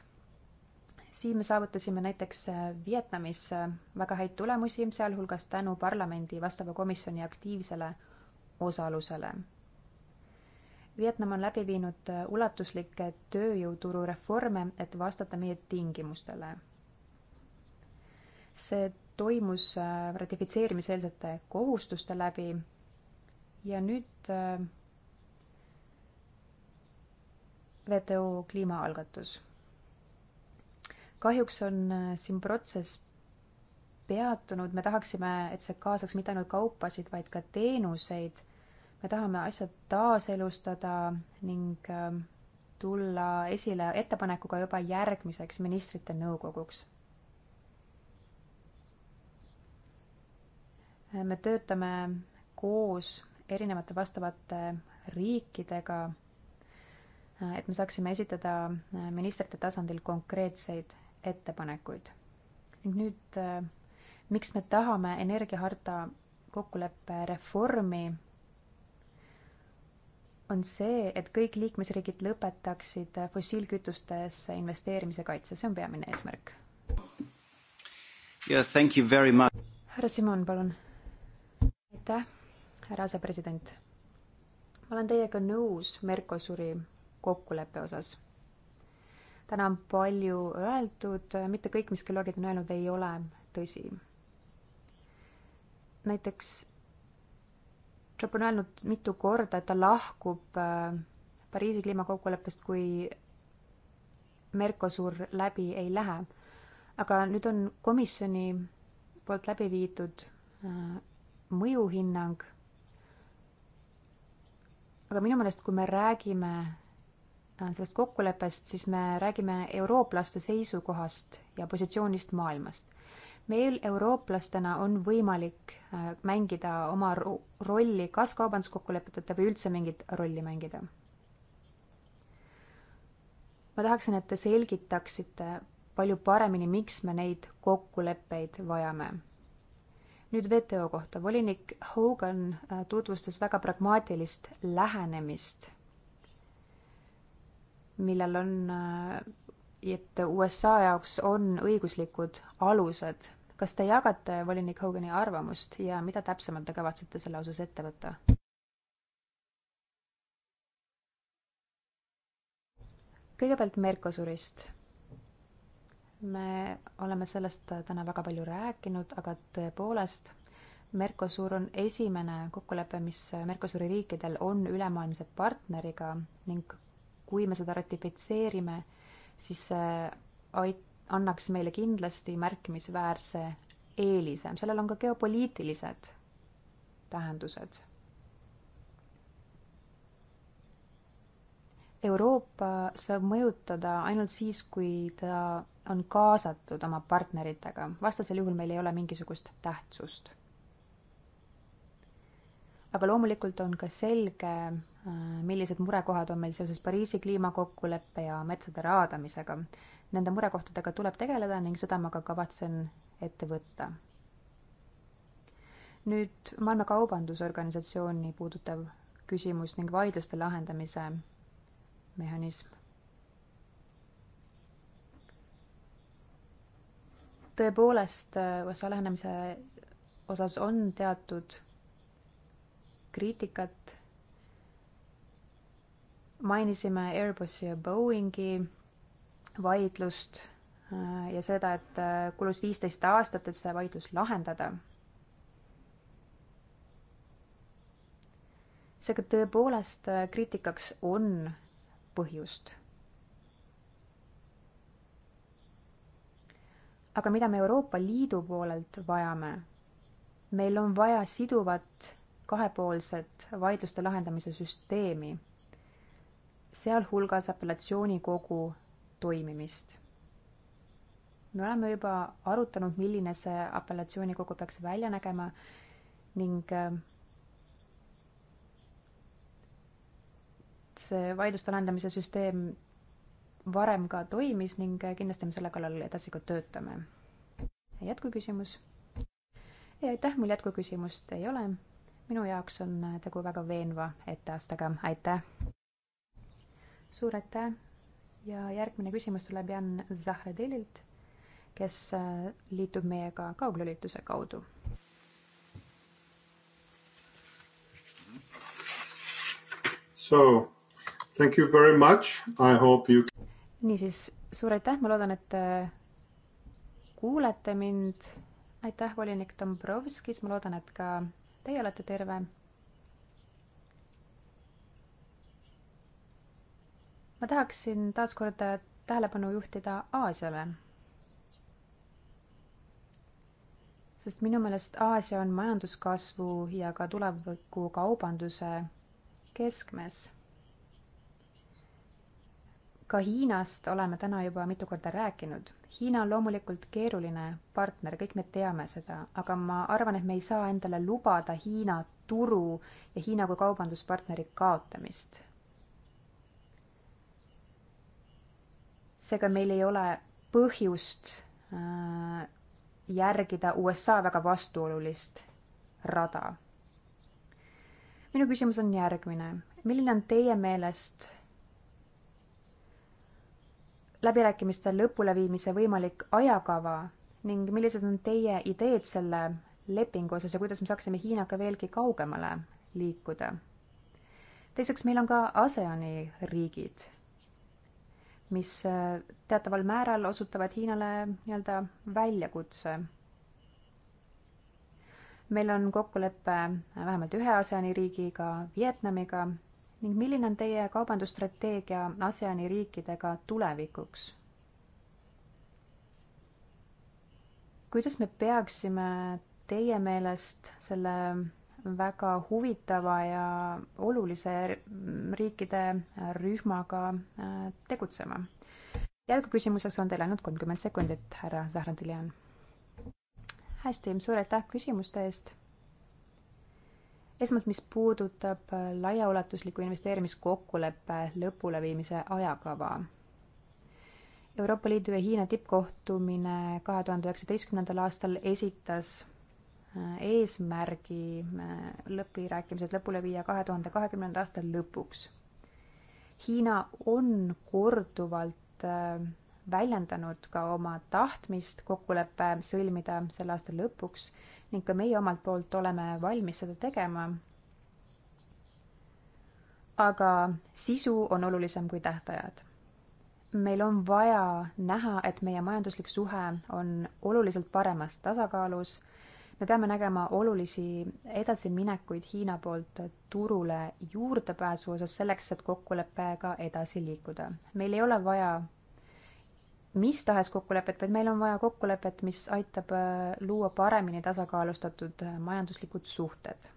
G: siin me saavutasime näiteks äh, Vietnamis väga häid tulemusi, sealhulgas tänu parlamendi vastava komisjoni aktiivsele osalusele Vietnam on läbi viinud äh, ulatuslikke tööjõuturu reforme, et vastata meie tingimustele. see toimus äh, ratifitseerimiseelsete kohustuste läbi ja nüüd äh, WTO kliimaalgatus. kahjuks on siin protsess peatunud, me tahaksime, et see kaasaks mitte ainult kaupasid, vaid ka teenuseid me tahame asjad taaselustada ning ähm, tulla esile ettepanekuga juba järgmiseks ministrite nõukoguks. me töötame koos erinevate vastavate riikidega, äh, et me saaksime esitada äh, ministrite tasandil konkreetseid ettepanekuid. ning nüüd, äh, miks me tahame energiaharta kokkuleppe reformi on see, et kõik liikmesriigid lõpetaksid fossiilkütustesse investeerimise kaitse, see on peamine eesmärk
C: yeah,.
G: härra Simon, palun. aitäh, härra asepresident. ma olen teiega nõus Mercosuri kokkuleppe osas. täna on palju öeldud, mitte kõik, mis geoloogid on öelnud, ei ole tõsi. näiteks Trump on öelnud mitu korda, et ta lahkub äh, Pariisi kliimakokkuleppest, kui Mercosur läbi ei lähe. aga nüüd on komisjoni poolt läbi viidud äh, mõjuhinnang. aga minu meelest, kui me räägime äh, sellest kokkuleppest, siis me räägime eurooplaste seisukohast ja positsioonist maailmast meil eurooplastena on võimalik äh, mängida oma ro rolli kas kaubanduskokkulepeteta või üldse mingit rolli mängida. ma tahaksin, et te selgitaksite palju paremini, miks me neid kokkuleppeid vajame. nüüd WTO kohta. volinik Hogan äh, tutvustas väga pragmaatilist lähenemist, millel on, äh, et USA jaoks on õiguslikud alused kas te jagate volinik Hogani arvamust ja mida täpsemalt te kavatsete selle osas ette võtta? kõigepealt Mercosurist. me oleme sellest täna väga palju rääkinud, aga tõepoolest, Mercosur on esimene kokkulepe, mis Mercosuri riikidel on ülemaailmse partneriga ning kui me seda ratifitseerime, siis see ait-, annaks meile kindlasti märkimisväärse eelise, sellel on ka geopoliitilised tähendused. Euroopa saab mõjutada ainult siis, kui ta on kaasatud oma partneritega, vastasel juhul meil ei ole mingisugust tähtsust. aga loomulikult on ka selge, äh, millised murekohad on meil seoses Pariisi kliimakokkuleppe ja metsade raadamisega Nende murekohtadega tuleb tegeleda ning seda ma ka kavatsen ette võtta. nüüd Maailma Kaubandusorganisatsiooni puudutav küsimus ning vaidluste lahendamise mehhanism. tõepoolest, USA lähenemise osas on teatud kriitikat. mainisime Airbusi ja Boeingi vaidlust äh, ja seda, et äh, kulus viisteist aastat, et seda vaidlust lahendada. seega tõepoolest äh, kriitikaks on põhjust. aga mida me Euroopa Liidu poolelt vajame? meil on vaja siduvat kahepoolset vaidluste lahendamise süsteemi, sealhulgas apellatsioonikogu toimimist. me oleme juba arutanud, milline see apellatsioonikogu peaks välja nägema ning äh, see vaidluste lahendamise süsteem varem ka toimis ning kindlasti me selle kallal edasi ka töötame. jätkuküsimus? aitäh, mul jätkuküsimust ei ole. minu jaoks on tegu väga veenva etteastega, aitäh! suur aitäh ja järgmine küsimus tuleb Jan Zahredelilt, kes äh, liitub meiega kauglülituse kaudu.
C: So thank you very much, I hope you.
G: niisiis, suur aitäh, ma loodan, et äh, kuulete mind. aitäh, volinik Dombrovskis, ma loodan, et ka teie olete terve ma tahaksin taaskord tähelepanu juhtida Aasiale. sest minu meelest Aasia on majanduskasvu ja ka tuleviku kaubanduse keskmes. ka Hiinast oleme täna juba mitu korda rääkinud. Hiina on loomulikult keeruline partner, kõik me teame seda, aga ma arvan, et me ei saa endale lubada Hiina turu ja Hiina kui kaubanduspartneri kaotamist seega meil ei ole põhjust äh, järgida USA väga vastuolulist rada. minu küsimus on järgmine. milline on teie meelest läbirääkimiste lõpuleviimise võimalik ajakava ning millised on teie ideed selle lepingu osas ja kuidas me saaksime Hiinaga veelgi kaugemale liikuda? teiseks, meil on ka ASEAN-i riigid mis äh, teataval määral osutavad Hiinale nii-öelda väljakutse. meil on kokkulepe äh, vähemalt ühe ASEAN-i riigiga, Vietnamiga ning milline on teie kaubandusstrateegia ASEAN-i riikidega tulevikuks? kuidas me peaksime teie meelest selle väga huvitava ja olulise riikide rühmaga äh, tegutsema. jätkuküsimuseks on teil ainult kolmkümmend sekundit, härra Zahrantiljan. hästi, suur aitäh küsimuste eest. esmalt, mis puudutab laiaulatusliku investeerimiskokkuleppe lõpuleviimise ajakava Euroopa Liidu ja Hiina tippkohtumine kahe tuhande üheksateistkümnendal aastal esitas eesmärgi äh, lõpirääkimised lõpule viia kahe tuhande kahekümnenda aasta lõpuks. Hiina on korduvalt äh, väljendanud ka oma tahtmist kokkulepe sõlmida selle aasta lõpuks ning ka meie omalt poolt oleme valmis seda tegema. aga sisu on olulisem kui tähtajad. meil on vaja näha, et meie majanduslik suhe on oluliselt paremas tasakaalus me peame nägema olulisi edasiminekuid Hiina poolt turule juurdepääsu osas selleks, et kokkuleppega edasi liikuda. meil ei ole vaja mis tahes kokkulepet, vaid meil on vaja kokkulepet, mis aitab äh, luua paremini tasakaalustatud äh, majanduslikud suhted.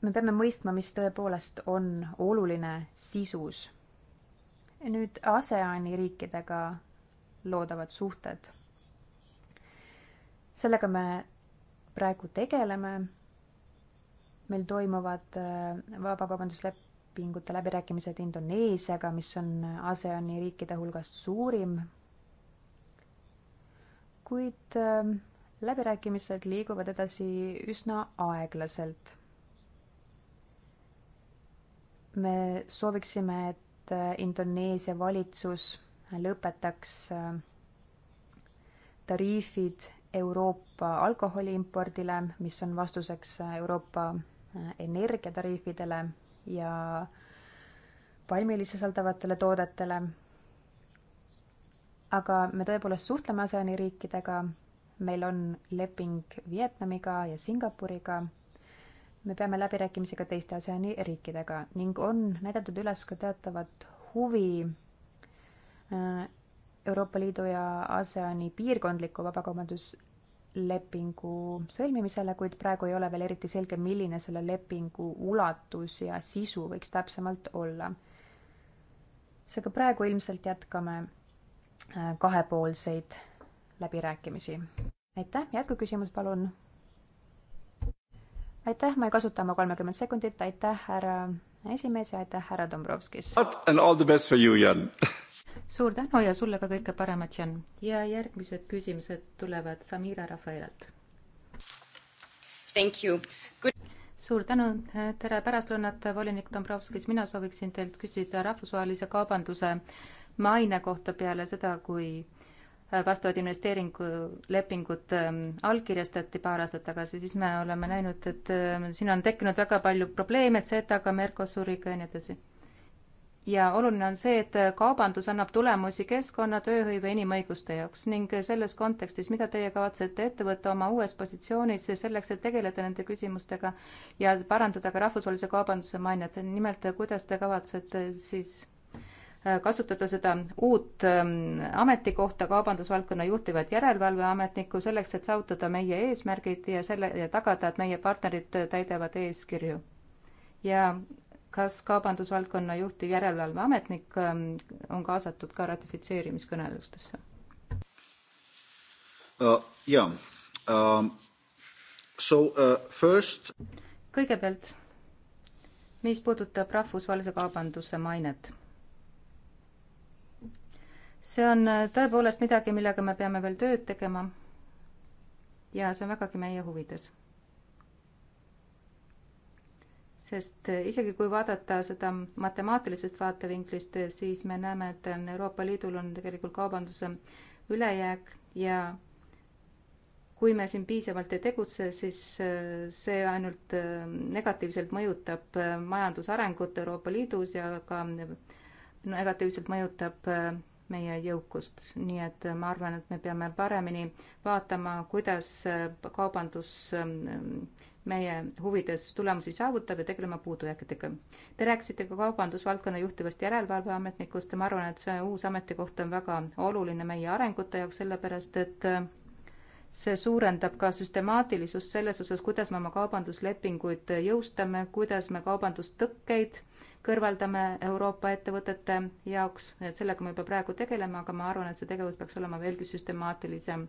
G: me peame mõistma, mis tõepoolest on oluline sisus. nüüd ASEAN-i riikidega loodavad suhted. sellega me praegu tegeleme. meil toimuvad äh, vabakaubanduslepingute läbirääkimised Indoneesiaga, mis on ASEAN-i riikide hulgast suurim. kuid äh, läbirääkimised liiguvad edasi üsna aeglaselt. me sooviksime, et äh, Indoneesia valitsus lõpetaks äh, tariifid Euroopa alkoholiimpordile, mis on vastuseks äh, Euroopa äh, energiatariifidele ja palmili sisaldavatele toodetele. aga me tõepoolest suhtleme ASEAN-i riikidega, meil on leping Vietnamiga ja Singapuriga, me peame läbirääkimisi ka teiste ASEAN-i riikidega ning on näidatud üles ka teatavat huvi Euroopa Liidu ja ASEAN-i piirkondliku vabakaubanduslepingu sõlmimisele, kuid praegu ei ole veel eriti selge, milline selle lepingu ulatus ja sisu võiks täpsemalt olla. seega praegu ilmselt jätkame äh, kahepoolseid läbirääkimisi. aitäh, jätkuküsimus palun. aitäh, ma ei kasuta oma kolmekümmet sekundit, aitäh, härra esimees ja aitäh, härra Dombrovskis.
E: And all the best for you, Jan
G: suur tänu ja sulle ka kõike paremat, Jan. ja järgmised küsimused
F: tulevad Samira Rafaelalt.
G: Thank you Good suur
F: tänu, tere pärastlõunat, volinik Dombrovskis, mina sooviksin teilt küsida rahvusvahelise kaubanduse maine kohta peale seda, kui vastavad investeeringulepingud ähm, allkirjastati paar aastat tagasi, siis me oleme näinud, et ähm, siin on tekkinud väga palju probleeme, et see, et aga Mercosuriga ja nii edasi ja oluline on see, et kaubandus annab tulemusi keskkonna, tööhõive, inimõiguste jaoks ning selles kontekstis, mida teie kavatsete ette võtta oma uues positsioonis selleks, et tegeleda nende küsimustega ja parandada ka rahvusvahelise kaubanduse mainet, nimelt kuidas te kavatsete siis äh, kasutada seda uut ähm, ametikohta kaubandusvaldkonna juhtivat järelevalveametnikku selleks, et saavutada meie eesmärgid ja selle ja tagada, et meie partnerid täidavad eeskirju. ja kas kaubandusvaldkonna juhtiv järelevalveametnik ähm, on kaasatud ka ratifitseerimiskõnelustesse?
C: jaa. Uh, um, so uh, first
F: kõigepealt, mis puudutab rahvusvahelise kaubanduse mainet. see on äh, tõepoolest midagi, millega me peame veel tööd tegema. ja see on vägagi meie huvides sest äh, isegi kui vaadata seda matemaatilisest vaatevinklist, äh, siis me näeme, et äh, Euroopa Liidul on tegelikult kaubanduse ülejääk ja kui me siin piisavalt ei tegutse, siis see ainult negatiivselt mõjutab majandusarengut Euroopa Liidus ja ka negatiivselt mõjutab meie jõukust, nii et ma arvan, et me peame paremini vaatama, kuidas kaubandus meie huvides tulemusi saavutab ja tegelema puudujääkidega. Te rääkisite ka kaubandusvaldkonna juhtivast järelevalveametnikust ja ma arvan, et see uus ametikoht on väga oluline meie arengute jaoks, sellepärast et see suurendab ka süstemaatilisust selles osas, kuidas me oma kaubanduslepinguid jõustame, kuidas me kaubandustõkkeid kõrvaldame Euroopa ettevõtete jaoks, et sellega me juba praegu tegeleme, aga ma arvan, et see tegevus peaks olema veelgi süstemaatilisem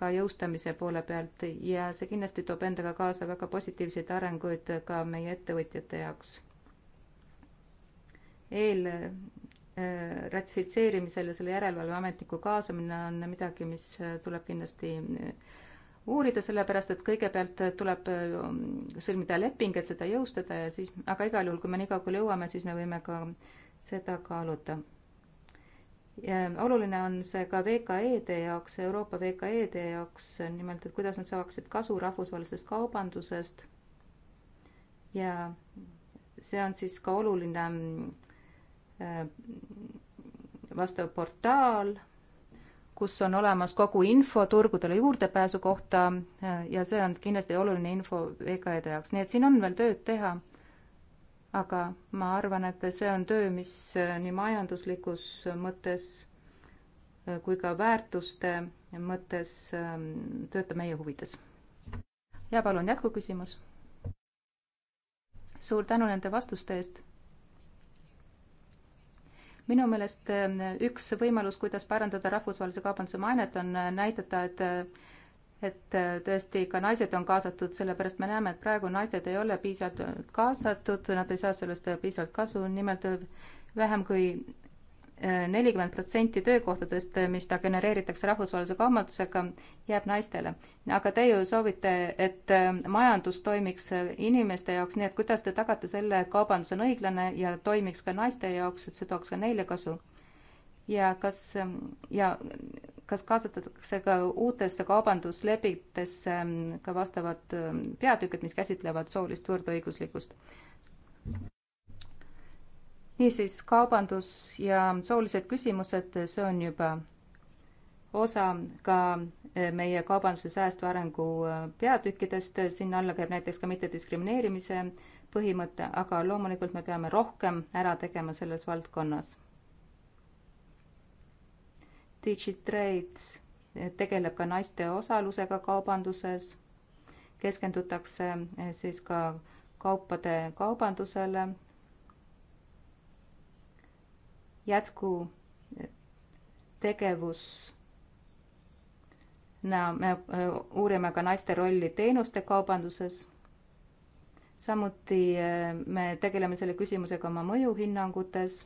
F: ka jõustamise poole pealt ja see kindlasti toob endaga kaasa väga positiivseid arenguid ka meie ettevõtjate jaoks. eel äh, ratifitseerimisel ja selle järelevalveametniku kaasamine on midagi, mis tuleb kindlasti äh, uurida, sellepärast et kõigepealt tuleb äh, sõlmida leping, et seda jõustada ja siis, aga igal juhul, kui me nii kaugele jõuame, siis me võime ka seda kaaluda oluline on see ka VKE-de jaoks, Euroopa VKE-de jaoks, nimelt et kuidas nad saaksid kasu rahvusvahelisest kaubandusest. ja see on siis ka oluline äh, vastav portaal, kus on olemas kogu info turgudele juurdepääsu kohta äh, ja see on kindlasti oluline info VKE-de jaoks, nii et siin on veel tööd teha aga ma arvan, et see on töö, mis äh, nii majanduslikus äh, mõttes äh, kui ka väärtuste mõttes ähm, töötab meie huvides. ja palun jätkuküsimus. suur tänu nende vastuste eest. minu meelest üks võimalus, kuidas parandada rahvusvahelise kaubanduse mainet, on näidata, et et äh, tõesti ka naised on kaasatud, sellepärast me näeme, et praegu naised ei ole piisavalt kaasatud, nad ei saa sellest äh, piisavalt kasu, nimelt äh, vähem kui nelikümmend protsenti töökohtadest, mis ta genereeritakse rahvusvahelise kaubandusega, jääb naistele. aga te ju soovite, et majandus toimiks inimeste jaoks, nii et kuidas te tagate selle, et kaubandus on õiglane ja toimiks ka naiste jaoks, et see tooks ka neile kasu? ja kas ja kas kasutatakse ka uutesse kaubanduslepitesse ähm, ka vastavad ähm, peatükid, mis käsitlevad soolist võrdõiguslikkust? niisiis, kaubandus ja soolised küsimused, see on juba osa ka äh, meie kaubanduse säästva arengu äh, peatükkidest, sinna alla käib näiteks ka mittediskrimineerimise põhimõte, aga loomulikult me peame rohkem ära tegema selles valdkonnas Digitrade tegeleb ka naiste osalusega kaubanduses, keskendutakse eh, siis ka kaupade kaubandusele, jätkutegevus eh, no,. me eh, uurime ka naiste rolli teenuste kaubanduses. samuti me tegeleme selle küsimusega oma mõjuhinnangutes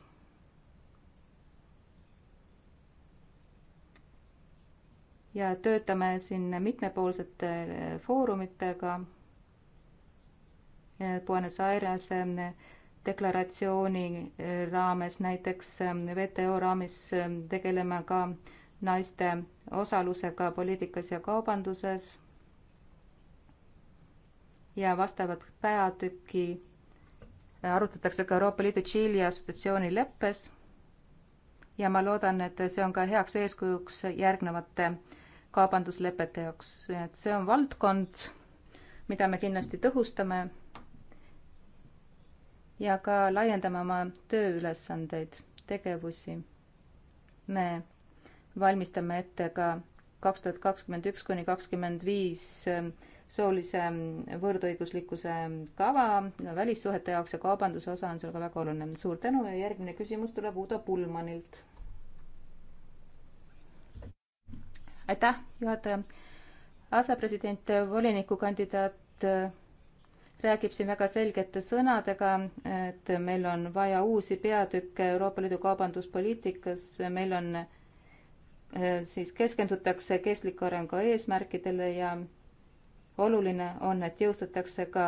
F: ja töötame siin mitmepoolsete foorumitega. Buenos Aires eh, deklaratsiooni eh, raames, näiteks eh, WTO raamis tegeleme ka naiste osalusega poliitikas ja kaubanduses. ja vastavat peatüki arutatakse ka Euroopa Liidu Tšiili assotsiatsiooni leppes. ja ma loodan, et see on ka heaks eeskujuks järgnevate äh, kaubanduslepete jaoks, et see on valdkond, mida me kindlasti tõhustame ja ka laiendame oma tööülesandeid, tegevusi. me valmistame ette ka kaks tuhat kakskümmend üks kuni kakskümmend viis ähm, soolise ähm, võrdõiguslikkuse ähm, kava välissuhete jaoks ja kaubanduse osa on seal ka väga oluline. suur tänu ja järgmine küsimus tuleb Uudo Pulmanilt aitäh, juhataja. asepresident, volinikukandidaat äh, räägib siin väga selgete sõnadega, et meil on vaja uusi peatükke Euroopa Liidu kaubanduspoliitikas, meil on äh, siis keskendutakse kestliku arengu eesmärkidele ja oluline on, et jõustatakse ka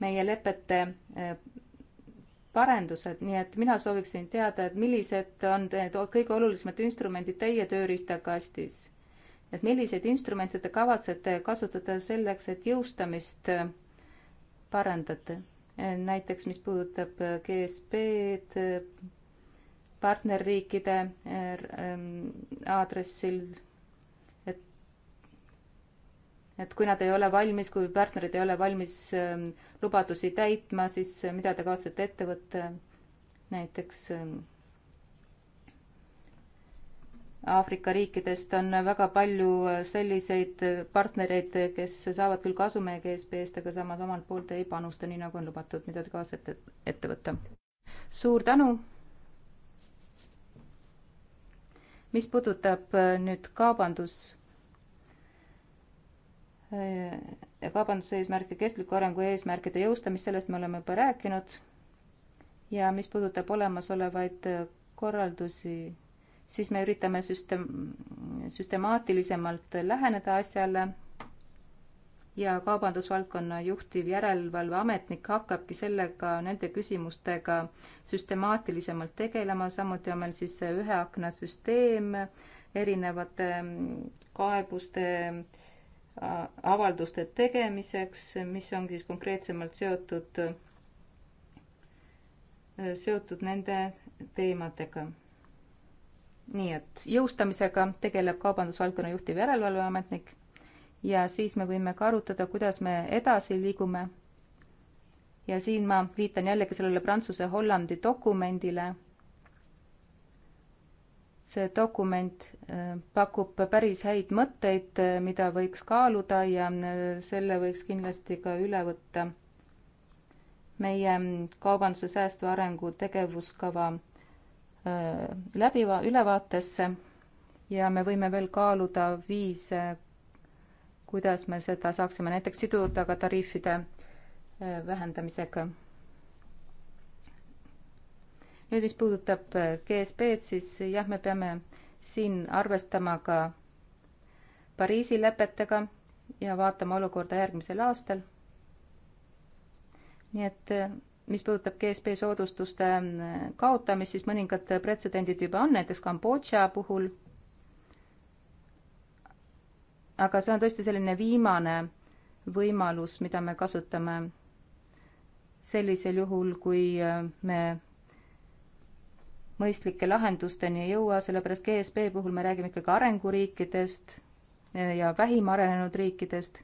F: meie lepete äh, parendused, nii et mina sooviksin teada, et millised on need kõige olulisemad instrumendid teie tööriistakastis? et milliseid instrumente te kavatsete kasutada selleks, et jõustamist äh, parandada? Äh, näiteks, mis puudutab äh, GSP-d partnerriikide ähm, aadressil et kui nad ei ole valmis, kui partnerid ei ole valmis ähm, lubadusi täitma, siis äh, mida te kavatsete ette võtta näiteks ähm, Aafrika riikidest on väga palju äh, selliseid äh, partnereid, kes saavad küll kasu meie GSP-st, aga samas omalt poolt ei panusta, nii nagu on lubatud, mida te kavatsete ette võtta. suur tänu. mis puudutab nüüd kaubandus Äh, kaubanduse eesmärke, kestliku arengu eesmärkide jõustamist, sellest me oleme juba rääkinud. ja mis puudutab olemasolevaid äh, korraldusi, siis me üritame süstem-, süstemaatilisemalt läheneda asjale ja kaubandusvaldkonna juhtiv järelevalveametnik hakkabki sellega, nende küsimustega süstemaatilisemalt tegelema, samuti on meil siis ühe akna süsteem erinevate mm, kaebuste äh, avalduste tegemiseks, mis on siis konkreetsemalt seotud, e, seotud nende teemadega. nii et jõustamisega tegeleb kaubandusvaldkonna juhtiv järelevalveametnik ja siis me võime ka arutada, kuidas me edasi liigume. ja siin ma viitan jällegi sellele Prantsuse-Hollandi dokumendile see dokument äh, pakub päris häid mõtteid, äh, mida võiks kaaluda ja äh, selle võiks kindlasti ka üle võtta meie mm, kaubanduse säästva arengu tegevuskava läbi, ülevaatesse ja me võime veel kaaluda viise, kuidas me seda saaksime näiteks siduda ka tariifide vähendamisega nüüd, mis puudutab äh, GSP-d, siis äh, jah, me peame siin arvestama ka Pariisi lepetega ja vaatama olukorda järgmisel aastal. nii et äh, mis puudutab GSP soodustuste kaotamist, siis mõningad pretsedendid juba on, näiteks Kambodža puhul. aga see on tõesti selline viimane võimalus, mida me kasutame sellisel juhul, kui me mõistlike lahendusteni ei jõua, sellepärast GSP puhul me räägime ikkagi arenguriikidest ja vähim arenenud riikidest.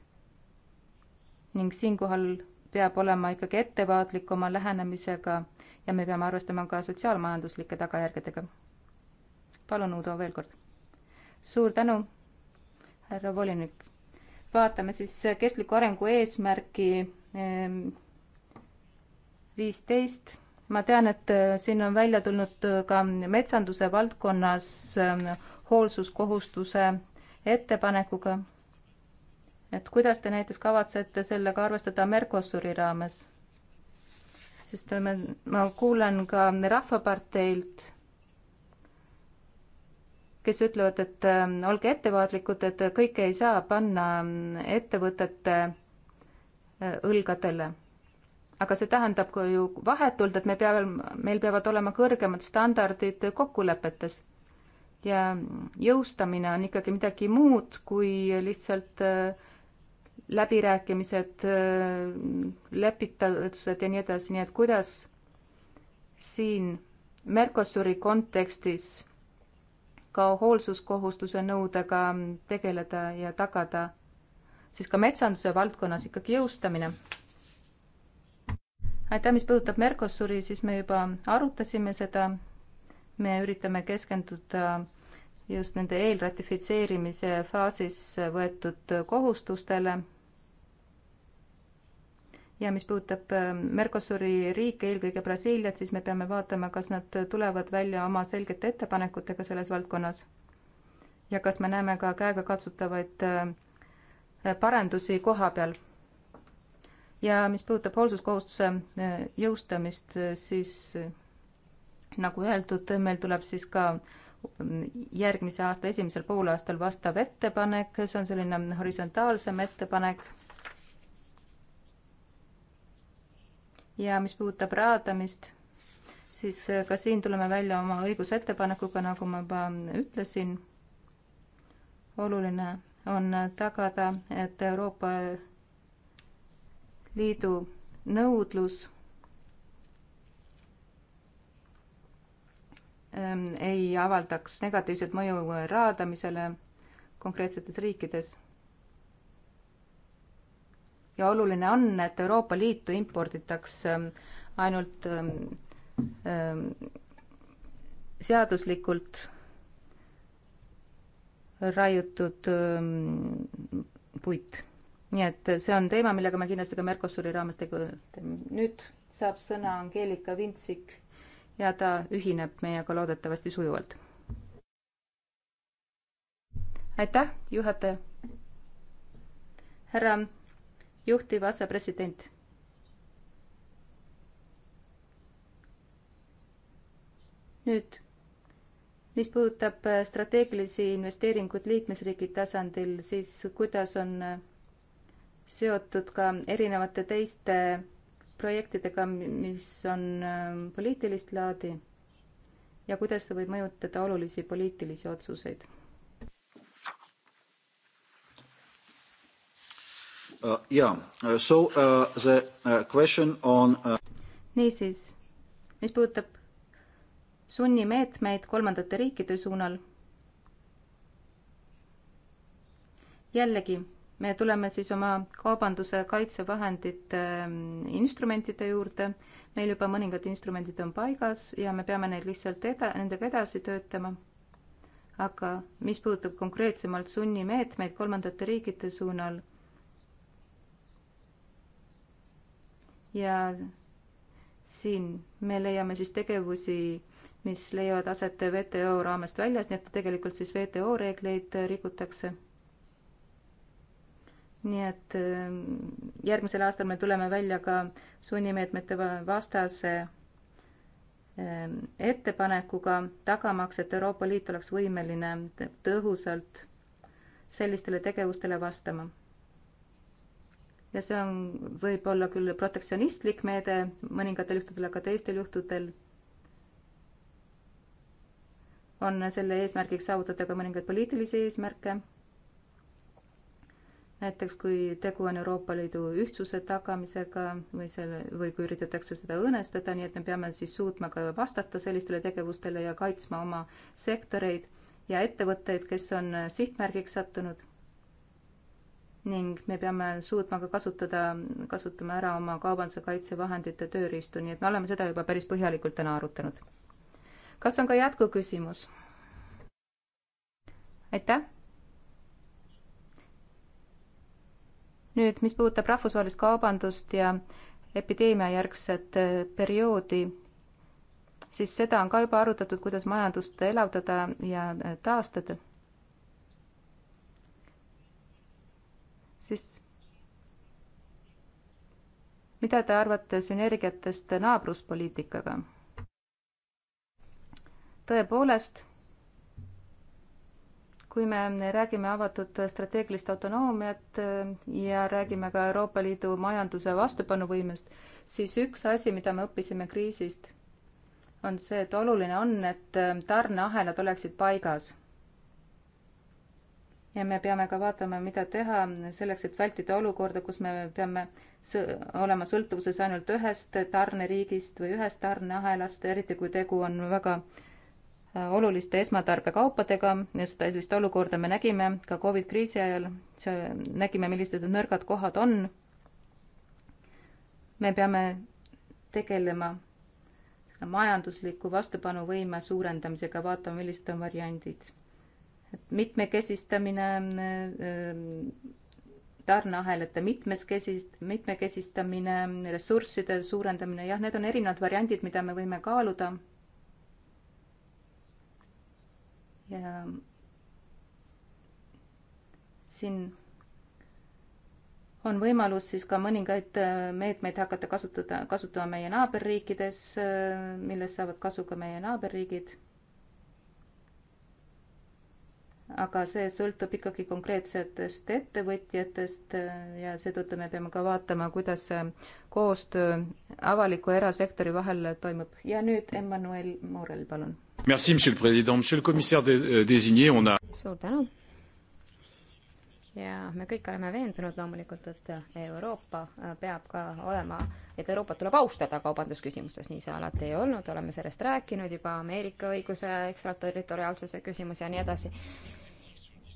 F: ning siinkohal peab olema ikkagi ettevaatlik oma lähenemisega ja me peame arvestama ka sotsiaalmajanduslike tagajärgedega. palun, Udo, veel kord. suur tänu, härra volinik. vaatame siis kestliku arengu eesmärki ehm, viisteist ma tean, et äh, siin on välja tulnud äh, ka metsanduse valdkonnas ähm, hoolsuskohustuse ettepanekuga. et kuidas te näiteks kavatsete sellega arvestada Mercosuri raames? sest äh, me, ma kuulen ka Rahvaparteilt, kes ütlevad, et ähm, olge ettevaatlikud, et kõike ei saa panna ähm, ettevõtete õlgadele aga see tähendab ka ju vahetult, et me peame, meil peavad olema kõrgemad standardid kokkulepetes. ja jõustamine on ikkagi midagi muud kui lihtsalt äh, läbirääkimised, äh, lepitused ja nii edasi, nii et kuidas siin Mercosuri kontekstis ka hoolsuskohustuse nõudega tegeleda ja tagada siis ka metsanduse valdkonnas ikkagi jõustamine aitäh, mis puudutab Mercosuri, siis me juba arutasime seda. me üritame keskenduda just nende eelratifitseerimise faasis võetud kohustustele. ja mis puudutab äh, Mercosuri riike, eelkõige Brasiiliat, siis me peame vaatama, kas nad tulevad välja oma selgete ettepanekutega selles valdkonnas. ja kas me näeme ka käegakatsutavaid äh, parendusi koha peal ja mis puudutab hoolsuskohustuse äh, jõustamist, äh, siis äh, nagu öeldud, meil tuleb siis ka mm, järgmise aasta esimesel poolaastal vastav ettepanek, see on selline horisontaalsem ettepanek. ja mis puudutab raadamist, siis ka siin tuleme välja oma õigusettepanekuga, nagu ma juba ütlesin. oluline on tagada, et Euroopa Liidu nõudlus ähm, ei avaldaks negatiivset mõju raadamisele konkreetsetes riikides. ja oluline on, et Euroopa Liitu imporditaks ähm, ainult ähm, seaduslikult raiutud puit nii et see on teema, millega me kindlasti ka Mercosuri raames tegeleme. nüüd saab sõna Angeelika Vintsik ja ta ühineb meiega loodetavasti sujuvalt. aitäh, juhataja. härra juhtiv asepresident. nüüd, mis puudutab strateegilisi investeeringuid liikmesriigi tasandil, siis kuidas on seotud ka erinevate teiste projektidega, mis on ähm, poliitilist laadi ja kuidas see võib mõjutada olulisi poliitilisi otsuseid
C: uh,? Yeah. Uh, so, uh, the uh, question on uh...
F: niisiis, mis puudutab sunnimeetmeid kolmandate riikide suunal, jällegi me tuleme siis oma kaubanduse kaitsevahendite ähm, instrumentide juurde. meil juba mõningad instrumendid on paigas ja me peame neid lihtsalt eda-, nendega edasi töötama. aga mis puudutab konkreetsemalt sunnimeetmeid kolmandate riikide suunal ja siin me leiame siis tegevusi mis leiavad aset WTO raamest väljas, nii et tegelikult siis WTO reegleid rikutakse nii et äh, järgmisel aastal me tuleme välja ka sunnimeetmete vastase äh, ettepanekuga, tagamaks, et Euroopa Liit oleks võimeline tõhusalt sellistele tegevustele vastama. ja see on võib-olla küll protektsionistlik meede mõningatel juhtudel, aga teistel juhtudel on selle eesmärgiks saavutada ka mõningaid poliitilisi eesmärke näiteks kui tegu on Euroopa Liidu ühtsuse tagamisega või selle, või kui üritatakse seda õõnestada, nii et me peame siis suutma ka vastata sellistele tegevustele ja kaitsma oma sektoreid ja ettevõtteid, kes on sihtmärgiks sattunud. ning me peame suutma ka kasutada, kasutama ära oma kaubanduse kaitsevahendite tööriistu, nii et me oleme seda juba päris põhjalikult täna arutanud. kas on ka jätkuküsimus? aitäh nüüd, mis puudutab rahvusvahelist kaubandust ja epideemiajärgset äh, perioodi, siis seda on ka juba arutatud, kuidas majandust elavdada ja äh, taastada. siis mida te arvate sünergiatest naabruspoliitikaga? tõepoolest kui me räägime avatud strateegilist autonoomiat äh, ja räägime ka Euroopa Liidu majanduse vastupanuvõimest, siis üks asi, mida me õppisime kriisist, on see, et oluline on, et äh, tarneahelad oleksid paigas. ja me peame ka vaatama, mida teha selleks, et vältida olukorda, kus me peame olema sõltuvuses ainult ühest tarneriigist või ühest tarneahelast, eriti kui tegu on väga äh, Äh, oluliste esmatarbekaupadega ja seda, sellist olukorda me nägime ka Covid kriisi ajal, nägime, millised need nõrgad kohad on. me peame tegelema majandusliku vastupanuvõime suurendamisega, vaatama, millised on variandid. et mitmekesistamine, äh, tarneahelate mitmeskesist, mitmekesistamine, ressursside suurendamine, jah, need on erinevad variandid, mida me võime kaaluda ja siin on võimalus siis ka mõningaid äh, meetmeid hakata kasutada, kasutama meie naaberriikides, äh, millest saavad kasu ka meie naaberriigid. aga see sõltub ikkagi konkreetsetest ettevõtjatest äh, ja seetõttu me peame ka vaatama, kuidas koostöö avaliku ja erasektori vahel toimub. ja nüüd Emmanuel Morel, palun monsieur le president, monsieur le commissaire euh, désigné, on a.
A: suur tänu. ja me kõik oleme veendunud loomulikult, et Euroopa äh, peab ka olema, et Euroopat tuleb austada kaubandusküsimustes, nii see alati ei olnud, oleme sellest rääkinud juba Ameerika õiguse ekstraterritoriaalsuse küsimus ja nii edasi.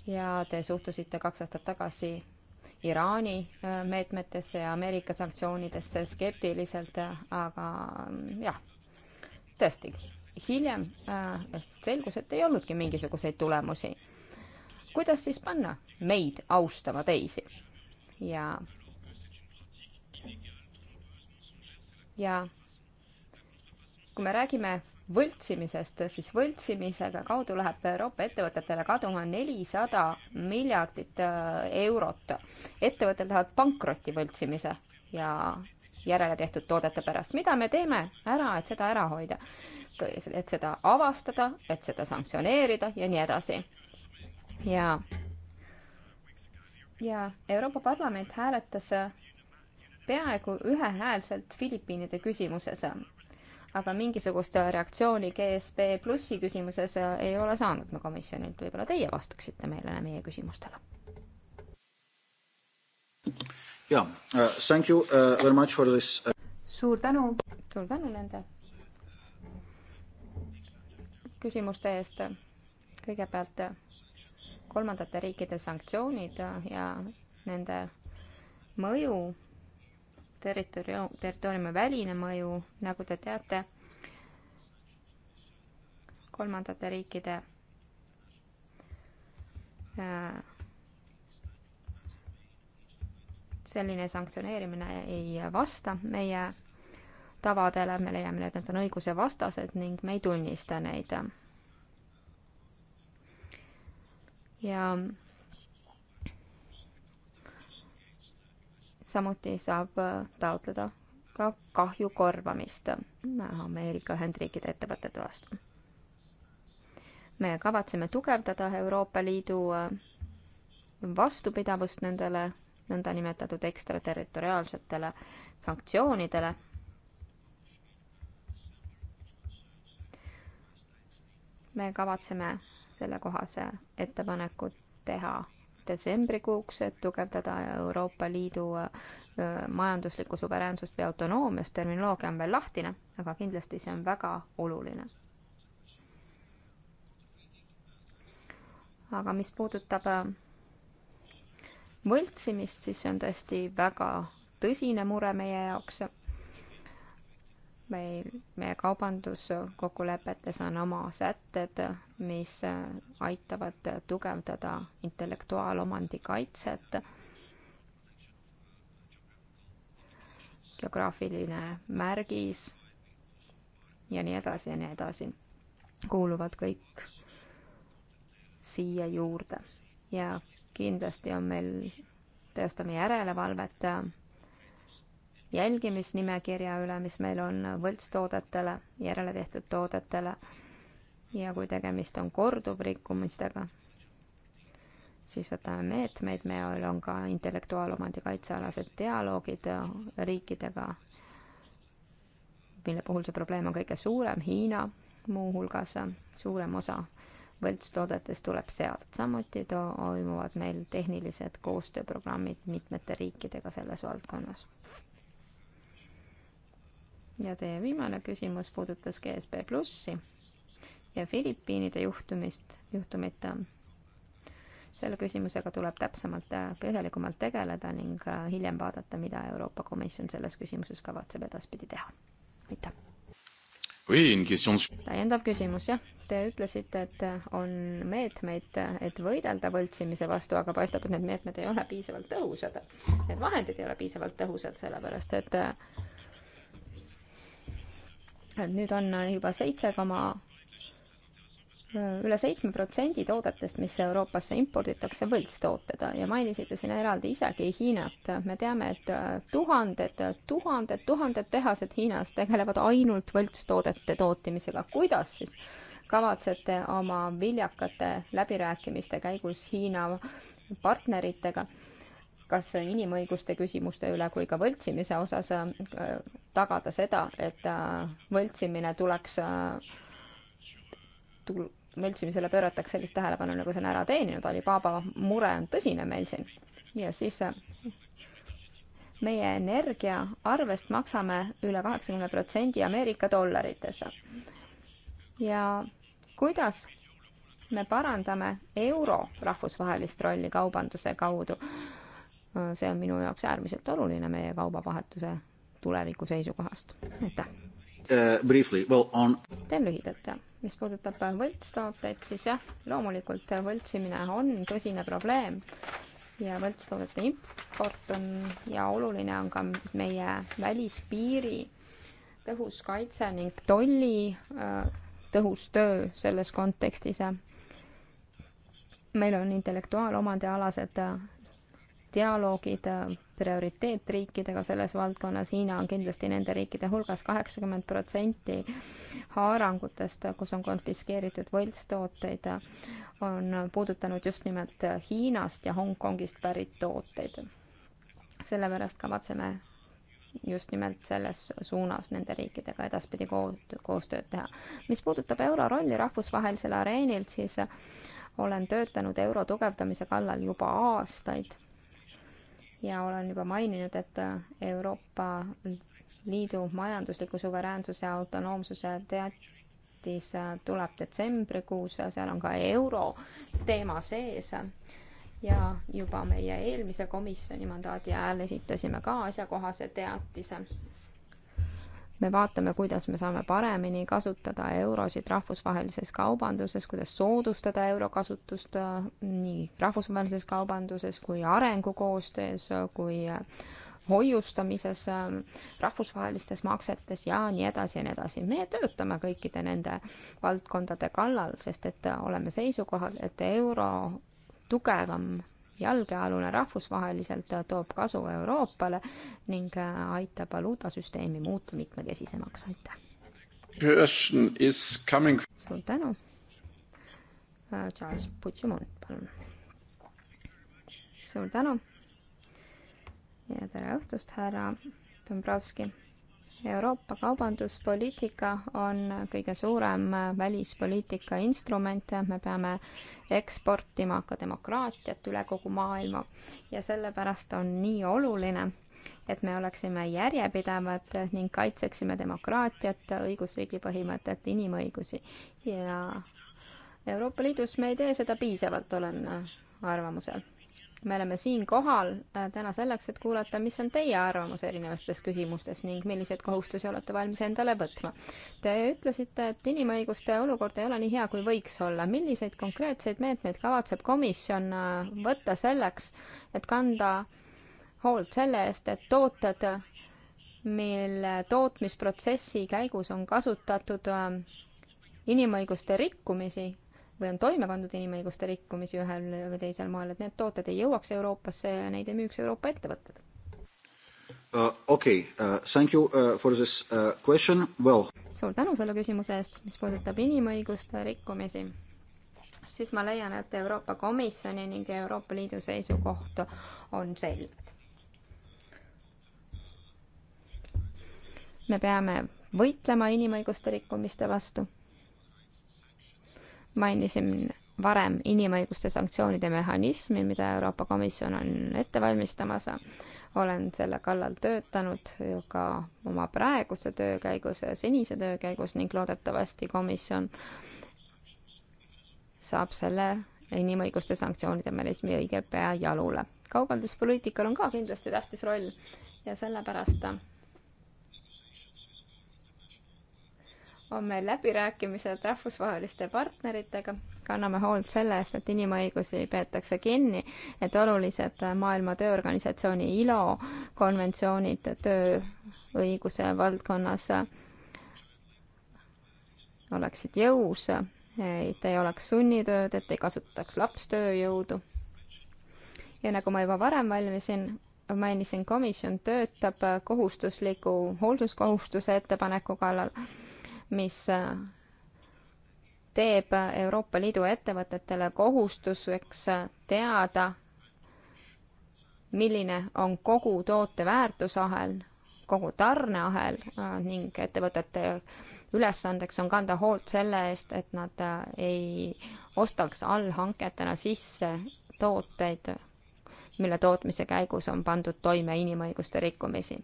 A: ja te suhtusite kaks aastat tagasi Iraani äh, meetmetesse ja Ameerika sanktsioonidesse skeptiliselt, äh, aga mm, jah, tõesti hiljem äh, selgus, et ei olnudki mingisuguseid tulemusi. kuidas siis panna meid austama teisi? ja ja kui me räägime võltsimisest, siis võltsimisega kaudu läheb Euroopa ettevõtetele kaduma nelisada miljardit äh, eurot. ettevõtted lähevad pankrotti võltsimise ja järele tehtud toodete pärast. mida me teeme ära, et seda ära hoida? et seda avastada, et seda sanktsioneerida ja nii edasi. ja, ja Euroopa Parlament hääletas peaaegu ühehäälselt Filipiinide küsimuses. aga mingisugust reaktsiooni GSB Plussi küsimuses ei ole saanud me komisjonilt, võib-olla teie vastaksite meile meie küsimustele?
C: jaa, uh, thank you uh, very much for this. Uh,
A: suur tänu, suur tänu nende küsimuste eest. kõigepealt uh, kolmandate riikide sanktsioonid ja nende mõju, territorio-, territooriumi väline mõju, nagu te teate, kolmandate riikide äh, selline sanktsioneerimine ei vasta meie tavadele, me leiame, et need on õigusevastased ning me ei tunnista neid. ja samuti saab äh, taotleda ka kahju korvamist Ameerika Ühendriikide ettevõtete vastu. me kavatseme tugevdada Euroopa Liidu äh, vastupidavust nendele nõndanimetatud ekstraterritoriaalsetele sanktsioonidele. me kavatseme sellekohase ettepaneku teha detsembrikuuks, et tugevdada Euroopa Liidu majanduslikku suveräänsust või autonoomias, terminoloogia on veel lahtine, aga kindlasti see on väga oluline. aga mis puudutab võltsimist, siis see on tõesti väga tõsine mure meie jaoks. meil, meie kaubanduskokkulepetes on oma sätted, mis aitavad tugevdada intellektuaalomandi kaitset. geograafiline märgis ja nii edasi ja nii edasi kuuluvad kõik siia juurde ja kindlasti on meil, teostame järelevalvet jälgimisnimekirja üle, mis meil on võltstoodetele, järele tehtud toodetele. ja kui tegemist on korduvrikkumistega, siis võtame meetmeid, meil on ka intellektuaalomandi kaitsealased dialoogid riikidega, mille puhul see probleem on kõige suurem, Hiina muuhulgas, suurem osa võltstoodetest tuleb sealt. samuti toimuvad meil tehnilised koostööprogrammid mitmete riikidega selles valdkonnas. ja teie viimane küsimus puudutas GSP Plussi ja Filipiinide juhtumist, juhtumit. selle küsimusega tuleb täpsemalt ja põhjalikumalt tegeleda ning hiljem vaadata, mida Euroopa Komisjon selles küsimuses kavatseb edaspidi teha. aitäh!
F: täiendav
A: küsimus, jah. Te ütlesite, et on meetmeid, et võidelda võltsimise vastu, aga paistab, et need meetmed ei ole piisavalt tõhusad. Need vahendid ei ole piisavalt tõhusad, sellepärast et et nüüd on juba seitse koma üle seitsme protsendi toodetest, mis Euroopasse imporditakse, võltstooted ja mainisite siin eraldi isegi Hiinat. me teame, et tuhanded, tuhanded, tuhanded tehased Hiinas tegelevad ainult võltstoodete tootmisega. kuidas siis kavatsete oma viljakate läbirääkimiste käigus Hiina partneritega kas inimõiguste küsimuste üle kui ka võltsimise osas tagada seda, et võltsimine tuleks tul-, võltsimisele pööratakse sellist tähelepanu, nagu see on ära teeninud, Alibaba mure on tõsine meil siin. ja siis äh, meie energiaarvest maksame üle kaheksakümne protsendi Ameerika dollarites. ja kuidas me parandame euro rahvusvahelist rolli kaubanduse kaudu? Äh, see on minu jaoks äärmiselt oluline meie kaubavahetuse tuleviku seisukohast. aitäh
C: uh,! Briefly, well on
A: teen lühidalt, jah mis puudutab äh, võltstooteid, siis jah, loomulikult äh, võltsimine on tõsine probleem ja võltstoodete import on ja oluline on ka meie välispiiri tõhus kaitse ning tolli äh, tõhus töö selles kontekstis. meil on intellektuaalomandialased dialoogid, äh, prioriteet riikidega selles valdkonnas, Hiina on kindlasti nende riikide hulgas, kaheksakümmend protsenti haarangutest, kus on konfiskeeritud võltstooteid, on puudutanud just nimelt Hiinast ja Hongkongist pärit tooteid. sellepärast kavatseme just nimelt selles suunas nende riikidega edaspidi koostööd teha. mis puudutab euro rolli rahvusvahelisel areenil, siis olen töötanud euro tugevdamise kallal juba aastaid ja olen juba maininud, et äh, Euroopa Liidu majandusliku suveräänsuse ja autonoomsuse teatis äh, tuleb detsembrikuus, äh, seal on ka euro teema sees. ja juba meie eelmise komisjoni mandaadi ajal esitasime ka asjakohase teatise me vaatame, kuidas me saame paremini kasutada eurosid rahvusvahelises kaubanduses, kuidas soodustada euro kasutust äh, nii rahvusvahelises kaubanduses kui arengukoostöös, äh, kui äh, hoiustamises, rahvusvahelistes maksetes ja nii edasi ja nii edasi. me töötame kõikide nende valdkondade kallal, sest et oleme seisukohal, et euro tugevam jalgealune rahvusvaheliselt toob kasu Euroopale ning äh, aitab valuutasüsteemi muuta mitmekesisemaks, aitäh! suur tänu! Äh, Charles Puigdemont, palun! suur tänu ja tere õhtust, härra Dombrovski! Euroopa kaubanduspoliitika on kõige suurem välispoliitika instrument, me peame eksportima ka demokraatiat üle kogu maailma ja sellepärast on nii oluline, et me oleksime järjepidevad ning kaitseksime demokraatiat, õigusriigi põhimõtet, inimõigusi ja Euroopa Liidus me ei tee seda piisavalt, olen arvamusel me oleme siin kohal äh, täna selleks, et kuulata, mis on teie arvamus erinevates küsimustes ning milliseid kohustusi olete valmis endale võtma. Te ütlesite, et inimõiguste olukord ei ole nii hea, kui võiks olla. milliseid konkreetseid meetmeid kavatseb komisjon äh, võtta selleks, et kanda hoolt selle eest, et tooted, mille tootmisprotsessi käigus on kasutatud äh, inimõiguste rikkumisi, või on toime pandud inimõiguste rikkumisi ühel või teisel moel, et need tooted ei jõuaks Euroopasse ja neid ei müüks Euroopa ettevõtted
C: uh,? Okei okay. uh,, thank you uh, for this uh, question, well.
A: suur tänu selle küsimuse eest, mis puudutab inimõiguste rikkumisi siis ma leian, et Euroopa Komisjoni ning Euroopa Liidu seisukoht on selged. me peame võitlema inimõiguste rikkumiste vastu mainisin varem inimõiguste sanktsioonide mehhanismi, mida Euroopa Komisjon on ette valmistamas. olen selle kallal töötanud ka oma praeguse töö käigus ja senise töö käigus ning loodetavasti komisjon saab selle inimõiguste sanktsioonide mehhanismi õige pea jalule. kaubanduspoliitikal on ka kindlasti tähtis roll ja sellepärast on meil läbirääkimised rahvusvaheliste partneritega, kanname hoolt selle eest, et inimõigusi peetakse kinni, et olulised Maailma Tööorganisatsiooni ILO konventsioonid tööõiguse valdkonnas oleksid jõus, et ei oleks sunnitööd, et ei kasutataks lapstööjõudu. ja nagu ma juba varem valmisin, mainisin, komisjon töötab kohustusliku hoolsuskohustuse ettepaneku kallal mis teeb Euroopa Liidu ettevõtetele kohustuseks teada, milline on kogu toote väärtusahel, kogu tarneahel ning ettevõtete ülesandeks on kanda hoolt selle eest, et nad ei ostaks allhanketena sisse tooteid, mille tootmise käigus on pandud toime inimõiguste rikkumisi.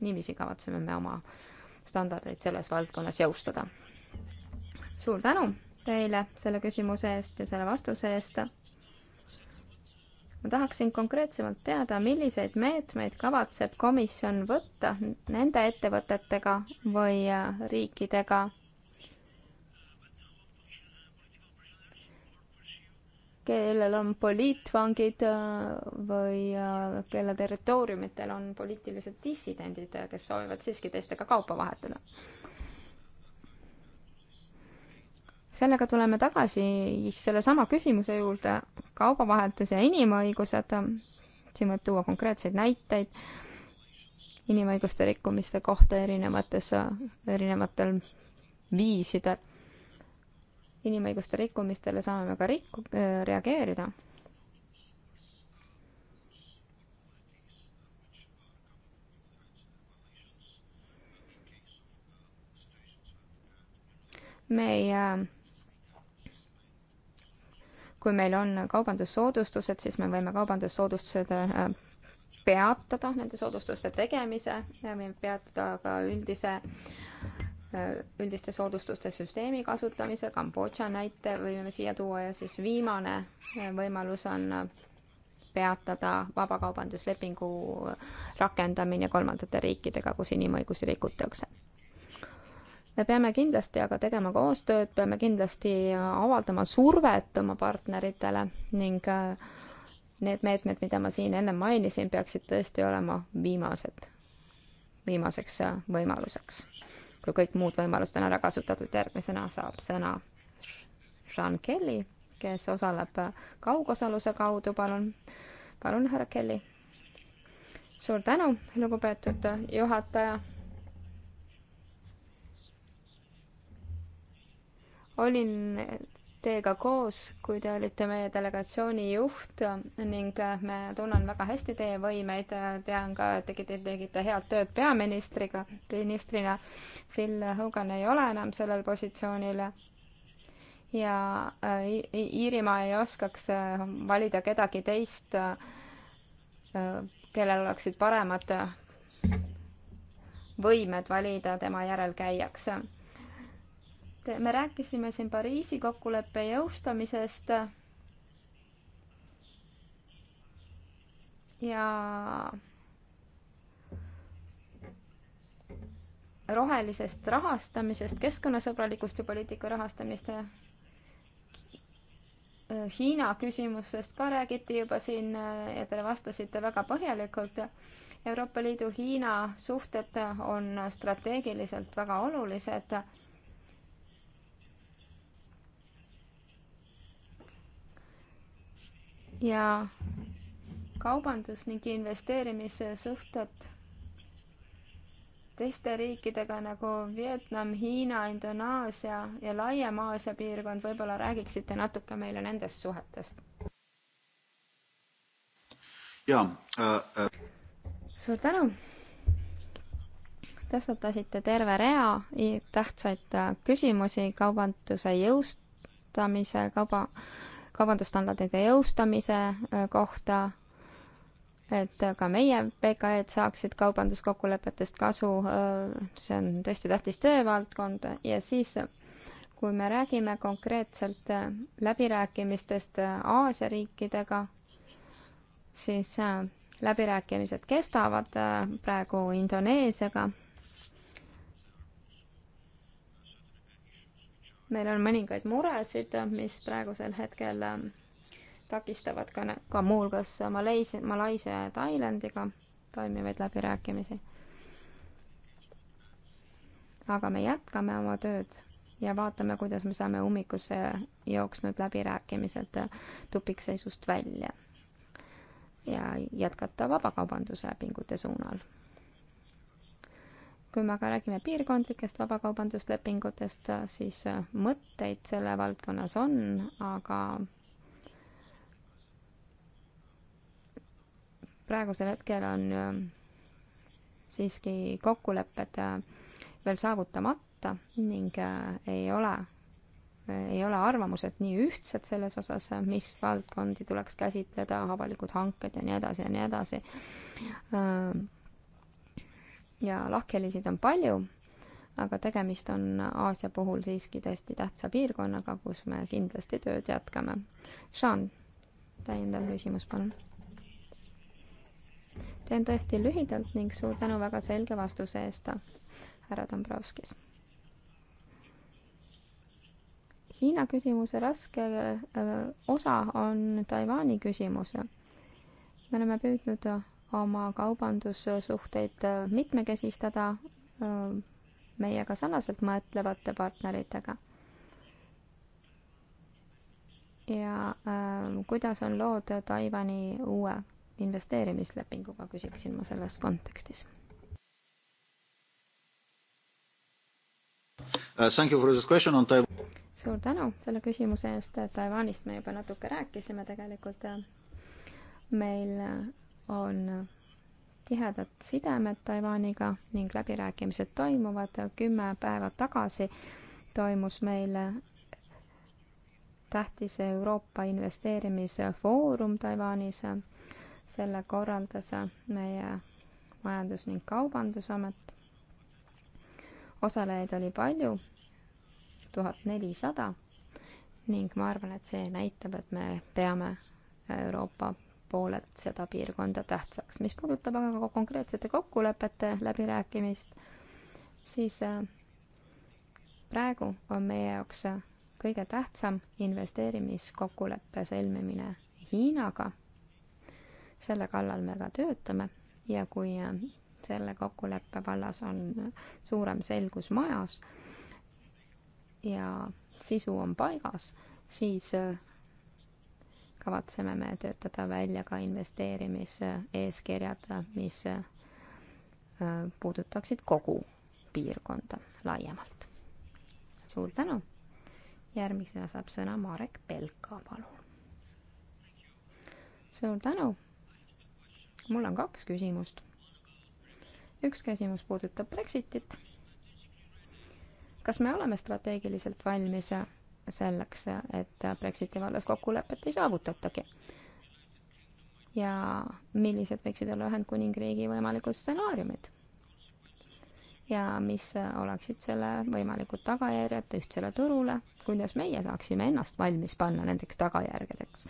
A: niiviisi kavatseme me oma standardeid selles valdkonnas jõustada. suur tänu teile selle küsimuse eest ja selle vastuse eest. ma tahaksin konkreetsemalt teada, milliseid meetmeid kavatseb komisjon võtta nende ettevõtetega või riikidega, kellel on poliitvangid äh, või äh, kelle territooriumitel on poliitilised dissidendid, äh, kes soovivad siiski teistega kaupa vahetada. sellega tuleme tagasi sellesama küsimuse juurde, kaubavahetus ja inimõigused, siin võib tuua konkreetseid näiteid inimõiguste rikkumiste kohta erinevates, erinevatel viisidel inimõiguste rikkumistele saame me ka rikku-, reageerida. me ei äh, kui meil on kaubandussoodustused, siis me võime kaubandussoodustused äh, peatada, nende soodustuste tegemise, peatada ka üldise Äh, üldiste soodustuste süsteemi kasutamise, Kambodža näite võime siia tuua ja siis viimane äh, võimalus on äh, peatada vabakaubanduslepingu rakendamine kolmandate riikidega, kus inimõigusi rikutakse. me peame kindlasti aga tegema koostööd, peame kindlasti avaldama survet oma partneritele ning need meetmed, mida ma siin enne mainisin, peaksid tõesti olema viimased, viimaseks võimaluseks kui kõik muud võimalused on ära kasutatud, järgmisena saab sõna Sean Kelly, kes osaleb kaugosaluse kaudu, palun. palun, härra Kelly. suur tänu, lugupeetud juhataja olin teiega koos, kui te olite meie delegatsiooni juht ning äh, me tunnen väga hästi teie võimeid, äh, tean ka, et tegite, tegite head tööd peaministriga, ministrina. Phil Hogan ei ole enam sellel positsioonil ja äh, Iirimaa ei oskaks valida kedagi teist, kellel oleksid paremad võimed valida tema järelkäijaks me rääkisime siin Pariisi kokkuleppe jõustamisest ja rohelisest rahastamisest, keskkonnasõbralikust ja poliitika rahastamist. Hiina küsimusest ka räägiti juba siin ja te vastasite väga põhjalikult. Euroopa Liidu-Hiina suhted on strateegiliselt väga olulised ja kaubandus ning investeerimissuhted teiste riikidega nagu Vietnam, Hiina, Indonaasia ja laiem Aasia piirkond, võib-olla räägiksite natuke meile nendest suhetest?
C: jaa äh, äh..
A: suur tänu! tõstatasite terve rea tähtsaid äh, küsimusi kaubanduse jõustamisel, kauba kaubandusstandardite jõustamise äh, kohta, et ka meie PKE-d saaksid kaubanduskokkulepetest kasu, äh, see on tõesti tähtis töövaldkond ja siis kui me räägime konkreetselt äh, läbirääkimistest Aasia riikidega, siis läbirääkimised kestavad praegu Indoneesiaga meil on mõningaid muresid, mis praegusel hetkel ähm, takistavad ka, ka muuhulgas Malaisia, Malaisia ja Tailandiga toimivaid läbirääkimisi. aga me jätkame oma tööd ja vaatame, kuidas me saame ummikusse jooksnud läbirääkimised äh, tupikseisust välja ja jätkata vabakaubanduslepingute suunal kui me aga räägime piirkondlikest vabakaubanduslepingutest, siis äh, mõtteid selle valdkonnas on, aga praegusel hetkel on äh, siiski kokkulepped äh, veel saavutamata ning ei ole, ei ole arvamused nii ühtsed selles osas, mis valdkondi tuleks käsitleda, avalikud hanked ja nii edasi ja nii edasi ja lahkhelisid on palju, aga tegemist on Aasia puhul siiski tõesti tähtsa piirkonnaga, kus me kindlasti tööd jätkame. Sean, täiendav küsimus, palun. teen tõesti lühidalt ning suur tänu väga selge vastuse eest, härra Dombrovskis. Hiina küsimuse raske öö, osa on Taiwan'i küsimus. me oleme püüdnud oma kaubandussuhteid äh, mitmekesistada äh, meiega sarnaselt mõtlevate partneritega. ja äh, kuidas on lood Taiwan'i uue investeerimislepinguga, küsiksin ma selles kontekstis
C: uh,.
A: suur tänu selle küsimuse eest, Taiwan'ist me juba natuke rääkisime tegelikult. Äh, meil on tihedad sidemed Taiwaniga ning läbirääkimised toimuvad. kümme päeva tagasi toimus meil tähtis Euroopa investeerimisfoorum Taiwanis. selle korraldas meie Majandus- ning Kaubandusamet. osalejaid oli palju, tuhat nelisada ning ma arvan, et see näitab, et me peame Euroopa pooled seda piirkonda tähtsaks. mis puudutab aga konkreetsete kokkulepete läbirääkimist, siis äh, praegu on meie jaoks äh, kõige tähtsam investeerimiskokkuleppe sõlmimine Hiinaga. selle kallal me ka töötame ja kui äh, selle kokkuleppe vallas on suurem selgus majas ja sisu on paigas, siis kavatseme me töötada välja ka investeerimiseeskirjad, mis äh, puudutaksid kogu piirkonda laiemalt. suur tänu. järgmisena saab sõna Marek Belka, palun. suur tänu. mul on kaks küsimust. üks küsimus puudutab Brexitit. kas me oleme strateegiliselt valmis selleks, et Brexiti vallas kokkulepet ei saavutatagi. ja millised võiksid olla Ühendkuningriigi võimalikud stsenaariumid ja mis oleksid selle võimalikud tagajärjed ühtsele turule, kuidas meie saaksime ennast valmis panna nendeks tagajärgedeks.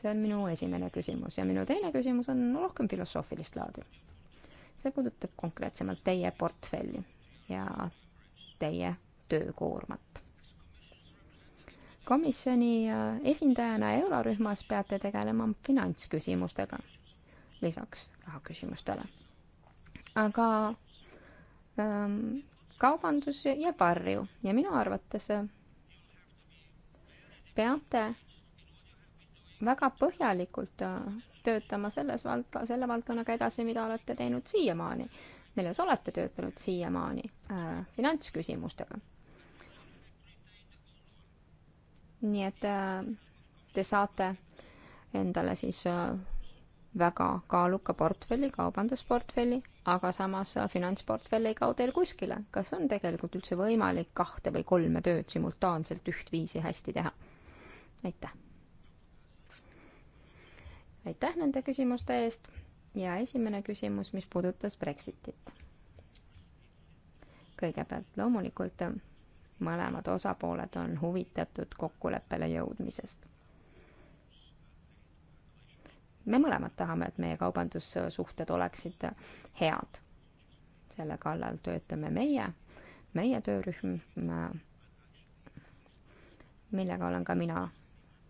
A: see on minu esimene küsimus ja minu teine küsimus on rohkem filosoofilist laadi. see puudutab konkreetsemalt teie portfelli ja teie töökoormat komisjoni äh, esindajana eurorühmas peate tegelema finantsküsimustega, lisaks rahaküsimustele. aga ähm, kaubandus jääb varju ja minu arvates äh, peate väga põhjalikult äh, töötama selles valdka-, selle valdkonnaga edasi, mida olete teinud siiamaani, milles olete töötanud siiamaani äh,, finantsküsimustega nii et äh, te saate endale siis äh, väga kaaluka portfelli, kaubandusportfelli, aga samas äh, finantsportfell ei kao teil kuskile. kas on tegelikult üldse võimalik kahte või kolme tööd simultaanselt ühtviisi hästi teha? aitäh! aitäh nende küsimuste eest ja esimene küsimus, mis puudutas Brexitit. kõigepealt loomulikult mõlemad osapooled on huvitatud kokkuleppele jõudmisest. me mõlemad tahame, et meie kaubandussuhted oleksid head. selle kallal töötame meie, meie töörühm, millega olen ka mina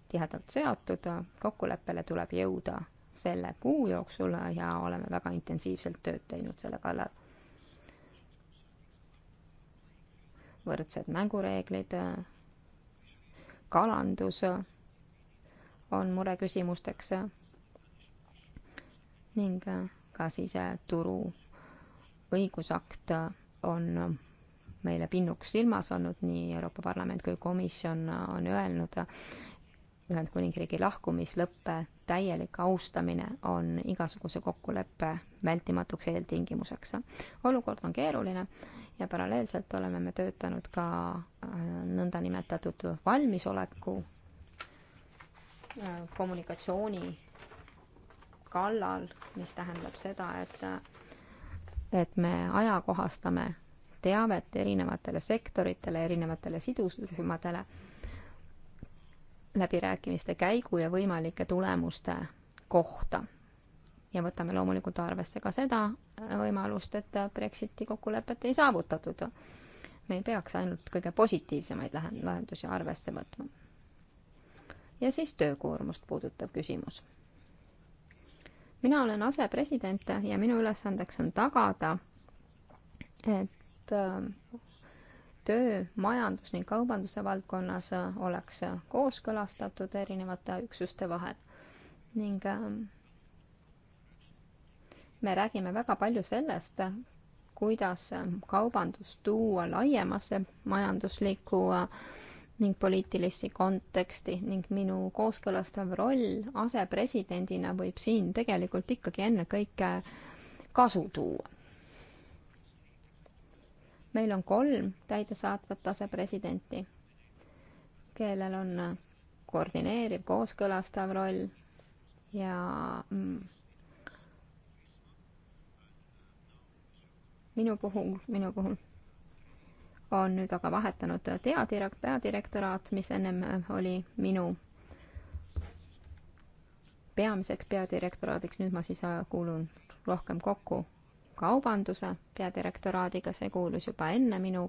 A: tihedalt seotud, kokkuleppele tuleb jõuda selle kuu jooksul ja oleme väga intensiivselt tööd teinud selle kallal võrdsed mängureeglid, kalandus on mureküsimusteks ning ka siseturu õigusakt on meile pinnuks silmas olnud, nii Euroopa Parlament kui komisjon on öelnud, Ühendkuningriigi lahkumislõppe täielik austamine on igasuguse kokkuleppe vältimatuks eeltingimuseks. olukord on keeruline ja paralleelselt oleme me töötanud ka äh, nõndanimetatud valmisoleku äh, kommunikatsiooni kallal, mis tähendab seda, et äh, et me ajakohastame teavet erinevatele sektoritele, erinevatele sidusrühmadele läbirääkimiste käigu ja võimalike tulemuste kohta ja võtame loomulikult arvesse ka seda võimalust, et Brexiti kokkulepet ei saavutatud. me ei peaks ainult kõige positiivsemaid lahendusi arvesse võtma. ja siis töökoormust puudutav küsimus. mina olen asepresident ja minu ülesandeks on tagada, et äh, töö majandus- ning kaubanduse valdkonnas oleks kooskõlastatud erinevate üksuste vahel ning äh, me räägime väga palju sellest, kuidas kaubandus tuua laiemasse majanduslikku ning poliitilisse konteksti ning minu kooskõlastav roll asepresidendina võib siin tegelikult ikkagi ennekõike kasu tuua. meil on kolm täidesaatvat asepresidenti, kellel on koordineeriv, kooskõlastav roll ja mm, minu puhul, minu puhul on nüüd aga vahetanud teadirek-, peadirektoraat, mis ennem äh, oli minu peamiseks peadirektoraadiks, nüüd ma siis äh, kuulun rohkem kokku kaubanduse peadirektoraadiga, see kuulus juba enne minu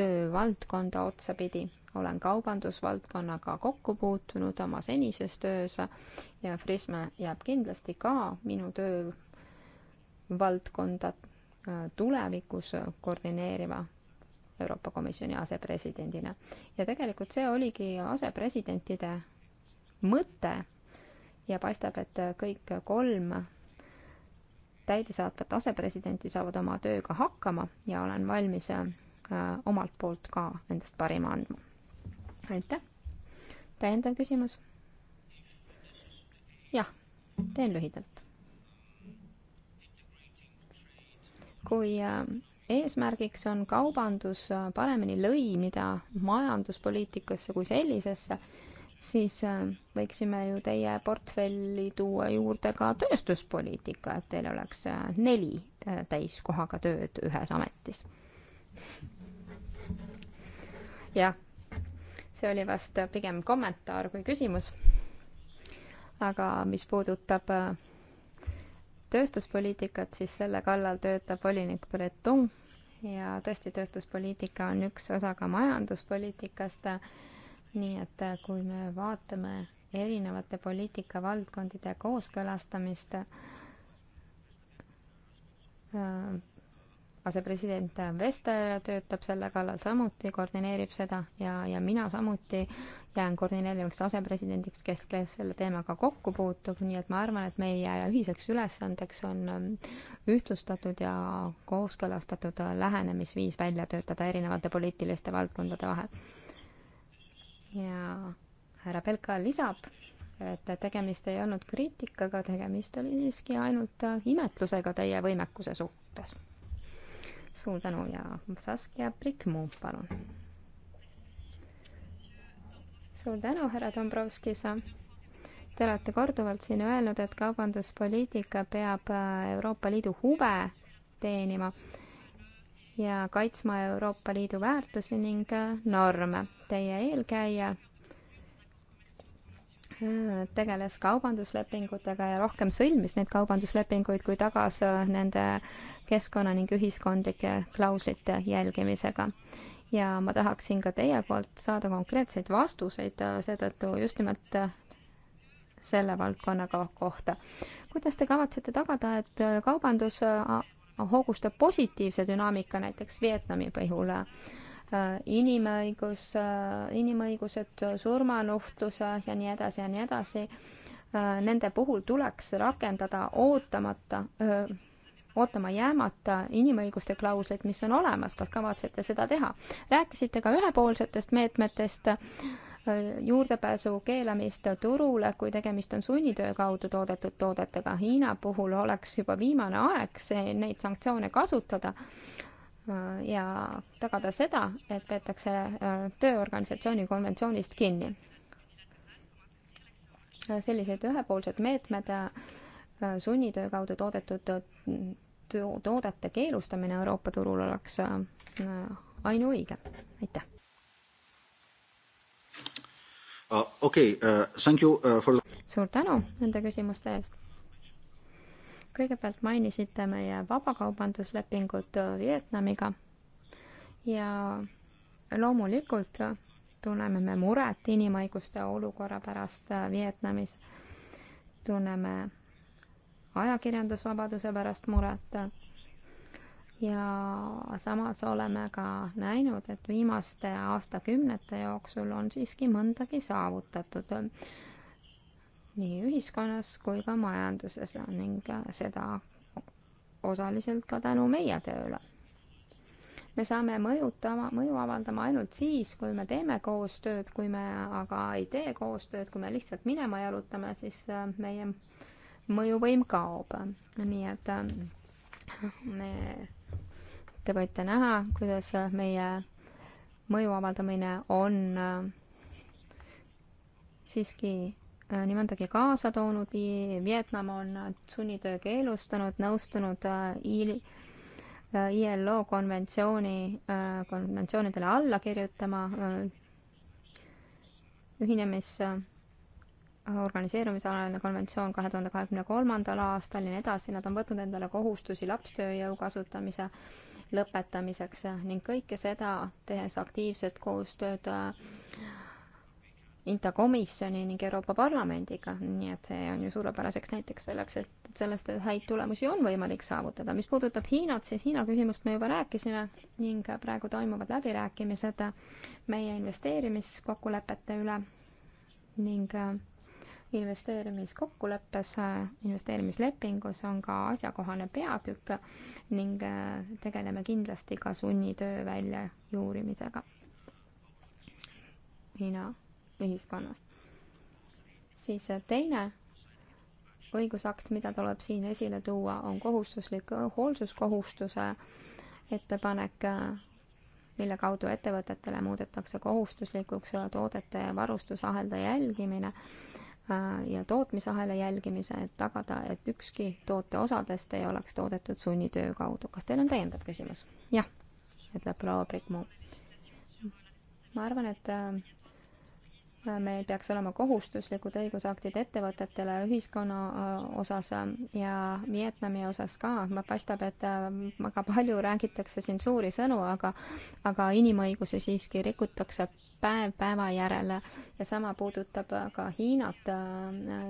A: töövaldkonda otsapidi. olen kaubandusvaldkonnaga kokku puutunud oma senises töös ja Frisme jääb kindlasti ka minu töövaldkonda tulevikus koordineeriva Euroopa Komisjoni asepresidendina. ja tegelikult see oligi asepresidentide mõte ja paistab, et kõik kolm täidesaatvat asepresidenti saavad oma tööga hakkama ja olen valmis äh, omalt poolt ka endast parima andma. aitäh! täiendav küsimus? jah, teen lühidalt. kui äh, eesmärgiks on kaubandus äh, paremini lõimida majanduspoliitikasse kui sellisesse, siis äh, võiksime ju teie portfelli tuua juurde ka tööstuspoliitika, et teil oleks neli täiskohaga tööd ühes ametis. jah, see oli vast pigem kommentaar kui küsimus. aga mis puudutab tööstuspoliitikat, siis selle kallal töötab volinik Breton ja tõesti, tööstuspoliitika on üks osa ka majanduspoliitikast. nii et äh, kui me vaatame erinevate poliitikavaldkondade kooskõlastamist, äh, asepresident Vester töötab selle kallal samuti, koordineerib seda ja, ja mina samuti jään koordineerivaks asepresidendiks, kes, kes selle teemaga kokku puutub, nii et ma arvan, et meie ühiseks ülesandeks on ähm, ühtlustatud ja kooskõlastatud lähenemisviis välja töötada erinevate poliitiliste valdkondade vahel. ja härra Pelka lisab, et tegemist ei olnud kriitikaga, tegemist oli siiski ainult imetlusega teie võimekuse suhtes suur tänu ja Saskia Prikmu, palun. suur tänu, härra Dombrovskis. Te olete korduvalt siin öelnud, et kaubanduspoliitika peab äh, Euroopa Liidu huve teenima ja kaitsma Euroopa Liidu väärtusi ning äh, norme. Teie eelkäija tegeles kaubanduslepingutega ja rohkem sõlmis neid kaubanduslepinguid, kui tagas äh, nende keskkonna ning ühiskondlike klauslite jälgimisega. ja ma tahaksin ka teie poolt saada konkreetseid vastuseid äh, seetõttu just nimelt äh, selle valdkonna kohta. kuidas te kavatsete tagada, et kaubandus hoogustab positiivse dünaamika näiteks Vietnami põhjul? Äh, inimõigus, äh, inimõigused, surmanuhtluse ja nii edasi ja nii edasi, äh, nende puhul tuleks rakendada ootamata, ootama jäämata inimõiguste klauslit, mis on olemas, kas kavatsete seda teha? rääkisite ka ühepoolsetest meetmetest, juurdepääsu keelamist turule, kui tegemist on sunnitöö kaudu toodetud toodetega. Hiina puhul oleks juba viimane aeg see, neid sanktsioone kasutada Äh, ja tagada seda, et peetakse äh, tööorganisatsiooni konventsioonist kinni. Äh, sellised ühepoolsed meetmed, sunnitöö kaudu toodetud toodete keelustamine Euroopa turul oleks ainuõige. aitäh!
C: Uh, okei okay, uh,, thank you uh, for.
A: suur tänu nende küsimuste eest kõigepealt mainisite meie vabakaubanduslepingut Vietnamiga ja loomulikult tunneme me muret inimõiguste olukorra pärast Vietnamis, tunneme ajakirjandusvabaduse pärast muret ja samas oleme ka näinud, et viimaste aastakümnete jooksul on siiski mõndagi saavutatud nii ühiskonnas kui ka majanduses ning äh, seda osaliselt ka tänu meie tööle. me saame mõjutama, mõju avaldama ainult siis, kui me teeme koostööd, kui me aga ei tee koostööd, kui me lihtsalt minema jalutame, siis äh, meie mõjuvõim kaob. nii et äh, me, te võite näha, kuidas meie mõju avaldamine on siiski Äh, nii mõndagi kaasa toonud, Vietnam on sunnitöö keelustanud, nõustunud äh, ILO äh, konventsiooni, konventsioonidele alla kirjutama, ühinemis, organiseerumisalaline konventsioon kahe tuhande kahekümne kolmandal aastal ja nii edasi, nad on võtnud endale kohustusi lapstööjõu kasutamise lõpetamiseks ning kõike seda tehes aktiivset koostööd INTA komisjoni ning Euroopa Parlamendiga, nii et see on ju suurepäraseks näiteks selleks, et sellest, et häid tulemusi on võimalik saavutada. mis puudutab Hiinat, siis Hiina küsimust me juba rääkisime ning praegu toimuvad läbirääkimised meie investeerimiskokkulepete üle ning investeerimiskokkuleppes, investeerimislepingus on ka asjakohane peatükk ning tegeleme kindlasti ka sunnitöö väljajuurimisega Hiina ühiskonnas. siis äh, teine õigusakt, mida tuleb siin esile tuua, on kohustuslik äh, hoolsuskohustuse ettepanek, äh, mille kaudu ettevõtetele muudetakse kohustuslikuks toodete ja varustusahelda jälgimine ja tootmisahela jälgimise, et tagada, et ükski toote osadest ei oleks toodetud sunnitöö kaudu. kas teil on täiendav küsimus? jah, ütleb proua Prikmu. ma arvan, et meil peaks olema kohustuslikud õigusaktid ettevõtetele ühiskonna äh, osas ja Vietnami osas ka. paistab, et väga äh, palju räägitakse siin suuri sõnu, aga, aga inimõigusi siiski rikutakse päev päeva järel ja sama puudutab ka Hiinat.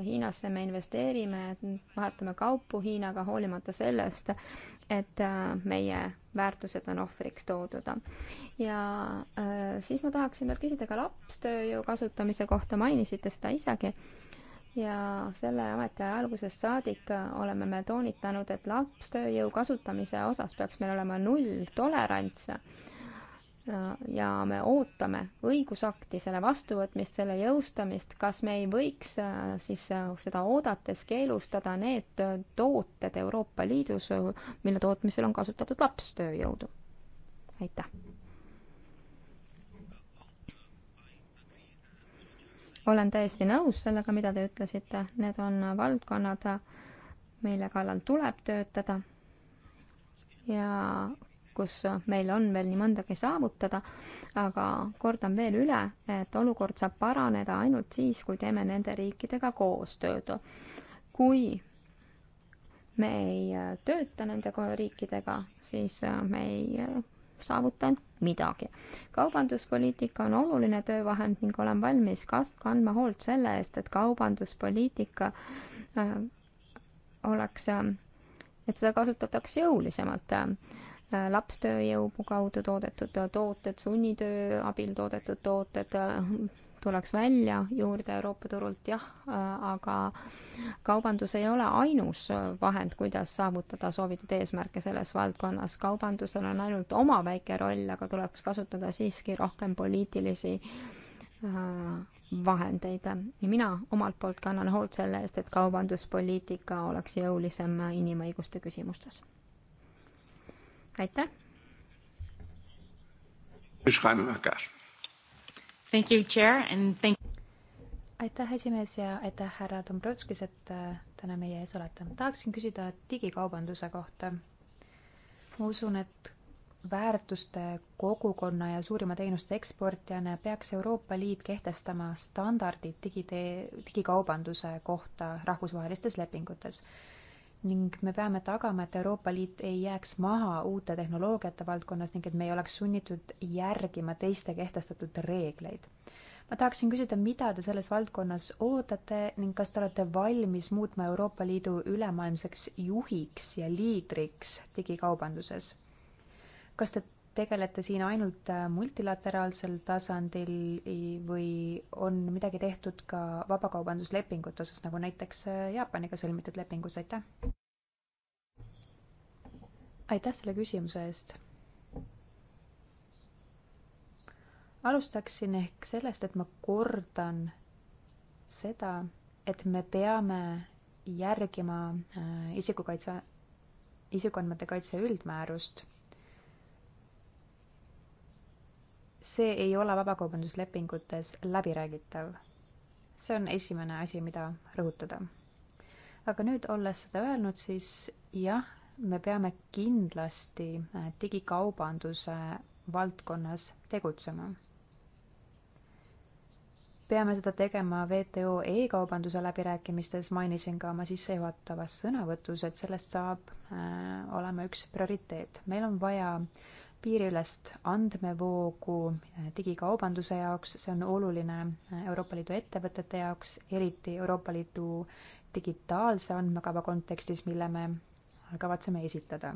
A: Hiinasse me investeerime, vahetame kaupu Hiinaga, hoolimata sellest, et meie väärtused on ohvriks toodud. ja äh, siis ma tahaksin veel küsida ka lapstööjõu kasutamise kohta, mainisite seda isegi ja selle ametiaja algusest saadik oleme me toonitanud, et lapstööjõu kasutamise osas peaks meil olema nulltolerants ja me ootame õigusakti, selle vastuvõtmist, selle jõustamist, kas me ei võiks äh, siis äh, seda oodates keelustada need tooted Euroopa Liidus, äh, mille tootmisel on kasutatud lapstööjõudu? aitäh. olen täiesti nõus sellega, mida te ütlesite, need on valdkonnad, mille kallal tuleb töötada ja kus meil on veel nii mõndagi saavutada, aga kordan veel üle, et olukord saab paraneda ainult siis, kui teeme nende riikidega koostööd. kui me ei tööta nende riikidega, siis me ei saavuta ainult midagi. kaubanduspoliitika on oluline töövahend ning olen valmis kas-, kandma hoolt selle eest, et kaubanduspoliitika äh, oleks äh,, et seda kasutataks jõulisemalt äh, lapstööjõu kaudu toodetud tooted, sunnitöö abil toodetud tooted äh, tuleks välja juurde Euroopa turult, jah, äh, aga kaubandus ei ole ainus vahend, kuidas saavutada soovitud eesmärke selles valdkonnas. kaubandusel on ainult oma väike roll, aga tuleks kasutada siiski rohkem poliitilisi äh, vahendeid ja mina omalt poolt kannan hoolt selle eest, et kaubanduspoliitika oleks jõulisem inimõiguste küsimustes aitäh. aitäh,
G: esimees ja aitäh, härra Dombrovskis, et äh, täna meie ees olete. tahaksin küsida digikaubanduse kohta. ma usun, et väärtuste kogukonna ja suurima teenuste eksportijana peaks Euroopa Liit kehtestama standardid digitee, digikaubanduse kohta rahvusvahelistes lepingutes ning me peame tagama, et Euroopa Liit ei jääks maha uute tehnoloogiate valdkonnas ning et me ei oleks sunnitud järgima teiste kehtestatud reegleid. ma tahaksin küsida, mida te selles valdkonnas ootate ning kas te olete valmis muutma Euroopa Liidu ülemaailmseks juhiks ja liidriks digikaubanduses? kas te tegelete siin ainult äh, multilateraalsel tasandil või on midagi tehtud ka vabakaubanduslepingute osas, nagu näiteks äh, Jaapaniga sõlmitud lepingus, aitäh! aitäh selle küsimuse eest! alustaksin ehk sellest, et ma kordan seda, et me peame järgima äh, isikukaitse, isikuandmete kaitse üldmäärust see ei ole vabakaubanduslepingutes läbiräägitav. see on esimene asi, mida rõhutada. aga nüüd, olles seda öelnud, siis jah, me peame kindlasti äh, digikaubanduse valdkonnas tegutsema. peame seda tegema WTO e-kaubanduse läbirääkimistes, mainisin ka oma sissejuhatavas sõnavõtus, et sellest saab äh,, olema üks prioriteet. meil on vaja äh, piiriülest andmevoogu digikaubanduse jaoks, see on oluline Euroopa Liidu ettevõtete jaoks, eriti Euroopa Liidu digitaalse andmekava kontekstis, mille me kavatseme esitada.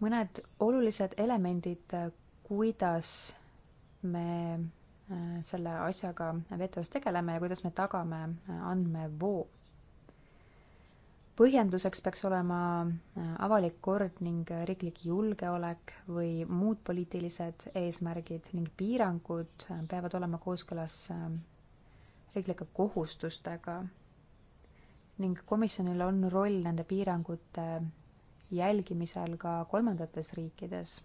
G: mõned olulised elemendid, kuidas me äh, selle asjaga WTO-s tegeleme ja kuidas me tagame andmevoo põhjenduseks peaks olema äh, avalik kord ning äh, riiklik julgeolek või muud poliitilised eesmärgid ning piirangud äh, peavad olema kooskõlas riiklike kohustustega ning komisjonil on roll nende piirangute jälgimisel ka kolmandates riikides.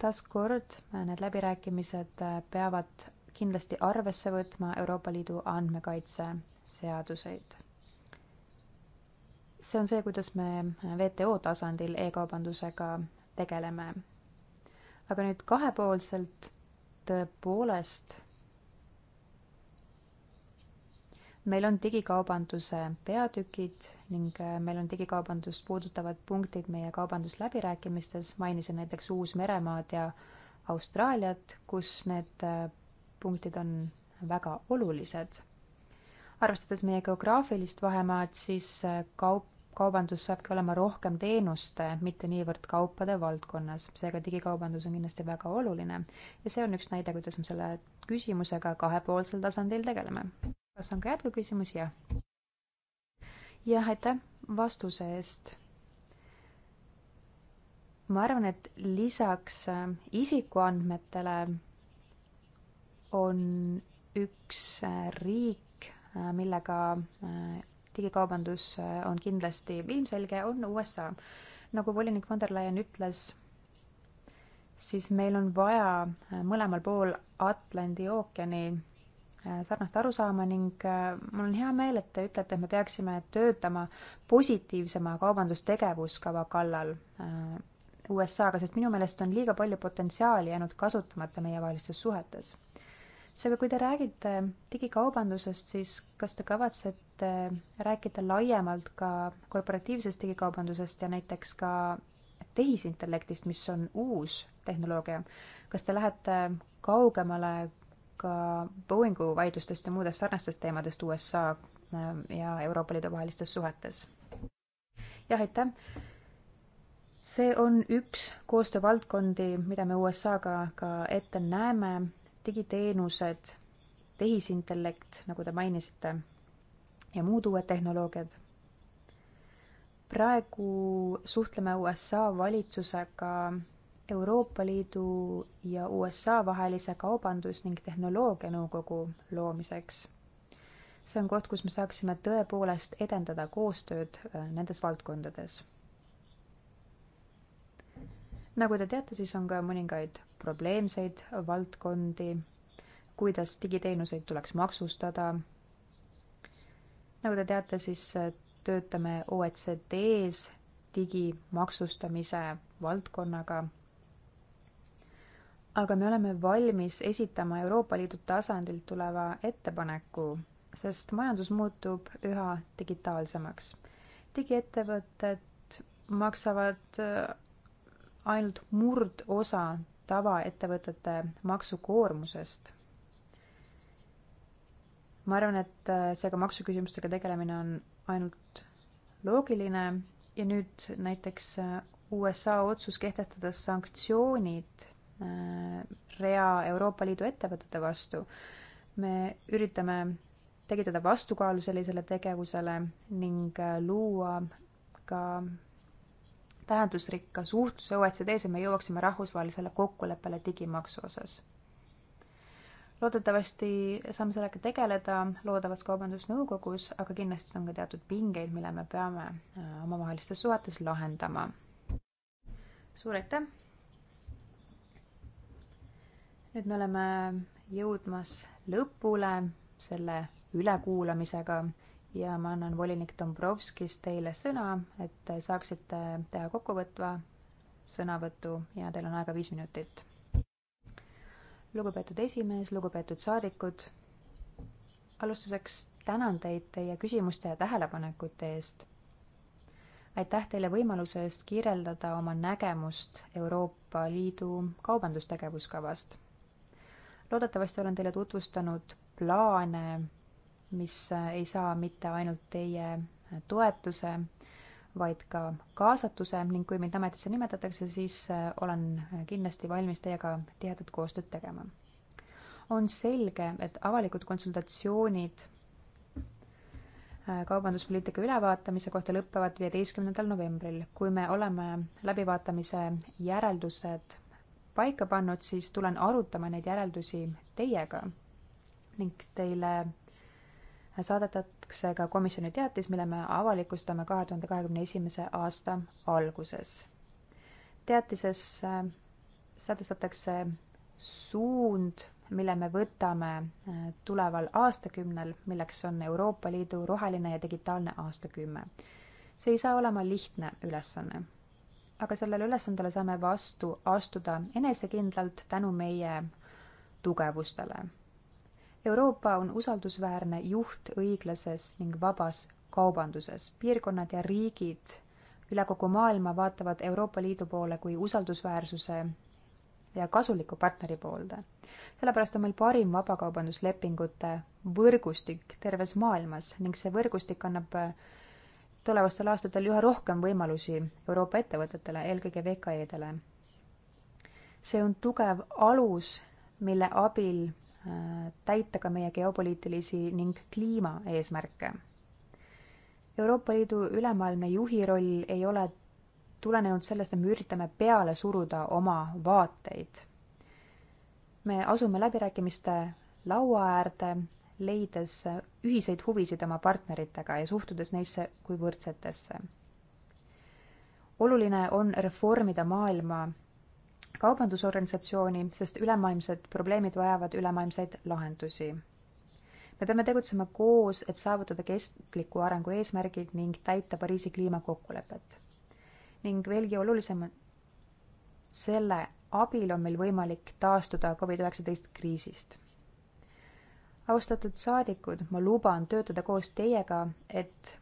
G: taaskord need läbirääkimised peavad kindlasti arvesse võtma Euroopa Liidu andmekaitseseaduseid. see on see, kuidas me WTO tasandil e-kaubandusega tegeleme. aga nüüd kahepoolselt tõepoolest meil on digikaubanduse peatükid ning äh, meil on digikaubandust puudutavad punktid meie kaubandusläbirääkimistes, mainisin näiteks Uus-Meremaad ja Austraaliat, kus need äh, punktid on väga olulised. arvestades meie geograafilist vahemaad, siis äh, kaup, kaubandus saabki olema rohkem teenuste, mitte niivõrd kaupade valdkonnas, seega digikaubandus on kindlasti väga oluline ja see on üks näide, kuidas me selle küsimusega kahepoolsel tasandil tegeleme. kas on ka jätkuküsimus? jah. jah, aitäh vastuse eest. ma arvan, et lisaks äh, isikuandmetele on üks riik, millega äh, digikaubandus äh, on kindlasti ilmselge, on USA. nagu volinik von der Leyen ütles, siis meil on vaja äh, mõlemal pool Atlandi ookeani sarnast arusaama ning mul on hea meel, et te ütlete, et me peaksime töötama positiivsema kaubandustegevuskava kallal USA-ga, sest minu meelest on liiga palju potentsiaali jäänud kasutamata meievahelistes suhetes seega, kui te räägite digikaubandusest, siis kas te kavatsete rääkida laiemalt ka korporatiivsest digikaubandusest ja näiteks ka tehisintellektist, mis on uus tehnoloogia? kas te lähete kaugemale ka Boeingu vaidlustest ja muudest sarnastest teemadest USA äh, ja Euroopa Liidu vahelistes suhetes? jah, aitäh! see on üks koostöövaldkondi, mida me USA-ga ka ette näeme digiteenused, tehisintellekt, nagu te mainisite, ja muud uued tehnoloogiad. praegu suhtleme USA valitsusega Euroopa Liidu ja USA vahelise kaubandus- ning tehnoloogianõukogu loomiseks. see on koht, kus me saaksime tõepoolest edendada koostööd äh, nendes valdkondades nagu te teate, siis on ka mõningaid probleemseid valdkondi, kuidas digiteenuseid tuleks maksustada. nagu te teate, siis äh, töötame OECD-s digimaksustamise valdkonnaga aga me oleme valmis esitama Euroopa Liidu tasandilt tuleva ettepaneku, sest majandus muutub üha digitaalsemaks. digiettevõtted maksavad äh, ainult murdosa tavaettevõtete maksukoormusest. ma arvan, et äh, seega maksuküsimustega tegelemine on ainult loogiline ja nüüd näiteks äh, USA otsus kehtestada sanktsioonid äh, rea Euroopa Liidu ettevõtete vastu. me üritame tekitada vastukaalu sellisele tegevusele ning luua ka tähendusrikka suhtluse OECD-s ja me jõuaksime rahvusvahelisele kokkuleppele digimaksu osas. loodetavasti saame sellega tegeleda loodavas Kaubandusnõukogus, aga kindlasti on ka teatud pingeid, mille me peame äh, omavahelistes suhetes lahendama. suur aitäh! nüüd me oleme jõudmas lõpule selle ülekuulamisega ja ma annan volinik Dombrovskis teile sõna, et saaksite teha kokkuvõtva sõnavõtu ja teil on aega viis minutit. lugupeetud esimees, lugupeetud saadikud, alustuseks tänan teid teie küsimuste ja tähelepanekute eest. aitäh teile võimaluse eest kirjeldada oma nägemust Euroopa Liidu kaubandustegevuskavast. loodetavasti olen teile tutvustanud plaane mis äh, ei saa mitte ainult teie äh, toetuse, vaid ka kaasatuse ning kui mind ametisse nimetatakse, siis äh, olen kindlasti valmis teiega tihedat koostööd tegema. on selge, et avalikud konsultatsioonid kaubanduspoliitika ülevaatamise kohta lõpevad viieteistkümnendal novembril. kui me oleme läbivaatamise järeldused paika pannud, siis tulen arutama neid järeldusi teiega ning teile saadetakse ka komisjoni teatis, mille me avalikustame kahe tuhande kahekümne esimese aasta alguses. teatises äh, sätestatakse suund, mille me võtame äh, tuleval aastakümnel, milleks on Euroopa Liidu roheline ja digitaalne aastakümme. see ei saa olema lihtne ülesanne, aga sellele ülesandele saame vastu astuda enesekindlalt tänu meie tugevustele Euroopa on usaldusväärne juht õiglases ning vabas kaubanduses. piirkonnad ja riigid üle kogu maailma vaatavad Euroopa Liidu poole kui usaldusväärsuse ja kasuliku partneri poolde. sellepärast on meil parim vabakaubanduslepingute võrgustik terves maailmas ning see võrgustik annab tulevastel aastatel üha rohkem võimalusi Euroopa ettevõtetele, eelkõige VKE-dele. see on tugev alus, mille abil täita ka meie geopoliitilisi ning kliimaeesmärke. Euroopa Liidu ülemaailmne juhi roll ei ole tulenenud sellest, et me üritame peale suruda oma vaateid. me asume läbirääkimiste laua äärde, leides ühiseid huvisid oma partneritega ja suhtudes neisse kui võrdsetesse. oluline on reformida maailma kaubandusorganisatsiooni, sest ülemaailmsed probleemid vajavad ülemaailmseid lahendusi. me peame tegutsema koos, et saavutada kestliku arengu eesmärgid ning täita Pariisi kliimakokkulepet. ning veelgi olulisem, selle abil on meil võimalik taastuda Covid-19 kriisist. austatud saadikud, ma luban töötada koos teiega, et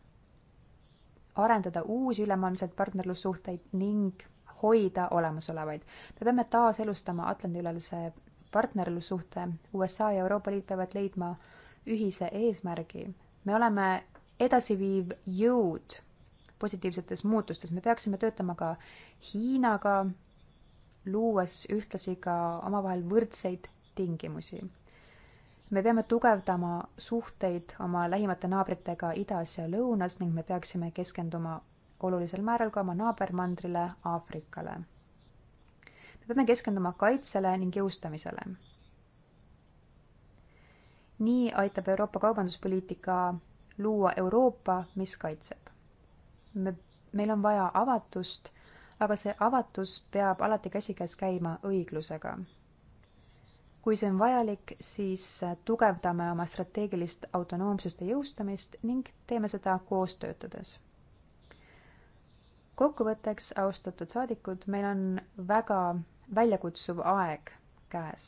G: arendada uusi ülemaailmseid partnerlussuhteid ning hoida olemasolevaid. me peame taaselustama Atlandi-ülelise partnerlussuhte. USA ja Euroopa Liit peavad leidma ühise eesmärgi. me oleme edasiviiv jõud positiivsetes muutustes, me peaksime töötama ka Hiinaga, luues ühtlasi ka omavahel võrdseid tingimusi. me peame tugevdama suhteid oma lähimate naabritega idas ja lõunas ning me peaksime keskenduma olulisel määral ka oma naabermandrile Aafrikale. me peame keskenduma kaitsele ning jõustamisele. nii aitab Euroopa kaubanduspoliitika luua Euroopa, mis kaitseb. me, meil on vaja avatust, aga see avatus peab alati käsikäes käima õiglusega. kui see on vajalik, siis tugevdame oma strateegilist autonoomsuste jõustamist ning teeme seda koos töötades kokkuvõtteks, austatud saadikud, meil on väga väljakutsuv aeg käes.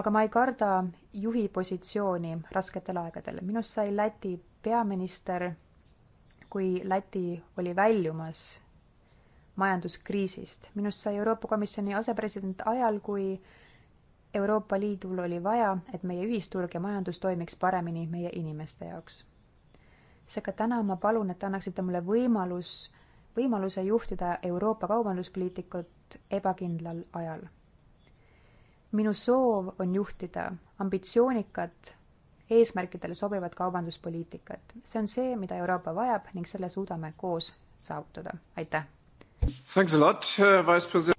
G: aga ma ei karda juhi positsiooni rasketel aegadel. minust sai Läti peaminister, kui Läti oli väljumas majanduskriisist. minust sai Euroopa Komisjoni asepresident ajal, kui Euroopa Liidul oli vaja, et meie ühisturg ja majandus toimiks paremini meie inimeste jaoks seega täna ma palun, et te annaksite mulle võimalus, võimaluse juhtida Euroopa kaubanduspoliitikut ebakindlal ajal. minu soov on juhtida ambitsioonikat, eesmärkidele sobivat kaubanduspoliitikat. see on see, mida Euroopa vajab ning selle suudame koos saavutada. aitäh!
A: Uh,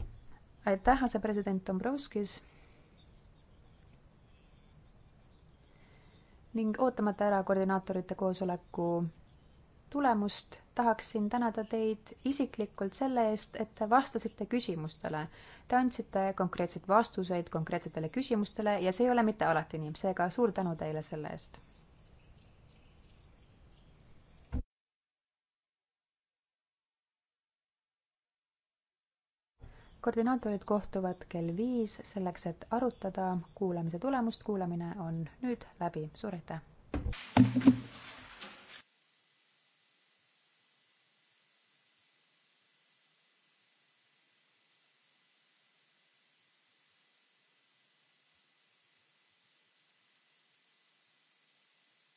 G: aitäh, asepresident Dombrovskis ning ootamata ära koordinaatorite koosoleku tulemust tahaksin tänada teid isiklikult selle eest, et te vastasite küsimustele. Te andsite konkreetseid vastuseid konkreetsetele küsimustele ja see ei ole mitte alati nii, seega suur tänu teile selle eest. koordinaatorid kohtuvad kell viis selleks, et arutada kuulamise tulemust. kuulamine on nüüd läbi. suur aitäh!